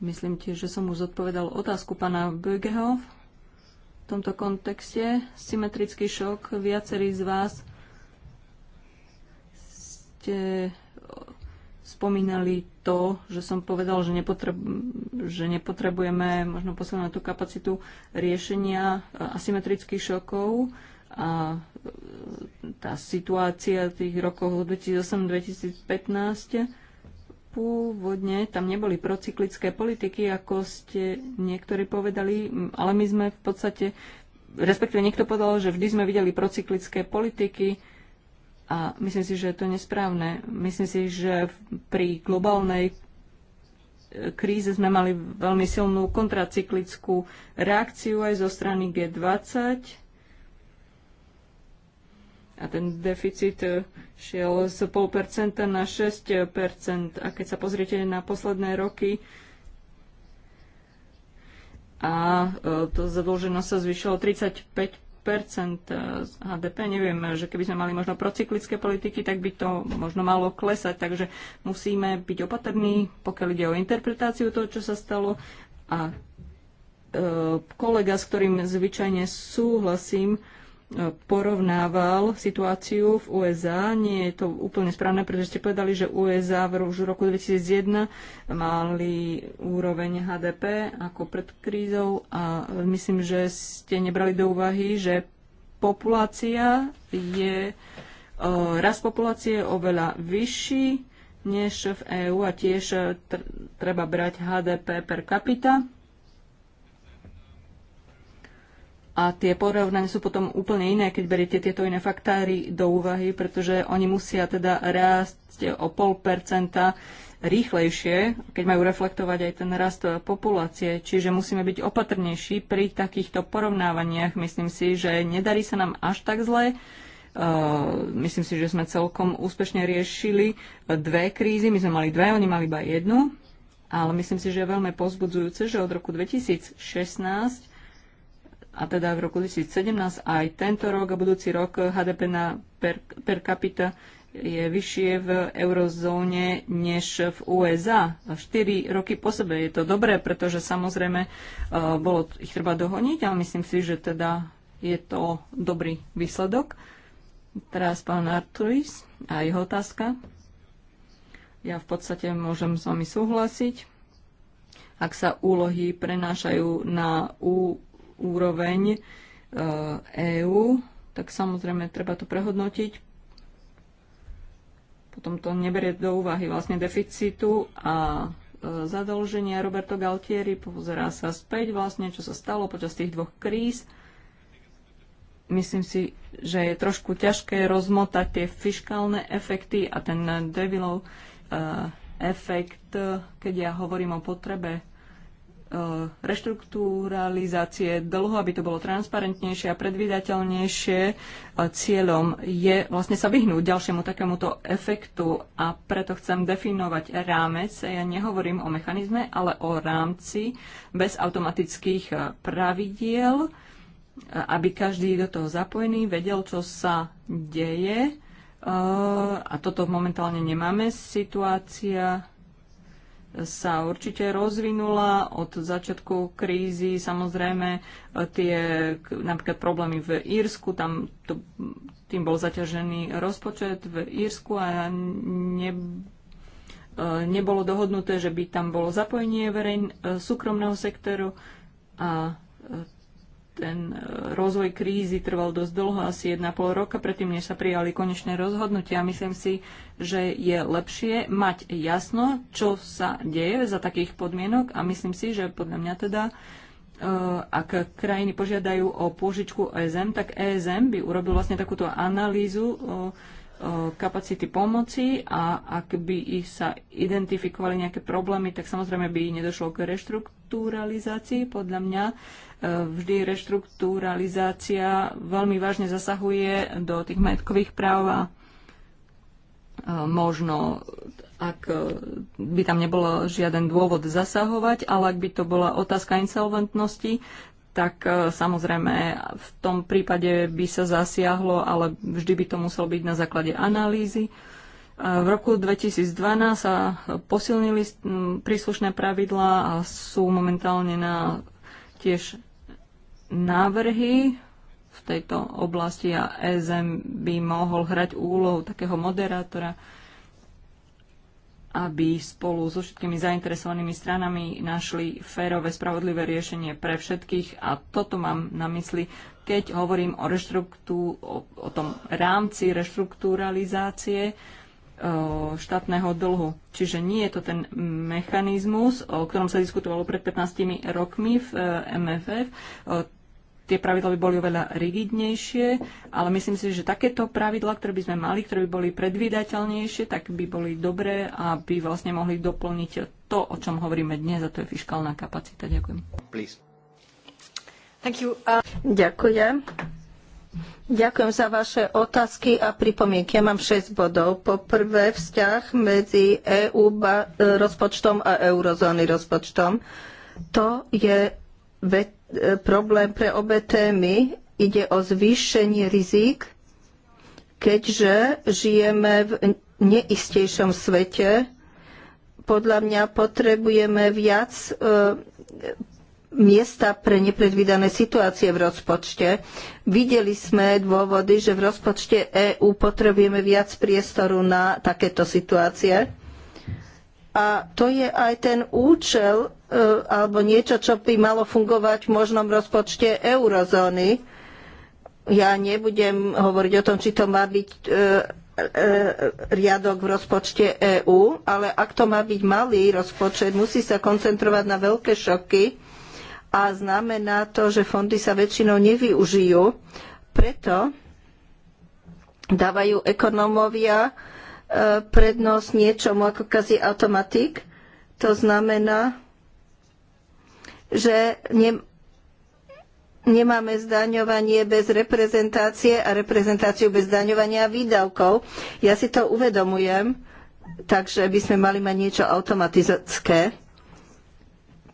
Speaker 1: Myslím tiež, že som už zodpovedal otázku pána Bögeho. V tomto kontexte symetrický šok. Viacerí z vás ste spomínali to, že som povedal, že, nepotreb- že nepotrebujeme možno posilnať tú kapacitu riešenia asymetrických šokov a e, tá situácia tých rokov 2008-2015 Pôvodne tam neboli procyklické politiky, ako ste niektorí povedali, ale my sme v podstate, respektíve niekto povedal, že vždy sme videli procyklické politiky a myslím si, že to je nesprávne. Myslím si, že pri globálnej eh, kríze sme mali veľmi silnú kontracyklickú reakciu aj zo strany G20 a ten deficit e, šiel z 0,5% na 6%. A keď sa pozriete na posledné roky, a e, to zadlženosť sa zvyšilo 35 HDP. Neviem, že keby sme mali možno procyklické politiky, tak by to možno malo klesať. Takže musíme byť opatrní, pokiaľ ide o interpretáciu toho, čo sa stalo. A e, kolega, s ktorým zvyčajne súhlasím, porovnával situáciu v USA. Nie je to úplne správne, pretože ste povedali, že USA v roku 2001 mali úroveň HDP ako pred krízou a myslím, že ste nebrali do úvahy, že populácia je, e, rast populácie je oveľa vyšší než v EÚ a tiež treba brať HDP per capita a tie porovnania sú potom úplne iné, keď beriete tieto iné faktári do úvahy, pretože oni musia teda rásť o pol percenta rýchlejšie, keď majú reflektovať aj ten rast populácie. Čiže musíme byť opatrnejší pri takýchto porovnávaniach. Myslím si, že nedarí sa nám až tak zle. Uh, myslím si, že sme celkom úspešne riešili dve krízy. My sme mali dve, oni mali iba jednu. Ale myslím si, že je veľmi pozbudzujúce, že od roku 2016 a teda v roku 2017 aj tento rok a budúci rok HDP na per, per capita je vyššie v eurozóne než v USA. 4 roky po sebe je to dobré, pretože samozrejme e, bolo ich treba dohoniť, ale myslím si, že teda je to dobrý výsledok. Teraz pán Arturis a jeho otázka. Ja v podstate môžem s vami súhlasiť. Ak sa úlohy prenášajú na úroveň EÚ, e tak samozrejme treba to prehodnotiť. Potom to neberie do úvahy vlastne deficitu a e, zadlženia Roberto Galtieri pozerá sa späť vlastne, čo sa stalo počas tých dvoch kríz. Myslím si, že je trošku ťažké rozmotať tie fiskálne efekty a ten devilov uh, efekt, keď ja hovorím o potrebe E, reštrukturalizácie dlhu, aby to bolo transparentnejšie a predvydateľnejšie. E, cieľom je vlastne sa vyhnúť ďalšiemu takémuto efektu a preto chcem definovať rámec. Ja nehovorím o mechanizme, ale o rámci bez automatických e, pravidiel, aby každý do toho zapojený vedel, čo sa deje. A toto momentálne nemáme. Situácia sa určite rozvinula od začiatku krízy. Samozrejme, tie napríklad problémy v Írsku, tam to, tým bol zaťažený rozpočet v Írsku a ne, e, nebolo dohodnuté, že by tam bolo zapojenie verejn, e, súkromného sektoru a e, ten e, rozvoj krízy trval dosť dlho, asi 1,5 roka, predtým, než sa prijali konečné rozhodnutia. Myslím si, že je lepšie mať jasno, čo sa deje za takých podmienok a myslím si, že podľa mňa teda e, ak krajiny požiadajú o pôžičku ESM, tak ESM by urobil vlastne takúto analýzu e, Eh, kapacity pomoci a ak by ich sa identifikovali nejaké problémy, tak samozrejme by nedošlo k reštrukturalizácii. Podľa mňa eh, vždy reštrukturalizácia veľmi vážne zasahuje do tých majetkových práv a eh, možno ak by tam nebolo žiaden dôvod zasahovať, ale ak by to bola otázka insolventnosti, tak e, samozrejme v tom prípade by sa zasiahlo, ale vždy by to muselo byť na základe analýzy. E, v roku 2012 sa posilnili príslušné pravidlá a sú momentálne na tiež návrhy v tejto oblasti a ESM by mohol hrať úlohu takého moderátora aby spolu so všetkými zainteresovanými stranami našli férové, spravodlivé riešenie pre všetkých. A toto mám na mysli, keď hovorím o, reštruktú, o, o tom rámci reštrukturalizácie e, štátneho dlhu. Čiže nie je to ten mechanizmus, o ktorom sa diskutovalo pred 15 rokmi v e, MFF tie pravidla by boli oveľa rigidnejšie, ale myslím si, že takéto pravidla, ktoré by sme mali, ktoré by boli predvídateľnejšie, tak by boli dobré, aby vlastne mohli doplniť to, o čom hovoríme dnes, a to je fiskálna kapacita. Ďakujem. Thank you. Uh...
Speaker 3: Ďakujem. Ďakujem za vaše otázky a pripomienky. Ja mám 6 bodov. Po prvé, vzťah medzi EU rozpočtom a eurozóny rozpočtom. To je problém pre obe témy. Ide o zvýšenie rizik, keďže žijeme v neistejšom svete. Podľa mňa potrebujeme viac e, miesta pre nepredvídané situácie v rozpočte. Videli sme dôvody, že v rozpočte EÚ potrebujeme viac priestoru na takéto situácie a to je aj ten účel e, alebo niečo, čo by malo fungovať v možnom rozpočte eurozóny. Ja nebudem hovoriť o tom, či to má byť e, e, riadok v rozpočte EÚ, ale ak to má byť malý rozpočet, musí sa koncentrovať na veľké šoky a znamená to, že fondy sa väčšinou nevyužijú. Preto dávajú ekonómovia prednosť niečomu ako kazi automatik. To znamená, že ne, nemáme zdaňovanie bez reprezentácie a reprezentáciu bez zdaňovania výdavkov. Ja si to uvedomujem, takže by sme mali mať niečo automatické.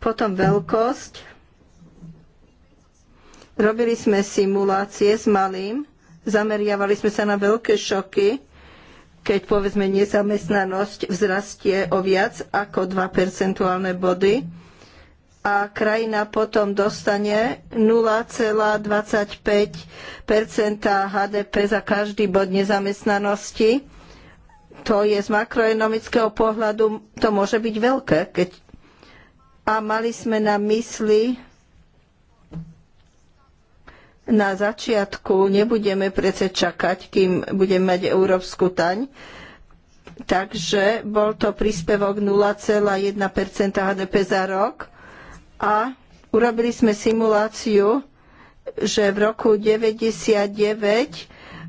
Speaker 3: Potom veľkosť. Robili sme simulácie s malým, zameriavali sme sa na veľké šoky keď povedzme nezamestnanosť vzrastie o viac ako 2 percentuálne body a krajina potom dostane 0,25 HDP za každý bod nezamestnanosti. To je z makroekonomického pohľadu, to môže byť veľké. Keď... A mali sme na mysli na začiatku nebudeme prece čakať, kým budeme mať európsku taň. Takže bol to príspevok 0,1 HDP za rok a urobili sme simuláciu, že v roku 99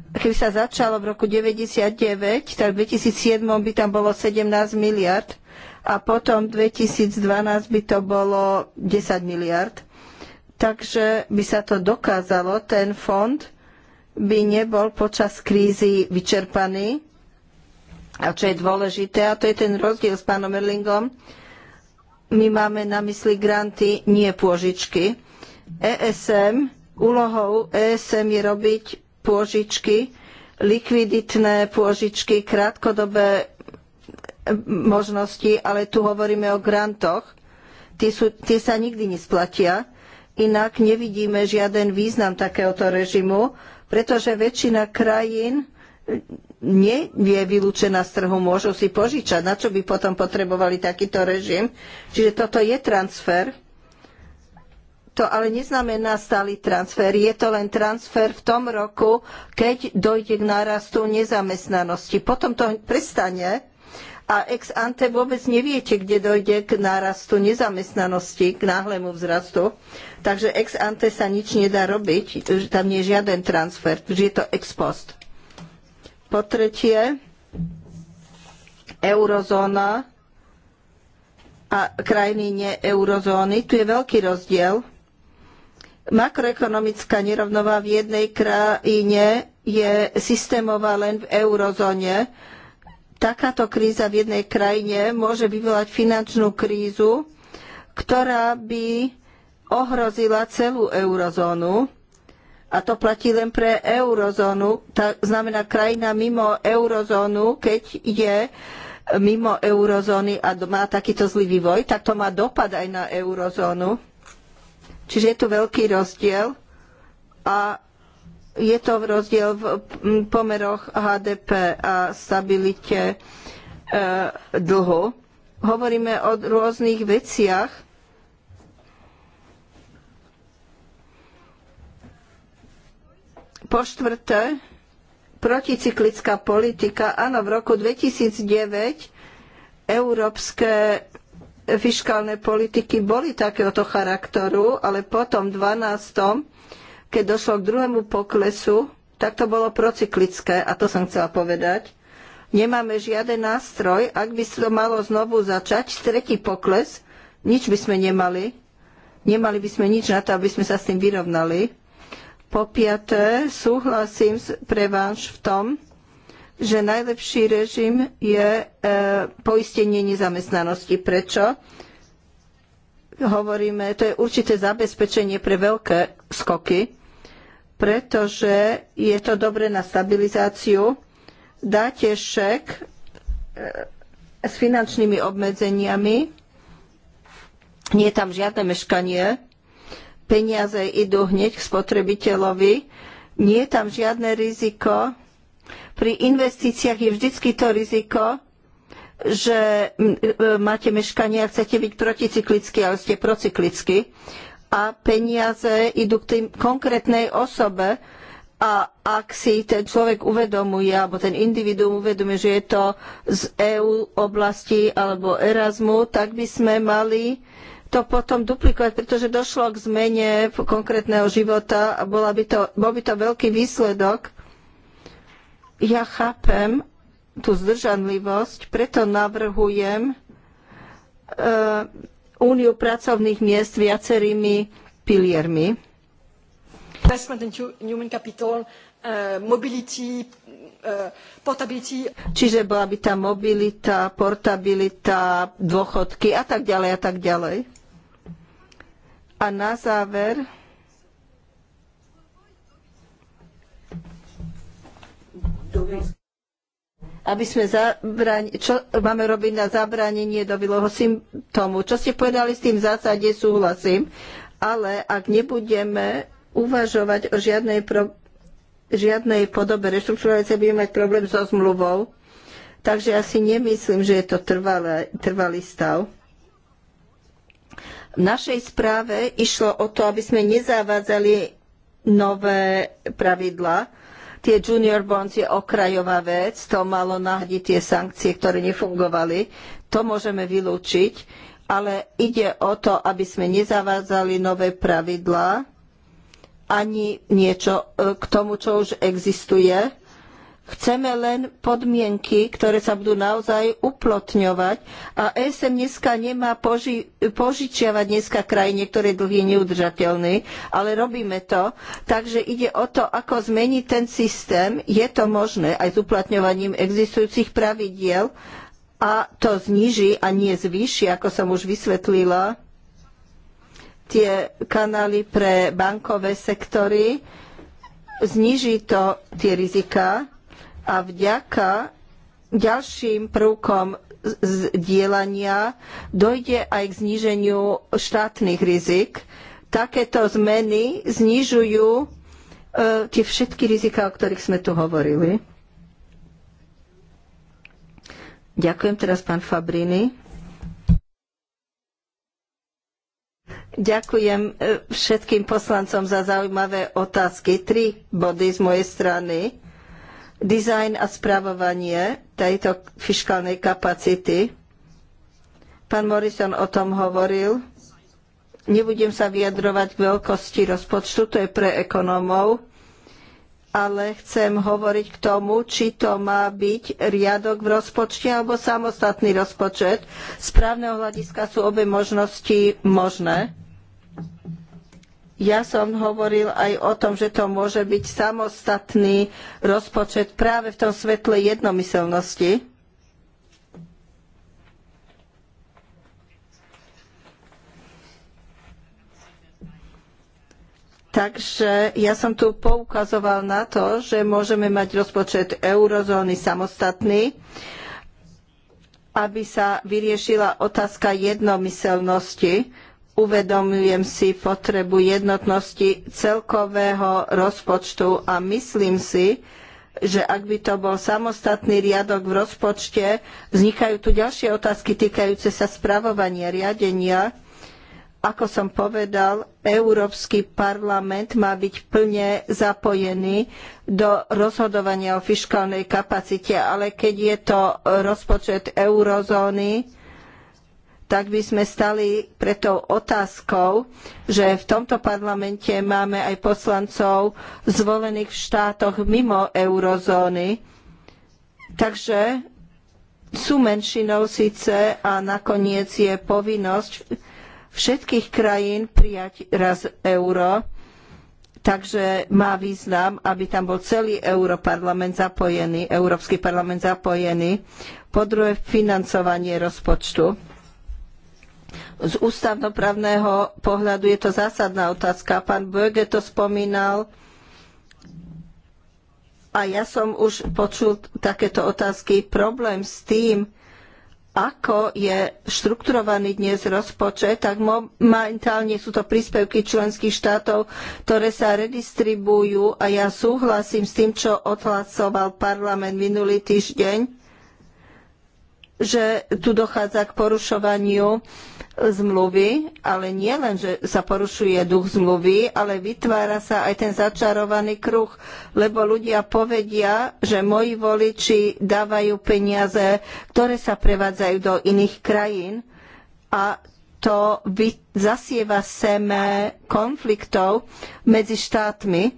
Speaker 3: keby sa začalo v roku 99, tak v 2007 by tam bolo 17 miliard a potom v 2012 by to bolo 10 miliard. Takže by sa to dokázalo, ten fond by nebol počas krízy vyčerpaný. A čo je dôležité, a to je ten rozdiel s pánom Erlingom, my máme na mysli granty, nie pôžičky. ESM, úlohou ESM je robiť pôžičky, likviditné pôžičky, krátkodobé možnosti, ale tu hovoríme o grantoch. Tie, sú, tie sa nikdy nesplatia Inak nevidíme žiaden význam takéhoto režimu, pretože väčšina krajín nie je vylúčená z trhu, môžu si požičať. Na čo by potom potrebovali takýto režim? Čiže toto je transfer. To ale neznamená stály transfer. Je to len transfer v tom roku, keď dojde k nárastu nezamestnanosti. Potom to prestane a ex ante vôbec neviete, kde dojde k nárastu nezamestnanosti, k náhlemu vzrastu. Takže ex ante sa nič nedá robiť, tam nie je žiaden transfer, že je to ex post. Po tretie, eurozóna a krajiny nie eurozóny. Tu je veľký rozdiel. Makroekonomická nerovnováha v jednej krajine je systémová len v eurozóne takáto kríza v jednej krajine môže vyvolať finančnú krízu, ktorá by ohrozila celú eurozónu. A to platí len pre eurozónu, to znamená krajina mimo eurozónu, keď je mimo eurozóny a má takýto zlý vývoj, tak to má dopad aj na eurozónu. Čiže je tu veľký rozdiel a je to v rozdiel v pomeroch HDP a stabilite e, dlhu. Hovoríme o rôznych veciach. Po štvrté, proticyklická politika. Áno, v roku 2009 európske fiškálne politiky boli takéhoto charakteru, ale potom v 12 keď došlo k druhému poklesu, tak to bolo procyklické a to som chcela povedať. Nemáme žiaden nástroj, ak by sa to malo znovu začať, tretí pokles, nič by sme nemali. Nemali by sme nič na to, aby sme sa s tým vyrovnali. Po piaté, súhlasím pre preváž v tom, že najlepší režim je e, poistenie nezamestnanosti. Prečo? Hovoríme, to je určité zabezpečenie pre veľké skoky, pretože je to dobre na stabilizáciu. Dáte šek e, s finančnými obmedzeniami, nie je tam žiadne meškanie, peniaze idú hneď k spotrebiteľovi, nie je tam žiadne riziko. Pri investíciách je vždycky to riziko, že e, máte meškanie a chcete byť proticyklicky, ale ste procyklicky a peniaze idú k tým konkrétnej osobe a ak si ten človek uvedomuje, alebo ten individuum uvedomuje, že je to z EU oblasti alebo Erasmu, tak by sme mali to potom duplikovať, pretože došlo k zmene konkrétneho života a bola by to, bol by to veľký výsledok. Ja chápem tú zdržanlivosť, preto navrhujem e, úniu pracovných miest viacerými piliermi.
Speaker 1: Uh, uh,
Speaker 3: Čiže bola by tá mobilita, portabilita, dôchodky a tak ďalej a tak ďalej. A na záver Dobre aby sme zabrani, čo máme robiť na zabránenie dovilého symptómu. Čo ste povedali s tým v zásade súhlasím, ale ak nebudeme uvažovať o žiadnej, pro, žiadnej podobe reštrukturalizácie, budeme mať problém so zmluvou. Takže ja si nemyslím, že je to trvalé, trvalý stav. V našej správe išlo o to, aby sme nezavádzali nové pravidlá, tie junior bonds je okrajová vec, to malo nahradiť tie sankcie, ktoré nefungovali. To môžeme vylúčiť, ale ide o to, aby sme nezavádzali nové pravidlá ani niečo e, k tomu, čo už existuje Chceme len podmienky, ktoré sa budú naozaj uplotňovať a ESM dneska nemá poži- požičiavať dneska krajine, ktoré dlh je neudržateľný, ale robíme to. Takže ide o to, ako zmeniť ten systém. Je to možné aj s uplatňovaním existujúcich pravidiel a to zníži a nie zvýši, ako som už vysvetlila, tie kanály pre bankové sektory zniží to tie riziká a vďaka ďalším prvkom zdieľania dojde aj k zníženiu štátnych rizik. Takéto zmeny znižujú e, tie všetky riziká, o ktorých sme tu hovorili. Ďakujem teraz pán Fabrini. Ďakujem e, všetkým poslancom za zaujímavé otázky. Tri body z mojej strany dizajn a spravovanie tejto fiškálnej kapacity. Pán Morrison o tom hovoril. Nebudem sa vyjadrovať k veľkosti rozpočtu, to je pre ekonómov, ale chcem hovoriť k tomu, či to má byť riadok v rozpočte alebo samostatný rozpočet. Z právneho hľadiska sú obe možnosti možné. Ja som hovoril aj o tom, že to môže byť samostatný rozpočet práve v tom svetle jednomyselnosti. Takže ja som tu poukazoval na to, že môžeme mať rozpočet eurozóny samostatný, aby sa vyriešila otázka jednomyselnosti, uvedomujem si potrebu jednotnosti celkového rozpočtu a myslím si, že ak by to bol samostatný riadok v rozpočte, vznikajú tu ďalšie otázky týkajúce sa spravovania, riadenia. Ako som povedal, Európsky parlament má byť plne zapojený do rozhodovania o fiškálnej kapacite, ale keď je to rozpočet eurozóny, tak by sme stali pred tou otázkou, že v tomto parlamente máme aj poslancov zvolených v štátoch mimo eurozóny. Takže sú menšinou síce a nakoniec je povinnosť všetkých krajín prijať raz euro. Takže má význam, aby tam bol celý Europarlament zapojený, Európsky parlament zapojený. Po druhé, financovanie rozpočtu z ústavnoprávneho pohľadu je to zásadná otázka. Pán Böge to spomínal a ja som už počul takéto otázky. Problém s tým, ako je štrukturovaný dnes rozpočet, tak momentálne sú to príspevky členských štátov, ktoré sa redistribujú a ja súhlasím s tým, čo odhlasoval parlament minulý týždeň, že tu dochádza k porušovaniu zmluvy, ale nie len, že sa porušuje duch zmluvy, ale vytvára sa aj ten začarovaný kruh, lebo ľudia povedia, že moji voliči dávajú peniaze, ktoré sa prevádzajú do iných krajín a to zasieva seme konfliktov medzi štátmi.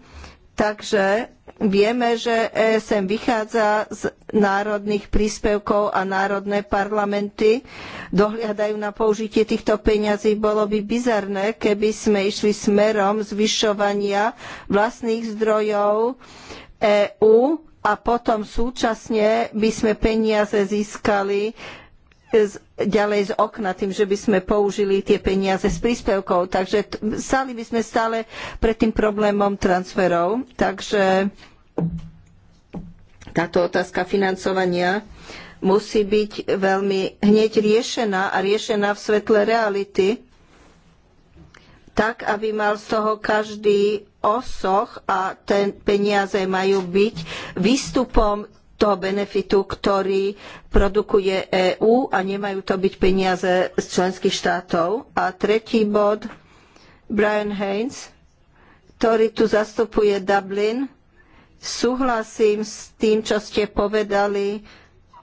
Speaker 3: Takže Vieme, že ESM vychádza z národných príspevkov a národné parlamenty dohliadajú na použitie týchto peňazí. Bolo by bizarné, keby sme išli smerom zvyšovania vlastných zdrojov EÚ a potom súčasne by sme peniaze získali z, ďalej z okna tým, že by sme použili tie peniaze z príspevkov. Takže stáli by sme stále pred tým problémom transferov. Takže táto otázka financovania musí byť veľmi hneď riešená a riešená v svetle reality, tak aby mal z toho každý osoch a ten peniaze majú byť výstupom toho benefitu, ktorý produkuje EÚ a nemajú to byť peniaze z členských štátov. A tretí bod, Brian Haynes, ktorý tu zastupuje Dublin, Súhlasím s tým, čo ste povedali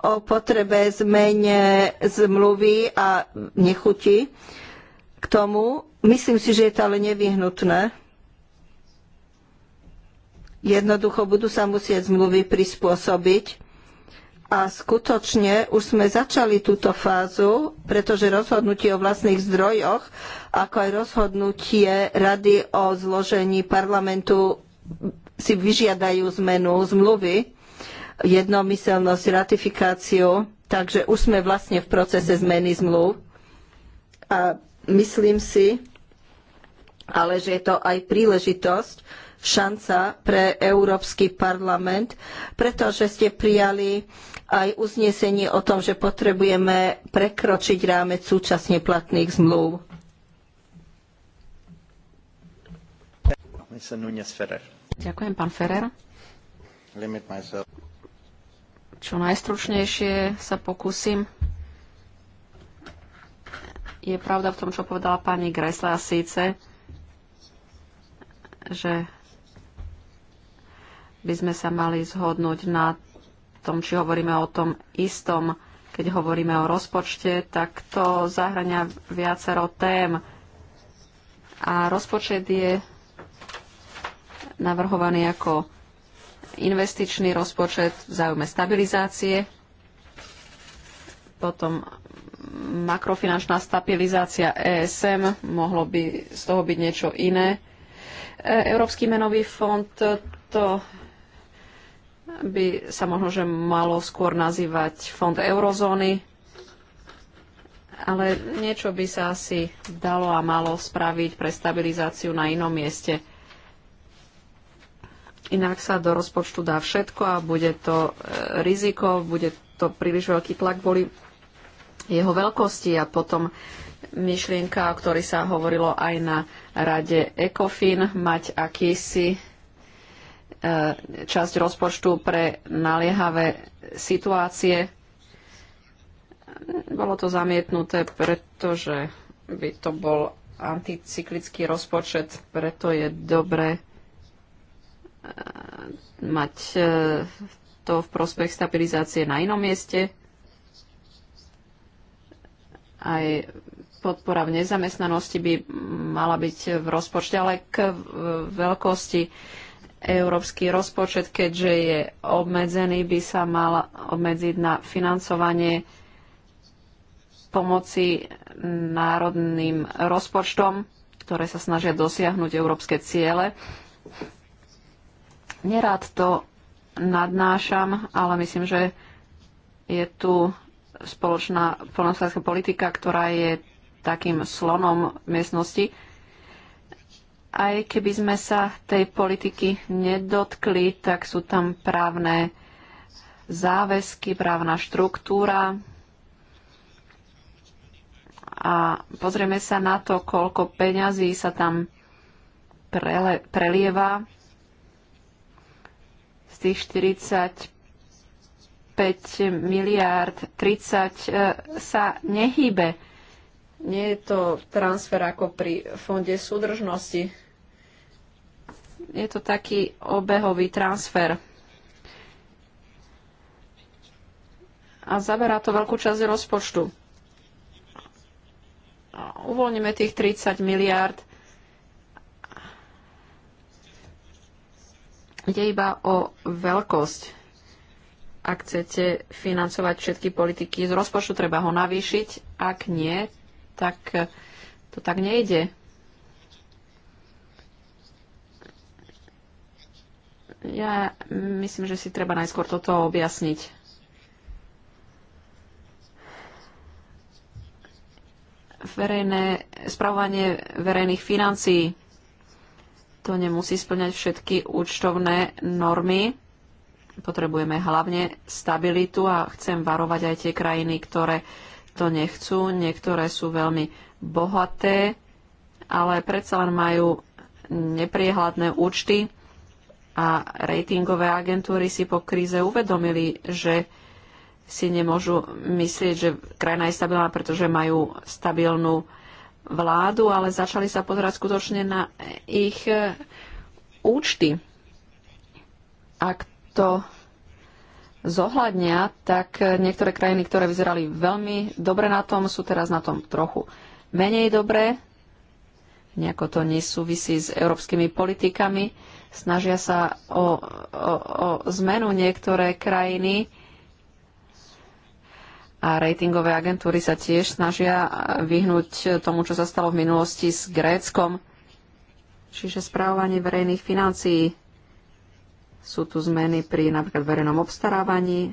Speaker 3: o potrebe zmene zmluvy a nechuti k tomu. Myslím si, že je to ale nevyhnutné. Jednoducho budú sa musieť zmluvy prispôsobiť. A skutočne už sme začali túto fázu, pretože rozhodnutie o vlastných zdrojoch, ako aj rozhodnutie Rady o zložení parlamentu si vyžiadajú zmenu zmluvy, jednomyselnosť, ratifikáciu, takže už sme vlastne v procese zmeny zmluv. A myslím si, ale že je to aj príležitosť, šanca pre Európsky parlament, pretože ste prijali aj uznesenie o tom, že potrebujeme prekročiť rámec súčasne platných zmluv.
Speaker 2: Ferrer. Ďakujem, pán Ferrer. Čo najstručnejšie sa pokúsim. Je pravda v tom, čo povedala pani Gresla, síce, že by sme sa mali zhodnúť na tom, či hovoríme o tom istom. Keď hovoríme o rozpočte, tak to zahrania viacero tém. A rozpočet je navrhovaný ako investičný rozpočet v záujme stabilizácie, potom makrofinančná stabilizácia ESM, mohlo by z toho byť niečo iné. E, Európsky menový fond to by sa možno, že malo skôr nazývať fond eurozóny, ale niečo by sa asi dalo a malo spraviť pre stabilizáciu na inom mieste. Inak sa do rozpočtu dá všetko a bude to e, riziko, bude to príliš veľký tlak kvôli jeho veľkosti a potom myšlienka, o ktorej sa hovorilo aj na rade ECOFIN, mať akýsi e, časť rozpočtu pre naliehavé situácie. Bolo to zamietnuté, pretože by to bol anticyklický rozpočet, preto je dobré E, mať e, to v prospech stabilizácie na inom mieste. Aj podpora v nezamestnanosti by mala byť v rozpočte, ale k veľkosti európsky rozpočet, keďže je obmedzený, by sa mal obmedziť na financovanie pomoci národným rozpočtom, ktoré sa snažia dosiahnuť európske ciele. Nerád to nadnášam, ale myslím, že je tu spoločná polnohospodárska politika, ktorá je takým slonom miestnosti. Aj keby sme sa tej politiky nedotkli, tak sú tam právne záväzky, právna štruktúra. A pozrieme sa na to, koľko peňazí sa tam prele, prelieva z tých 45 miliárd 30 e, sa nehýbe. Nie je to transfer ako pri Fonde súdržnosti. Je to taký obehový transfer. a zaberá to veľkú časť rozpočtu. Uvoľníme tých 30 miliárd Ide iba o veľkosť. Ak chcete financovať všetky politiky z rozpočtu, treba ho navýšiť. Ak nie, tak to tak nejde. Ja myslím, že si treba najskôr toto objasniť. Verejné, spravovanie verejných financií to nemusí splňať všetky účtovné normy. Potrebujeme hlavne stabilitu a chcem varovať aj tie krajiny, ktoré to nechcú. Niektoré sú veľmi bohaté, ale predsa len majú nepriehľadné účty a ratingové agentúry si po kríze uvedomili, že si nemôžu myslieť, že krajina je stabilná, pretože majú stabilnú vládu, ale začali sa pozerať skutočne na ich e, účty. Ak to zohľadnia, tak e, niektoré krajiny, ktoré vyzerali veľmi dobre na tom, sú teraz na tom trochu menej dobre. Nejako to nesúvisí s európskymi politikami. Snažia sa o, o, o zmenu niektoré krajiny a ratingové agentúry sa tiež snažia vyhnúť tomu, čo sa stalo v minulosti s Gréckom. Čiže správovanie verejných financií. Sú tu zmeny pri napríklad verejnom obstarávaní.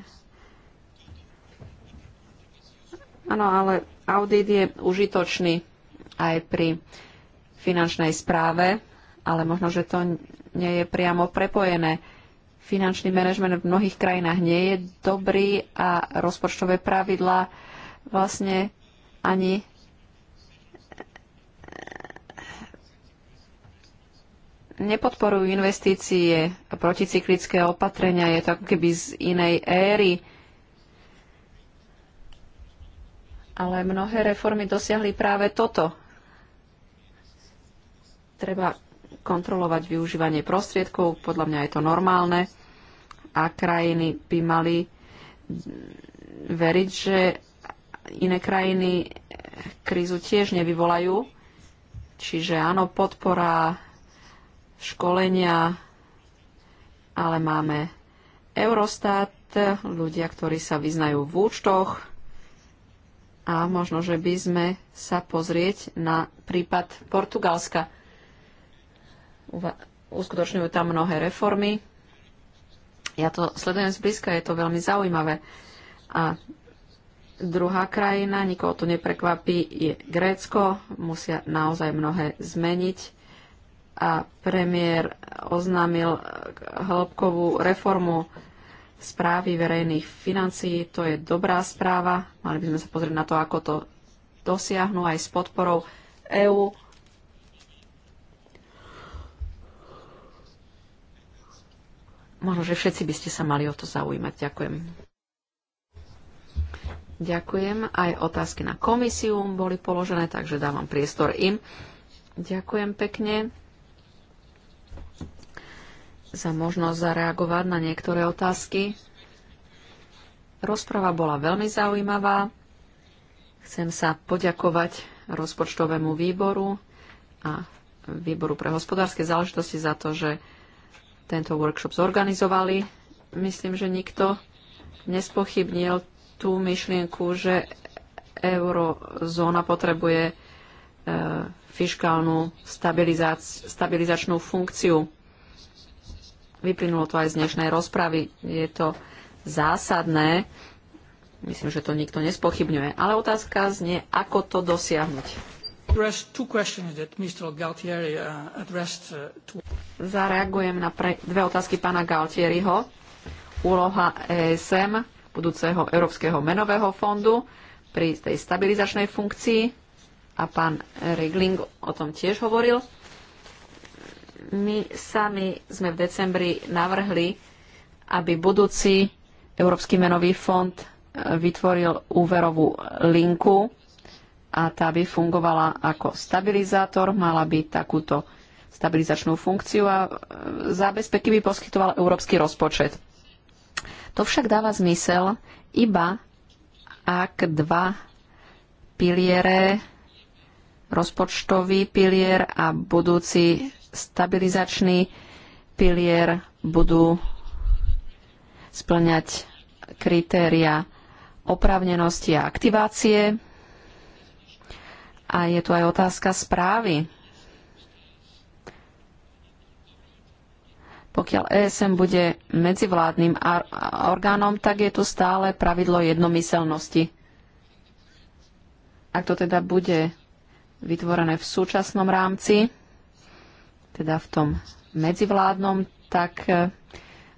Speaker 2: Áno, ale audit je užitočný aj pri finančnej správe, ale možno, že to nie je priamo prepojené finančný manažment v mnohých krajinách nie je dobrý a rozpočtové pravidlá vlastne ani eh, nepodporujú investície a proticyklické opatrenia. Je to ako keby z inej éry. Ale mnohé reformy dosiahli práve toto. Treba kontrolovať využívanie prostriedkov, podľa mňa je to normálne a krajiny by mali veriť, že iné krajiny krízu tiež nevyvolajú. Čiže áno, podpora školenia, ale máme Eurostat, ľudia, ktorí sa vyznajú v účtoch a možno, že by sme sa pozrieť na prípad Portugalska uskutočňujú tam mnohé reformy. Ja to sledujem zblízka, je to veľmi zaujímavé. A druhá krajina, nikoho to neprekvapí, je Grécko. Musia naozaj mnohé zmeniť. A premiér oznámil hĺbkovú reformu správy verejných financií. To je dobrá správa. Mali by sme sa pozrieť na to, ako to dosiahnu aj s podporou EÚ možno, že všetci by ste sa mali o to zaujímať. Ďakujem. Ďakujem. Aj otázky na komisiu boli položené, takže dávam priestor im. Ďakujem pekne za možnosť zareagovať na niektoré otázky. Rozprava bola veľmi zaujímavá. Chcem sa poďakovať rozpočtovému výboru a výboru pre hospodárske záležitosti za to, že tento workshop zorganizovali. Myslím, že nikto nespochybnil tú myšlienku, že eurozóna potrebuje e, fiskálnu stabilizačnú funkciu. Vyplynulo to aj z dnešnej rozpravy. Je to zásadné. Myslím, že to nikto nespochybňuje. Ale otázka znie, ako to dosiahnuť.
Speaker 1: Uh, uh,
Speaker 2: Zareagujem na pre, dve otázky pána Galtieriho. Úloha ESM, budúceho Európskeho menového fondu, pri tej stabilizačnej funkcii a pán Regling o tom tiež hovoril. My sami sme v decembri navrhli, aby budúci Európsky menový fond e, vytvoril úverovú linku a tá by fungovala ako stabilizátor, mala by takúto stabilizačnú funkciu a e, zábezpeky by poskytoval európsky rozpočet. To však dáva zmysel iba ak dva piliere, rozpočtový pilier a budúci stabilizačný pilier budú splňať kritéria oprávnenosti a aktivácie a je tu aj otázka správy. Pokiaľ ESM bude medzivládnym orgánom, tak je tu stále pravidlo jednomyselnosti. Ak to teda bude vytvorené v súčasnom rámci, teda v tom medzivládnom, tak e,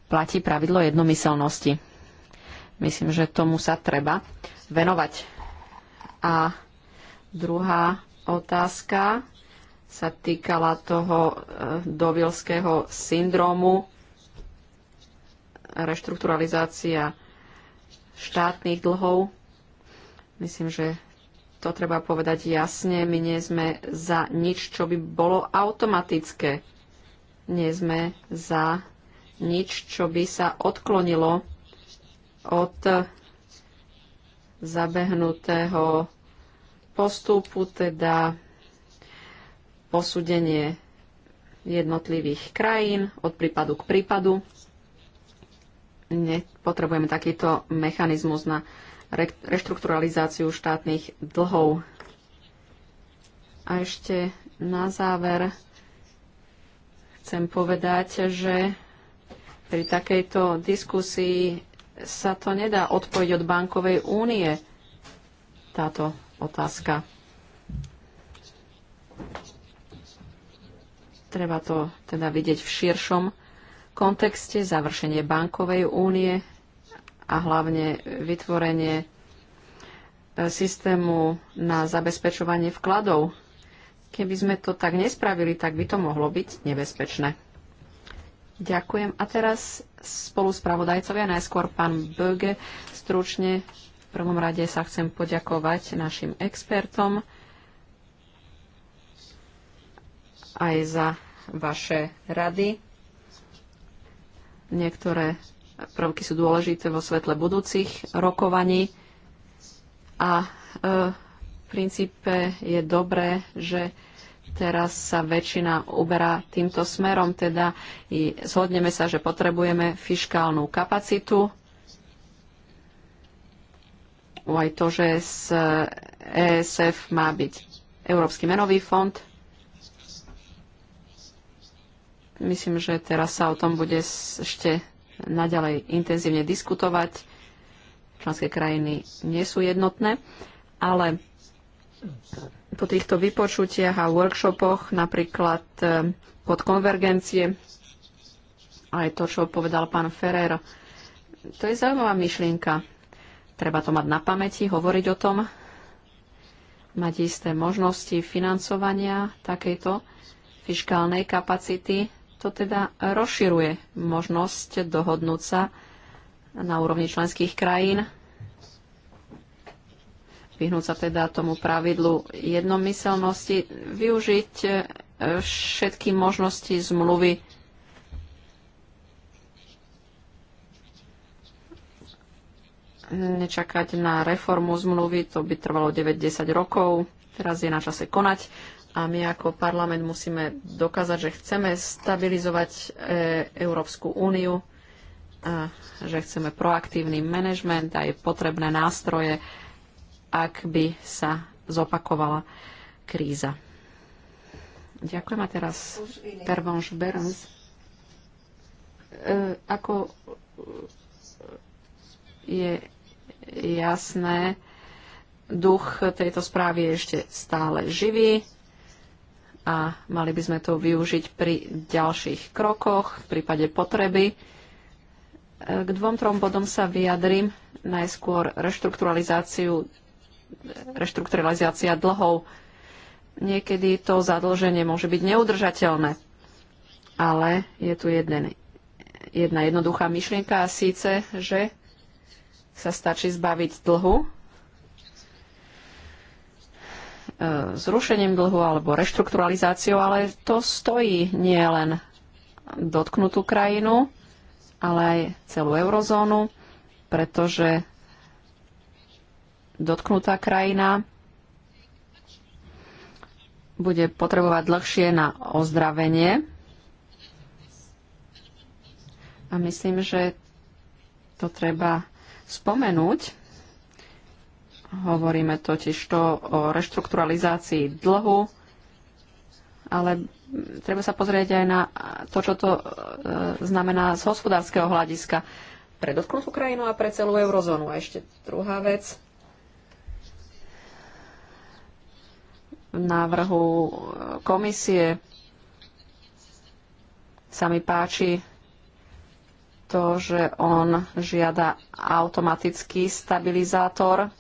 Speaker 2: platí pravidlo jednomyselnosti. Myslím, že tomu sa treba venovať. A Druhá otázka sa týkala toho eh, dovilského syndromu, reštrukturalizácia štátnych dlhov. Myslím, že to treba povedať jasne. My nie sme za nič, čo by bolo automatické. Nie sme za nič, čo by sa odklonilo od zabehnutého postupu, teda posúdenie jednotlivých krajín od prípadu k prípadu. Potrebujeme takýto mechanizmus na reštrukturalizáciu štátnych dlhov. A ešte na záver chcem povedať, že pri takejto diskusii sa to nedá odpojiť od bankovej únie táto otázka. Treba to teda vidieť v širšom kontexte završenie bankovej únie a hlavne vytvorenie e, systému na zabezpečovanie vkladov. Keby sme to tak nespravili, tak by to mohlo byť nebezpečné. Ďakujem. A teraz spolu spravodajcovia, najskôr pán Böge, stručne prvom rade sa chcem poďakovať našim expertom aj za vaše rady. Niektoré prvky sú dôležité vo svetle budúcich rokovaní a e, v princípe je dobré, že teraz sa väčšina uberá týmto smerom, teda zhodneme sa, že potrebujeme fiškálnu kapacitu aj to, že z ESF má byť Európsky menový fond. Myslím, že teraz sa o tom bude ešte naďalej intenzívne diskutovať. Členské krajiny nie sú jednotné, ale po týchto vypočutiach a workshopoch, napríklad e, pod konvergencie, aj to, čo povedal pán Ferrer, to je zaujímavá myšlienka. Treba to mať na pamäti, hovoriť o tom, mať isté možnosti financovania takejto fiškálnej kapacity. To teda rozširuje možnosť dohodnúť sa na úrovni členských krajín, vyhnúť sa teda tomu pravidlu jednomyselnosti, využiť eh, všetky možnosti zmluvy nečakať na reformu zmluvy, to by trvalo 9-10 rokov. Teraz je na čase konať a my ako parlament musíme dokázať, že chceme stabilizovať e, Európsku úniu, a že chceme proaktívny manažment a je potrebné nástroje, ak by sa zopakovala kríza. Ďakujem a teraz Pervonš Berns. E, ako e, je jasné. Duch tejto správy je ešte stále živý a mali by sme to využiť pri ďalších krokoch, v prípade potreby. K dvom, trom bodom sa vyjadrím. Najskôr reštrukturalizáciu, reštrukturalizácia dlhov. Niekedy to zadlženie môže byť neudržateľné, ale je tu jeden, jedna jednoduchá myšlienka a síce, že sa stačí zbaviť dlhu e, zrušením dlhu alebo reštrukturalizáciou, ale to stojí nie len dotknutú krajinu, ale aj celú eurozónu, pretože dotknutá krajina bude potrebovať dlhšie na ozdravenie. A myslím, že to treba spomenúť. Hovoríme totiž to o reštrukturalizácii dlhu, ale treba sa pozrieť aj na to, čo to e, znamená z hospodárskeho hľadiska pre dotknutú krajinu a pre celú eurozónu. A ešte druhá vec. V návrhu e, komisie sa mi páči to, že on žiada automatický stabilizátor.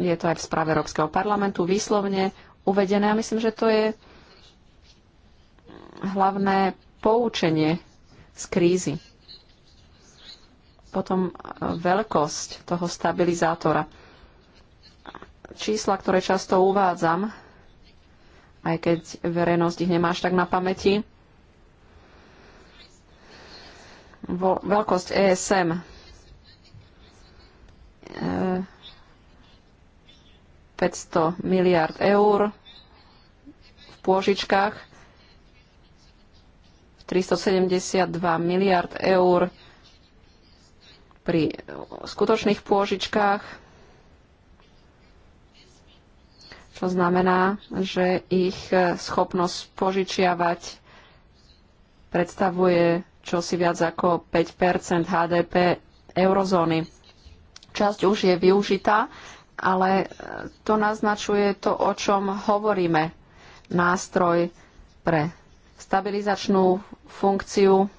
Speaker 2: Je to aj v správe Európskeho parlamentu výslovne uvedené a myslím, že to je hlavné poučenie z krízy. Potom e, veľkosť toho stabilizátora. Čísla, ktoré často uvádzam, aj keď verejnosť ich nemá až tak na pamäti. Vo, veľkosť ESM. E, 500 e, miliard eur v pôžičkách, 372 miliard eur pri skutočných pôžičkách, čo znamená, že ich e, schopnosť požičiavať predstavuje čosi viac ako 5 HDP eurozóny. Časť už je využitá, ale e, to naznačuje to, o čom hovoríme. Nástroj pre stabilizačnú funkciu,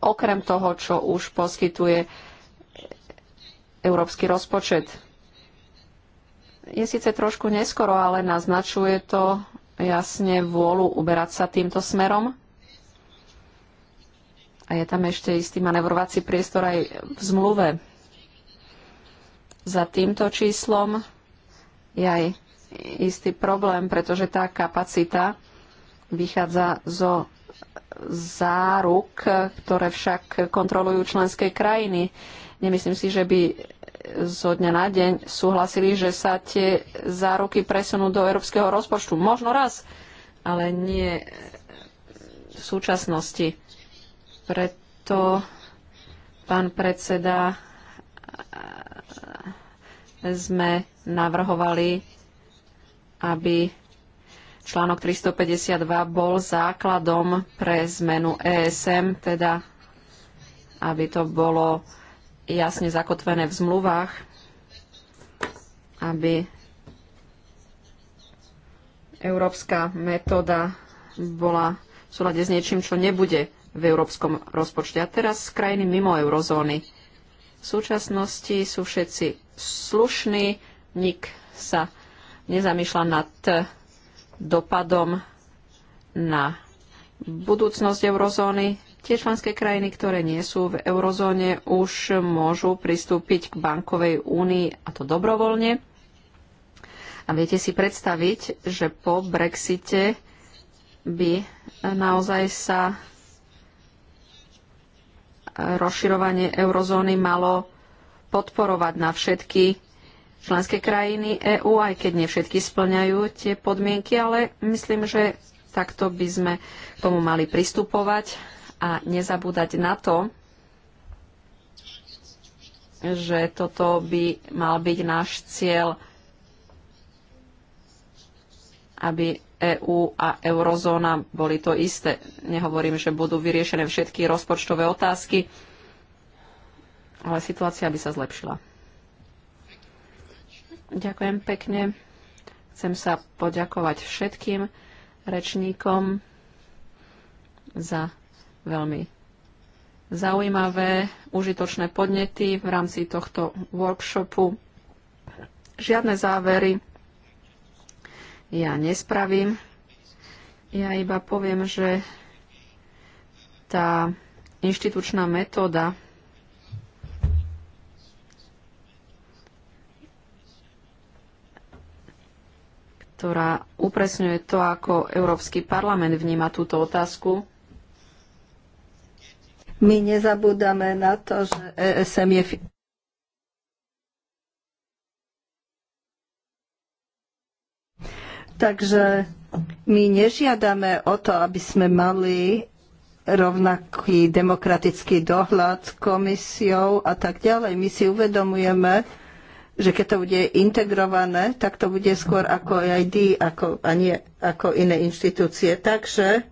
Speaker 2: okrem toho, čo už poskytuje e, európsky rozpočet je síce trošku neskoro, ale naznačuje to jasne vôľu uberať sa týmto smerom. A je tam ešte istý manevrovací priestor aj v zmluve. Za týmto číslom je aj istý problém, pretože tá kapacita vychádza zo záruk, ktoré však kontrolujú členské krajiny. Nemyslím si, že by zo dňa na deň súhlasili, že sa tie záruky presunú do európskeho rozpočtu. Možno raz, ale nie v súčasnosti. Preto pán predseda eh, sme navrhovali, aby článok 352 bol základom pre zmenu ESM, teda aby to bolo jasne zakotvené v zmluvách, aby európska metóda bola v súlade s niečím, čo nebude v európskom rozpočte. A teraz krajiny mimo eurozóny. V súčasnosti sú všetci slušní, nik sa nezamýšľa nad dopadom na budúcnosť eurozóny. Tie členské krajiny, ktoré nie sú v eurozóne, už môžu pristúpiť k bankovej únii, a to dobrovoľne. A viete si predstaviť, že po Brexite by naozaj sa rozširovanie eurozóny malo podporovať na všetky členské krajiny EÚ, aj keď nie všetky splňajú tie podmienky, ale myslím, že takto by sme k tomu mali pristupovať a nezabúdať na to, že toto by mal byť náš cieľ, aby EÚ a eurozóna boli to isté. Nehovorím, že budú vyriešené všetky rozpočtové otázky, ale situácia by sa zlepšila. Ďakujem pekne. Chcem sa poďakovať všetkým rečníkom za veľmi zaujímavé, užitočné podnety v rámci tohto workshopu. Žiadne závery ja nespravím. Ja iba poviem, že tá inštitučná metóda ktorá upresňuje to, ako Európsky parlament vníma túto otázku, my nezabúdame na to, že
Speaker 3: ESM je Takže my nežiadame o to, aby sme mali rovnaký demokratický dohľad komisiou a tak ďalej. My si uvedomujeme, že keď to bude integrované, tak to bude skôr ako e ID ako, a nie ako iné inštitúcie. Takže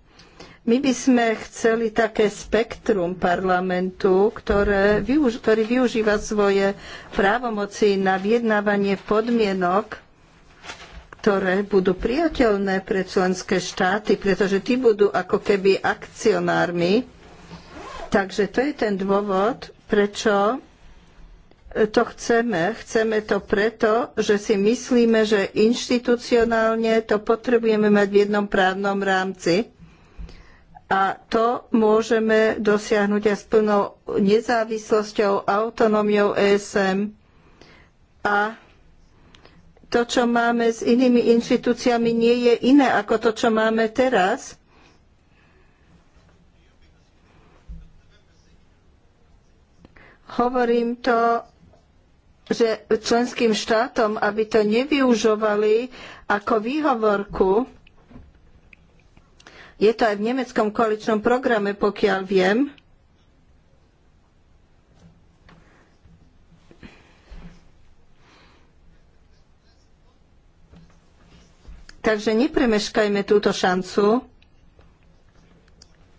Speaker 3: my by sme chceli také spektrum parlamentu, ktoré, ktorý využíva svoje právomoci na vyjednávanie podmienok, ktoré budú priateľné pre členské štáty, pretože tí budú ako keby akcionármi. Takže to je ten dôvod, prečo to chceme. Chceme to preto, že si myslíme, že inštitucionálne to potrebujeme mať v jednom právnom rámci a to môžeme dosiahnuť aj s plnou nezávislosťou, autonómiou ESM a to, čo máme s inými inštitúciami, nie je iné ako to, čo máme teraz. Hovorím to, že členským štátom, aby to nevyužovali ako výhovorku, je to aj v nemeckom koaličnom programe, pokiaľ viem. Takže nepremeškajme túto šancu,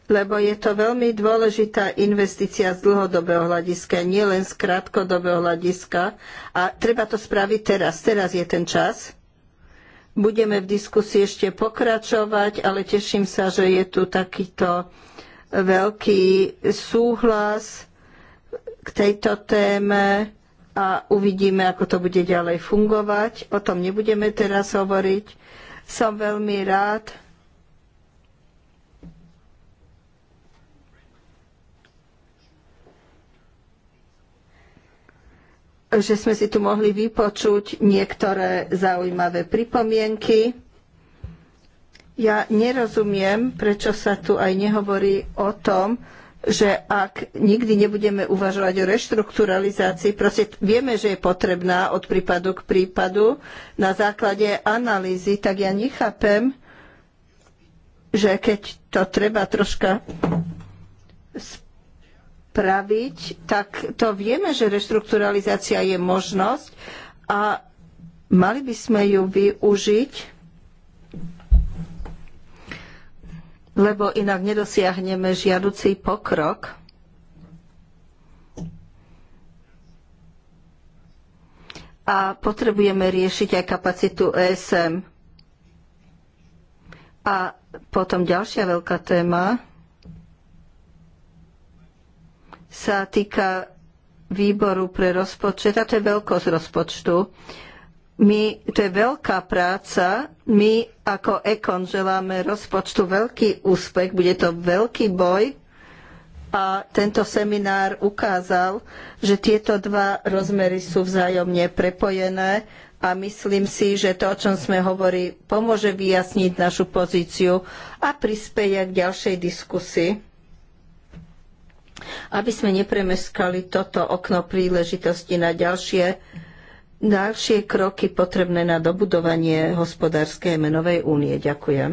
Speaker 3: lebo je to veľmi dôležitá investícia z dlhodobého hľadiska, nielen z krátkodobého hľadiska. A treba to spraviť teraz. Teraz je ten čas. Budeme v diskusii ešte pokračovať, ale teším sa, že je tu takýto veľký súhlas k tejto téme a uvidíme, ako to bude ďalej fungovať. O tom nebudeme teraz hovoriť. Som veľmi rád, že sme si tu mohli vypočuť niektoré zaujímavé pripomienky. Ja nerozumiem, prečo sa tu aj nehovorí o tom, že ak nikdy nebudeme uvažovať o reštrukturalizácii, proste vieme, že je potrebná od prípadu k prípadu na základe analýzy, tak ja nechápem, že keď to treba troška praviť, tak to vieme, že reštrukturalizácia je možnosť a mali by sme ju využiť, lebo inak nedosiahneme žiaducí pokrok. A potrebujeme riešiť aj kapacitu ESM. A potom ďalšia veľká téma, sa týka výboru pre rozpočet, a to je veľkosť rozpočtu. My, to je veľká práca, my ako Ekon želáme rozpočtu veľký úspech, bude to veľký boj a tento seminár ukázal, že tieto dva rozmery sú vzájomne prepojené a myslím si, že to, o čom sme hovorili, pomôže vyjasniť našu pozíciu a prispieje k ďalšej diskusii aby sme nepremeskali toto okno príležitosti na ďalšie, ďalšie kroky potrebné na dobudovanie hospodárskej menovej únie. Ďakujem.